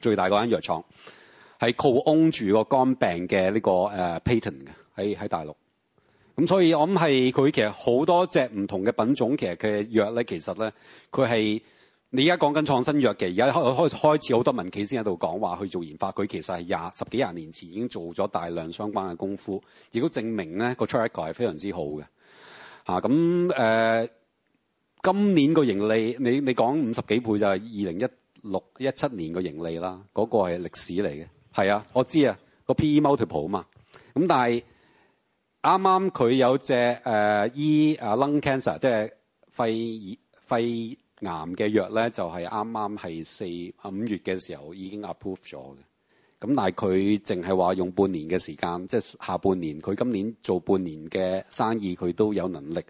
Speaker 3: 最大嗰間藥廠，係 co own 住個肝病嘅呢、呢個誒、uh, patent 嘅喺喺大陸。咁所以我諗係佢其實好多隻唔同嘅品種，其實佢嘅藥咧，其實咧佢係。你而家講緊創新藥嘅，而家開開開開始好多民企先喺度講話去做研發，佢其實係廿十幾廿年前已經做咗大量相關嘅功夫，亦都證明呢個 track 係非常之好嘅。嚇咁誒今年個盈利你你講五十幾倍就係二零一六一七年個盈利啦，嗰個係歷史嚟嘅。係啊，我知啊個 PE multiple 啊嘛，咁但係啱啱佢有隻誒醫啊 lung cancer 即係肺肺。肺癌嘅藥咧就係啱啱係四五月嘅時候已經 approve 咗嘅，咁但係佢淨係話用半年嘅時間，即係下半年，佢今年做半年嘅生意，佢都有能力、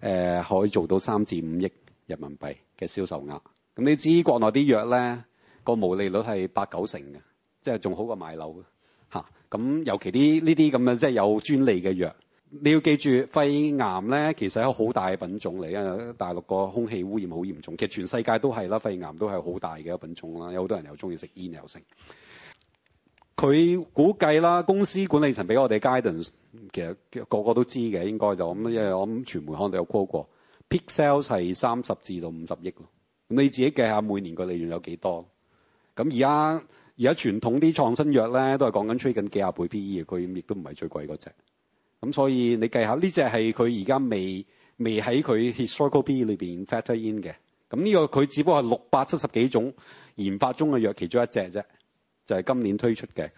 Speaker 3: 呃、可以做到三至五億人民幣嘅銷售額。咁、嗯、你知國內啲藥咧個毛利率係八九成嘅，即係仲好過買樓吓。咁尤其啲呢啲咁樣，即係有專利嘅藥。你要記住，肺癌咧其實係一個好大嘅品種嚟啊！因為大陸個空氣污染好嚴重，其實全世界都係啦，肺癌都係好大嘅一品種啦。有好多人又中意食煙又食，佢估計啦，公司管理層俾我哋 guidance，其實個個都知嘅，應該就咁，因為我諗傳媒可能都有 call 過。peak sales 係三十至到五十億咯。你自己計下每年個利潤有多現在現在幾多？咁而家而家傳統啲創新藥咧都係講緊吹緊幾廿倍 P E 嘅，佢亦都唔係最貴嗰隻。咁、嗯、所以你計下呢，只係佢而家未未喺佢 historical B 裏邊 factor in 嘅。咁呢個佢只不過係六百七十幾種研發中嘅藥其中一隻啫，就係、是、今年推出嘅。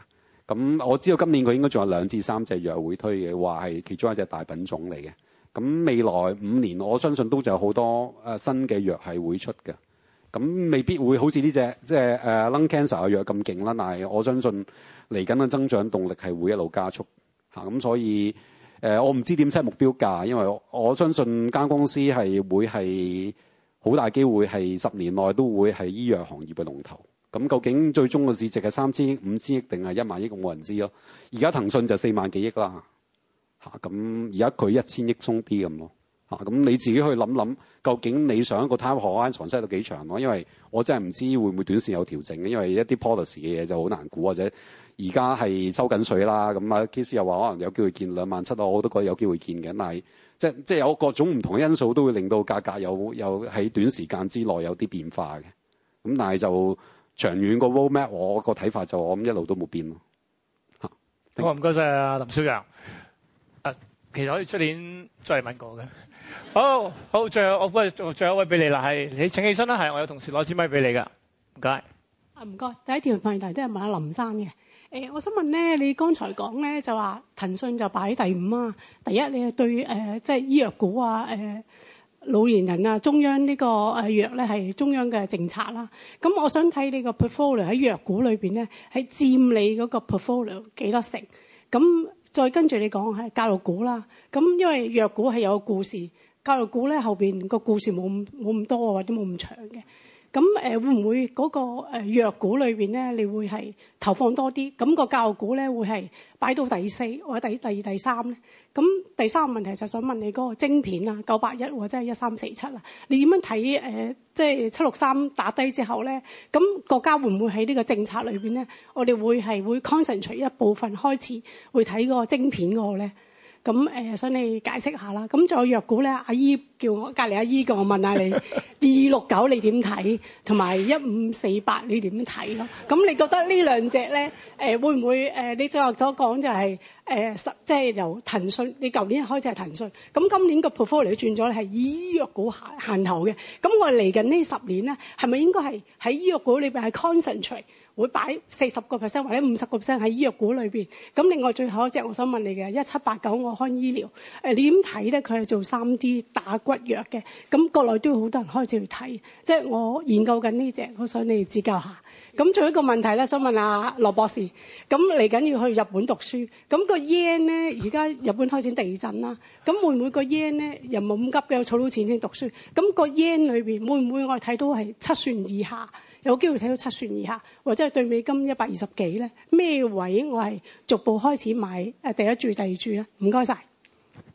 Speaker 3: 咁我知道今年佢應該仲有兩至三隻藥會推嘅，話係其中一隻大品種嚟嘅。咁未來五年我相信都就有好多誒新嘅藥係會出嘅。咁未必會好似呢隻即係誒 lung cancer 嘅藥咁勁啦，但係我相信嚟緊嘅增長動力係會一路加速吓。咁所以誒、呃，我唔知點 set 目標價，因為我我相信間公司係會係好大機會係十年內都會係醫藥行業嘅龍頭。咁究竟最終嘅市值係三千億、五千億定係一萬億，我冇人知咯。而家騰訊就四萬幾億啦，嚇咁而家佢一千億鬆啲咁咯，嚇、啊、咁、啊嗯、你自己去諗諗，究竟你想個 time horizon 藏身到幾長咯？因為我真係唔知會唔會短線有調整，因為一啲 policy 嘅嘢就好難估或者。而家係收緊水啦，咁啊，K. C. 又話可能有機會見兩萬七，我我都覺得有機會見嘅。但係即即有各種唔同嘅因素，都會令到價格格有有喺短時間之內有啲變化嘅。咁但係就長遠個 roadmap，我個睇法就我一路都冇變咯。
Speaker 1: 好，唔該晒啊，林少陽。啊，其實可以出年再嚟問過嘅。好好，最後我唔再最後一位俾你啦，係你請起身啦，係我有同事攞支咪俾你㗎，唔該。啊，
Speaker 7: 唔該，第一條問題都係問阿林生嘅。誒，我想問咧，你剛才講咧就話騰訊就擺喺第五啊。第一，你係對、呃、即係醫藥股啊，誒、呃、老年人啊，中央、這個呃、藥呢個誒藥咧係中央嘅政策啦。咁、嗯嗯、我想睇你個 portfolio 喺藥股裏面咧，係佔你嗰個 portfolio 幾多成？咁再跟住你講係教育股啦。咁因為藥股係有個故事，教育股咧後面個故事冇咁冇咁多啊，或者冇咁長嘅。咁誒會唔會嗰個誒藥股裏邊咧，你會係投放多啲？咁個教育股咧會係擺到第四或者第第二、第三咧？咁第三個問題就想問你嗰個晶片啊，九八一或者係一三四七啊？你點樣睇誒？即係七六三打低之後咧，咁國家會唔會喺呢個政策裏邊咧，我哋會係會 concentrate 一部分開始會睇嗰個晶片嗰個咧？咁誒、呃，想你解釋下啦。咁仲有藥股咧，阿姨叫我隔離阿姨叫我問下你 二六九你點睇，同埋一五四八你點睇咯？咁你覺得呢兩隻咧、呃，會唔會誒、呃？你最後所講就係、是、誒、呃、即係由騰訊，你舊年開始係騰訊，咁今年個 portfolio 轉咗係醫藥股限頭嘅。咁我嚟緊呢十年咧，係咪應該係喺醫藥股裏面係 concentrate？會擺四十個 percent 或者五十個 percent 喺醫藥股裏邊。咁另外最後一隻，我想問你嘅一七八九愛康醫療，誒你點睇咧？佢係做三 D 打骨藥嘅，咁國內都好多人開始去睇。即係我研究緊呢隻，我想你哋指教一下。咁仲有一個問題咧，想問下、啊、羅博士。咁嚟緊要去日本讀書，咁、那個 yen 咧，而家日本開始地震啦，咁會唔會個 yen 咧又冇咁急嘅，有儲到錢先讀書？咁、那個 yen 裏邊會唔會我哋睇到係七算以下？有機會睇到七算以下，或者係兌美金一百二十幾咧，咩位我係逐步開始買誒第一注、第二注咧？唔該晒，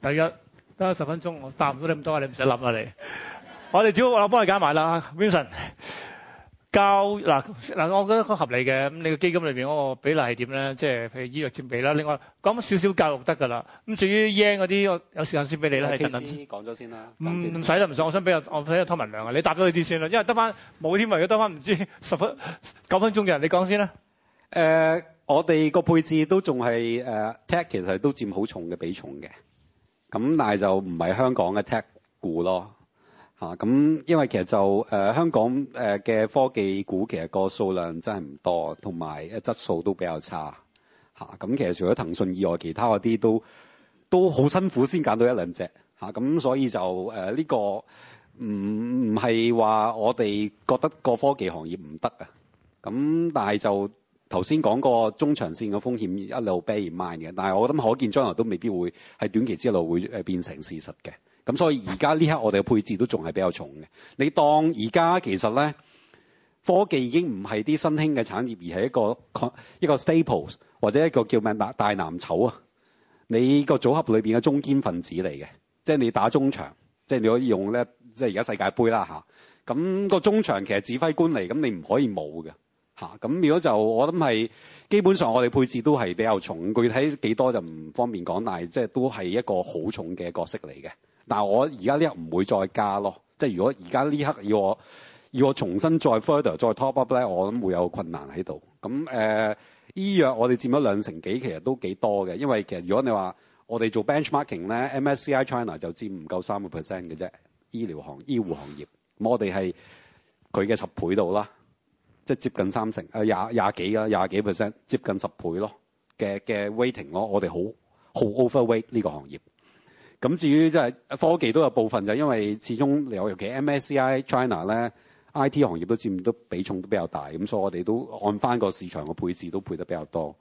Speaker 1: 第一，得十分鐘，我答唔到你咁多，你唔使諗啦，你。 我哋只好我幫你揀埋啦，Vincent。交嗱嗱，我覺得好合理嘅。咁你個基金裏邊嗰個比例係點咧？即係譬如醫藥佔比啦。另外講少少教育得㗎啦。咁至於 yen 嗰啲，我有時間先俾你啦。等陣先講咗先啦。唔唔使啦，唔使。我想俾我，我想湯文亮啊。你答咗佢啲先啦。因為得翻冇添，或者得翻唔知十分九分鐘嘅人，你講先啦。
Speaker 3: 誒，我哋個配置都仲係誒 tech 其實都佔好重嘅比重嘅。咁但係就唔係香港嘅 tech 股咯。啊，咁因為其實就誒、呃、香港誒嘅科技股，其實個數量真係唔多，同埋嘅質素都比較差嚇。咁、啊、其實除咗騰訊以外，其他嗰啲都都好辛苦先揀到一兩隻嚇。咁、啊啊、所以就誒呢、呃這個唔唔係話我哋覺得個科技行業唔得啊。咁但係就頭先講過中長線嘅風險一路 bear in mind 嘅，但係我諗可見將來都未必會喺短期之內會誒變成事實嘅。咁所以而家呢刻我哋嘅配置都仲係比較重嘅。你當而家其實咧，科技已經唔係啲新興嘅產業，而係一個一個 staples 或者一個叫咩大大藍籌啊。你個組合裏面嘅中堅份子嚟嘅，即係你打中場，即係你可以用咧，即係而家世界盃啦嚇。咁個中場其實指揮官嚟，咁你唔可以冇嘅嚇。咁如果就我諗係基本上我哋配置都係比較重，具體幾多就唔方便講，但係即係都係一個好重嘅角色嚟嘅。但係我而家呢一刻唔會再加咯，即係如果而家呢刻要我要我重新再 further 再 top up 咧，我諗會有困難喺度。咁誒、呃，醫藥我哋佔咗兩成幾，其實都幾多嘅。因為其實如果你話我哋做 benchmarking 咧，MSCI China 就佔唔夠三個 percent 嘅啫，醫療行、醫護行業。咁我哋係佢嘅十倍度啦，即係接近三成誒，廿廿幾啊廿幾 percent，接近十倍咯嘅嘅 weighting 咯，我哋好好 overweight 呢個行業。咁至於即係科技都有部分就，因為始終有尤其 MSCI China 咧 IT 行業都佔都比重都比較大，咁所以我哋都按翻個市場個配置都配得比較多。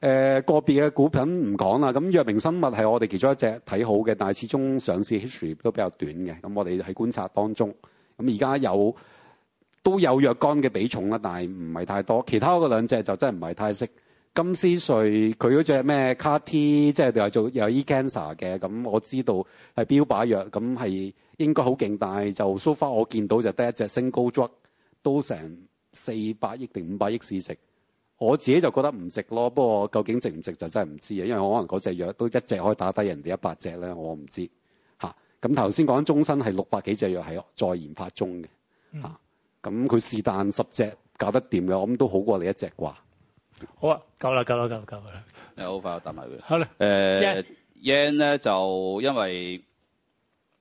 Speaker 3: 誒、呃、個別嘅股品唔講啦，咁藥明生物係我哋其中一隻睇好嘅，但係始終上市 history 都比較短嘅，咁我哋喺觀察當中。咁而家有都有若干嘅比重啦，但係唔係太多。其他嗰兩隻就真係唔係太識。金斯瑞佢嗰隻咩卡 T，即係叫做 Yescarta 嘅，咁我知道係標靶藥，咁係應該好勁，但係就 so far 我見到就得一隻，升高咗都成四百億定五百億市值，我自己就覺得唔值咯。不過究竟值唔值就真係唔知啊，因為可能嗰隻藥都一隻可以打低人哋一百隻咧，我唔知嚇。咁頭先講終身係六百幾隻藥係在研發中嘅嚇，咁佢是但十隻搞得掂嘅，我咁都好過你一隻啩。
Speaker 1: 好啊！夠啦，夠啦，夠啦，夠啦！
Speaker 2: 你、嗯、好快，我答埋佢。好咧、呃。Yen 咧就因為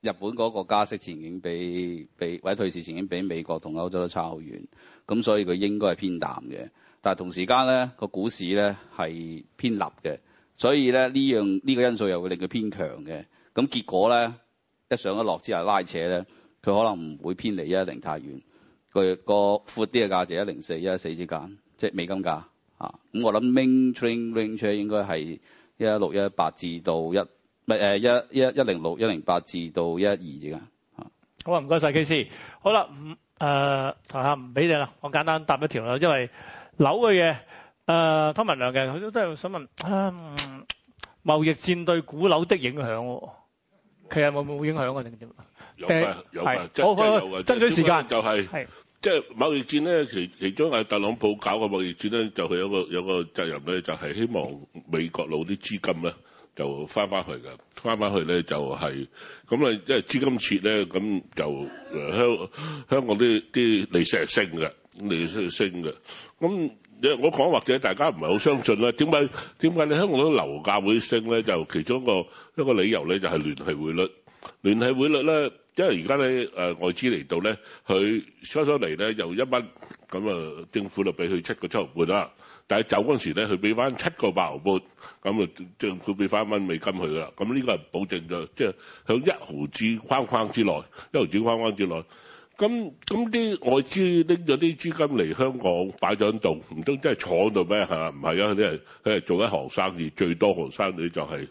Speaker 2: 日本嗰個加息前景比比或者退市前景比美國同歐洲都差好遠，咁所以佢應該係偏淡嘅。但係同時間咧，個股市咧係偏立嘅，所以咧呢樣呢、呢個因素又會令佢偏強嘅。咁結果咧，一上一落之後拉扯咧，佢可能唔會偏離一一零太遠。佢個闊啲嘅價值，一零四一一四之間，即美金價。咁我諗 Main Train Range 應該係一六一八至到一，唔係一一一零六一零八至到一二而家。
Speaker 1: 好啊，唔該曬，KC。好啦，唔，誒台下唔俾你啦，我簡單答一條啦，因為樓嘅嘢誒，湯、呃、文亮嘅，佢都都係想問啊，貿易戰對股樓的影響喎，其實會唔會影響我哋。點？有嘅，有嘅，就是、爭取時間
Speaker 4: 就係、是。係。即係貿易戰咧，其其中係特朗普搞個貿易戰咧，就佢有個有個責任咧，就係希望美國佬啲資金咧，就返返去嘅，返返去咧就係咁啊，即係資金撤咧，咁就香香港啲啲利息係升嘅，利息係升嘅，咁我講或者大家唔係好相信啦，點解點解你香港啲樓價會升咧？就其中一個一個理由咧，就係聯繫匯率。聯繫匯率咧，因為而家咧誒外資嚟到咧，佢初初嚟咧又一蚊，咁啊政府就俾佢七個七毫半啦。但係走嗰陣時咧，佢俾翻七個八毫半，咁啊政府俾翻一蚊美金佢啦。咁呢個係保證咗，即係喺一毫紙框框之內，一毫紙框框之內。咁咁啲外資拎咗啲資金嚟香港擺咗喺度，唔通真係坐度咩？係啊，唔係啊，啲人佢係做一行生意，最多行生意就係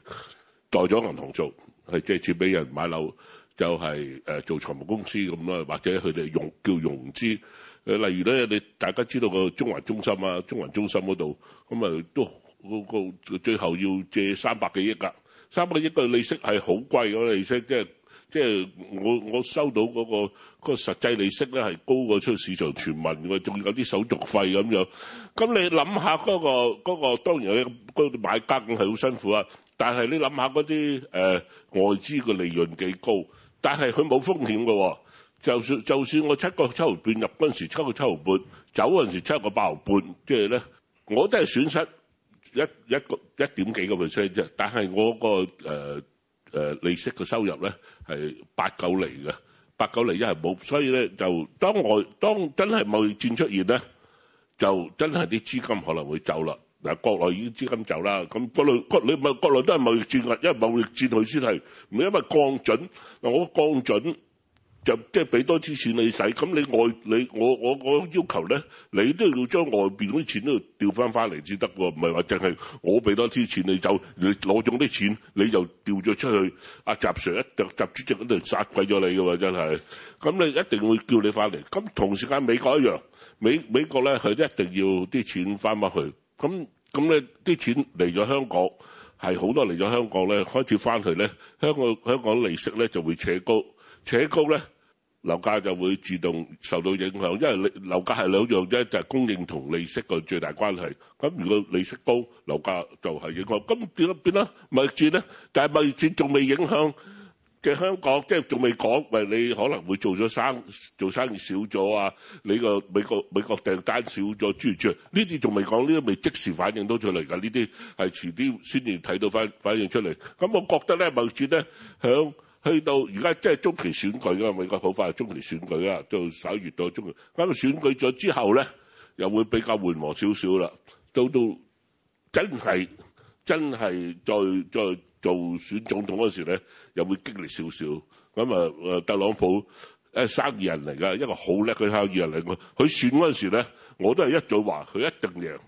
Speaker 4: 代咗銀行做。係借錢俾人買樓，就係誒做財務公司咁咯，或者佢哋融叫融資。誒，例如咧，你大家知道個中環中心啊，中環中心嗰度，咁啊都嗰個最後要借三百幾億噶，三百幾億嘅利息係好貴嘅利息，即係即係我我收到嗰個嗰個實際利息咧係高過出市場傳聞嘅，仲有啲手續費咁樣。咁你諗下嗰個嗰個，當然咧嗰個買家咁係好辛苦啊，但係你諗下嗰啲誒。外資個利潤幾高，但係佢冇風險嘅喎。就算就算我七個七毫半入嗰陣時，七個七毫半走嗰陣時，七個八毫半，即係咧，我都係損失一一個一點幾個 percent 啫。但係我個誒誒利息嘅收入咧係八九釐嘅，八九釐一係冇。所以咧就當外當真係貿易戰出現咧，就真係啲資金可能會走啦。嗱，國內已經資金走啦。咁國內個你咪國內都係貿易戰㗎，因為貿易戰佢先係。唔係因為降準嗱，我降準就即係俾多啲錢你使。咁你外你我我我要求咧，你都要將外邊嗰啲錢都要調翻翻嚟至得喎。唔係話淨係我俾多啲錢你走，你攞咗啲錢你就調咗出去。阿習主席一習主席嗰度殺鬼咗你㗎喎，真係。咁你一定會叫你翻嚟。咁同時間美國一樣，美美國咧佢一定要啲錢翻返去。咁咁咧啲錢嚟咗香港，係好多嚟咗香港咧，開始返去咧，香港香港利息咧就會扯高，扯高咧樓價就會自動受到影響，因為樓樓價係兩樣啫，就係供應同利息嘅最大關係。咁如果利息高，樓價就係影響。咁變啦變啦，物業跌咧，但係物業跌仲未影響。嘅香港即係仲未講，喂，你可能會做咗生做生意少咗啊，你個美國美國訂單少咗，諸如此類，呢啲仲未講，呢啲未即時反映到出嚟㗎，呢啲係遲啲先至睇到反反映出嚟。咁我覺得咧，民主咧響去到而家即係中期選舉㗎，美國好快係中期選舉啦，就十一月到中期。咁選舉咗之後咧，又會比較緩和少少啦。到到真係真係再再。做選總統嗰時咧，又會激烈少少。咁啊、呃，特朗普誒、呃、生意人嚟㗎，一個好叻嘅生意人嚟。佢選嗰陣時咧，我都係一早話佢一定贏，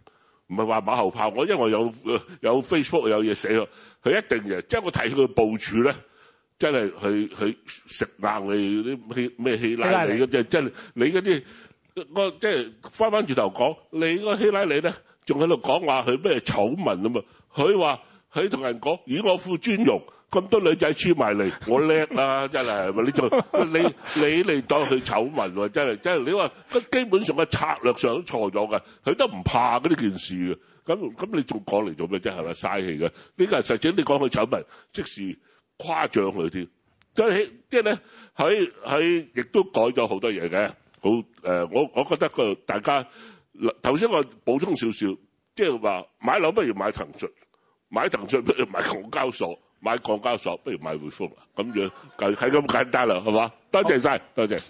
Speaker 4: 唔係話馬後炮。我因為我有有 Facebook 我有嘢寫，佢一定贏。即係我睇佢部署咧，真係佢佢食硬你啲咩希拉里嗰啲。即係你嗰啲，我即係翻返轉頭講，你嗰希拉里咧，仲喺度講話佢咩醜聞啊嘛，佢話。佢同人講：以我副尊容咁多女仔黐埋嚟，我叻啦！真係係咪？你仲你你嚟當佢醜聞喎？真係真係你話，基本上嘅策略上都錯咗㗎。佢都唔怕呢件事㗎。咁咁你仲講嚟做咩啫？係咪嘥氣㗎？呢個係實際。你講佢醜聞，即時誇張佢添。咁起即係咧喺喺，亦、就、都、是、改咗好多嘢嘅。好誒、呃，我我覺得個大家頭先我補充少少，即係話買樓不如買騰訊。買騰訊不如買港交所，買港交所不如買匯豐啊！咁樣就係咁簡單啦，係嘛？多謝晒，多謝。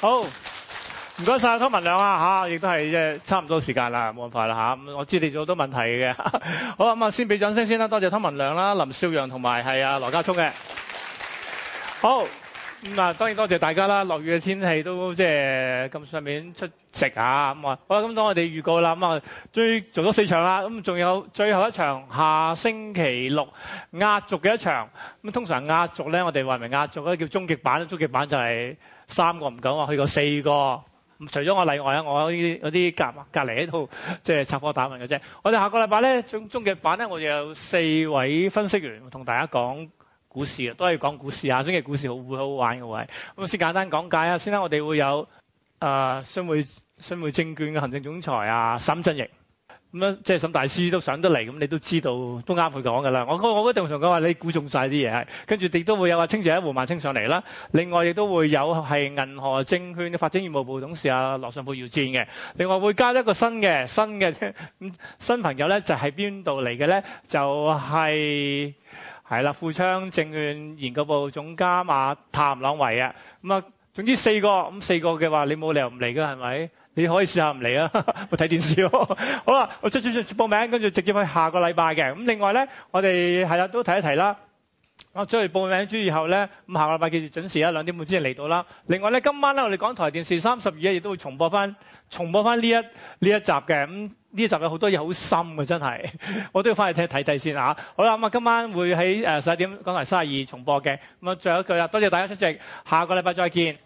Speaker 4: 好，
Speaker 1: 唔該晒。啊，湯文亮啊嚇，亦都係即係差唔多時間啦，冇辦法啦嚇。咁、啊、我知道你有好多問題嘅、啊。好咁啊，先俾掌聲先啦，多謝湯文亮啦，林少陽同埋係啊羅家聰嘅。好。咁啊，當然多謝大家啦！落雨嘅天氣都即係咁上面出席嚇咁啊！嗯、好啦，咁、嗯、當我哋預告啦，咁、嗯、啊，終於做咗四場啦，咁、嗯、仲有最後一場下星期六壓軸嘅一場。咁、嗯、通常壓軸咧，我哋話明係壓軸咧，叫終極版。終極版就係三個唔講話，去過四個。除咗我例外啊，我呢啲有啲隔隔離一度，即係插科打諢嘅啫。我哋下個禮拜咧，終終極版咧，我哋有四位分析員同大家講。股市啊，都係講股市啊！星期股市好會好玩嘅喂，咁先簡單講解吓，先啦，我哋會有啊，訊匯訊匯證券嘅行政總裁啊，沈振盈咁樣，即係沈大師都上得嚟，咁你都知道都啱佢講嘅啦。我我嗰陣仲講話你估中曬啲嘢，係跟住亦都會有啊，青姐啊，胡孟青上嚟啦。另外亦都會有係銀河證券嘅發展業務部董事啊，羅尚富要戰嘅。另外會加一個新嘅新嘅新朋友咧，就係邊度嚟嘅咧？就係。係啦，富昌證券研究部總監馬譚朗維啊，咁啊，總之四個咁四個嘅話你冇理由唔嚟㗎，係咪？你可以試下唔嚟啊，我睇電視哈哈。好啦，我出出出報名，跟住直接，着接着去下個禮拜嘅。咁、啊、另外咧，我哋係啦，都提一提啦。我將嚟報名完以後呢，咁下個禮拜記住準時啊，兩點半之前嚟到啦。另外呢，今晚咧我哋港台電視三十二亦都會重播返重播返呢一呢一集嘅。咁、嗯、呢集有好多嘢好深嘅，真係，我都要返去睇睇先嚇。好啦，咁啊今晚會喺十一點港台三十二重播嘅。咁啊，最後一句啦，多謝大家出席，下個禮拜再見。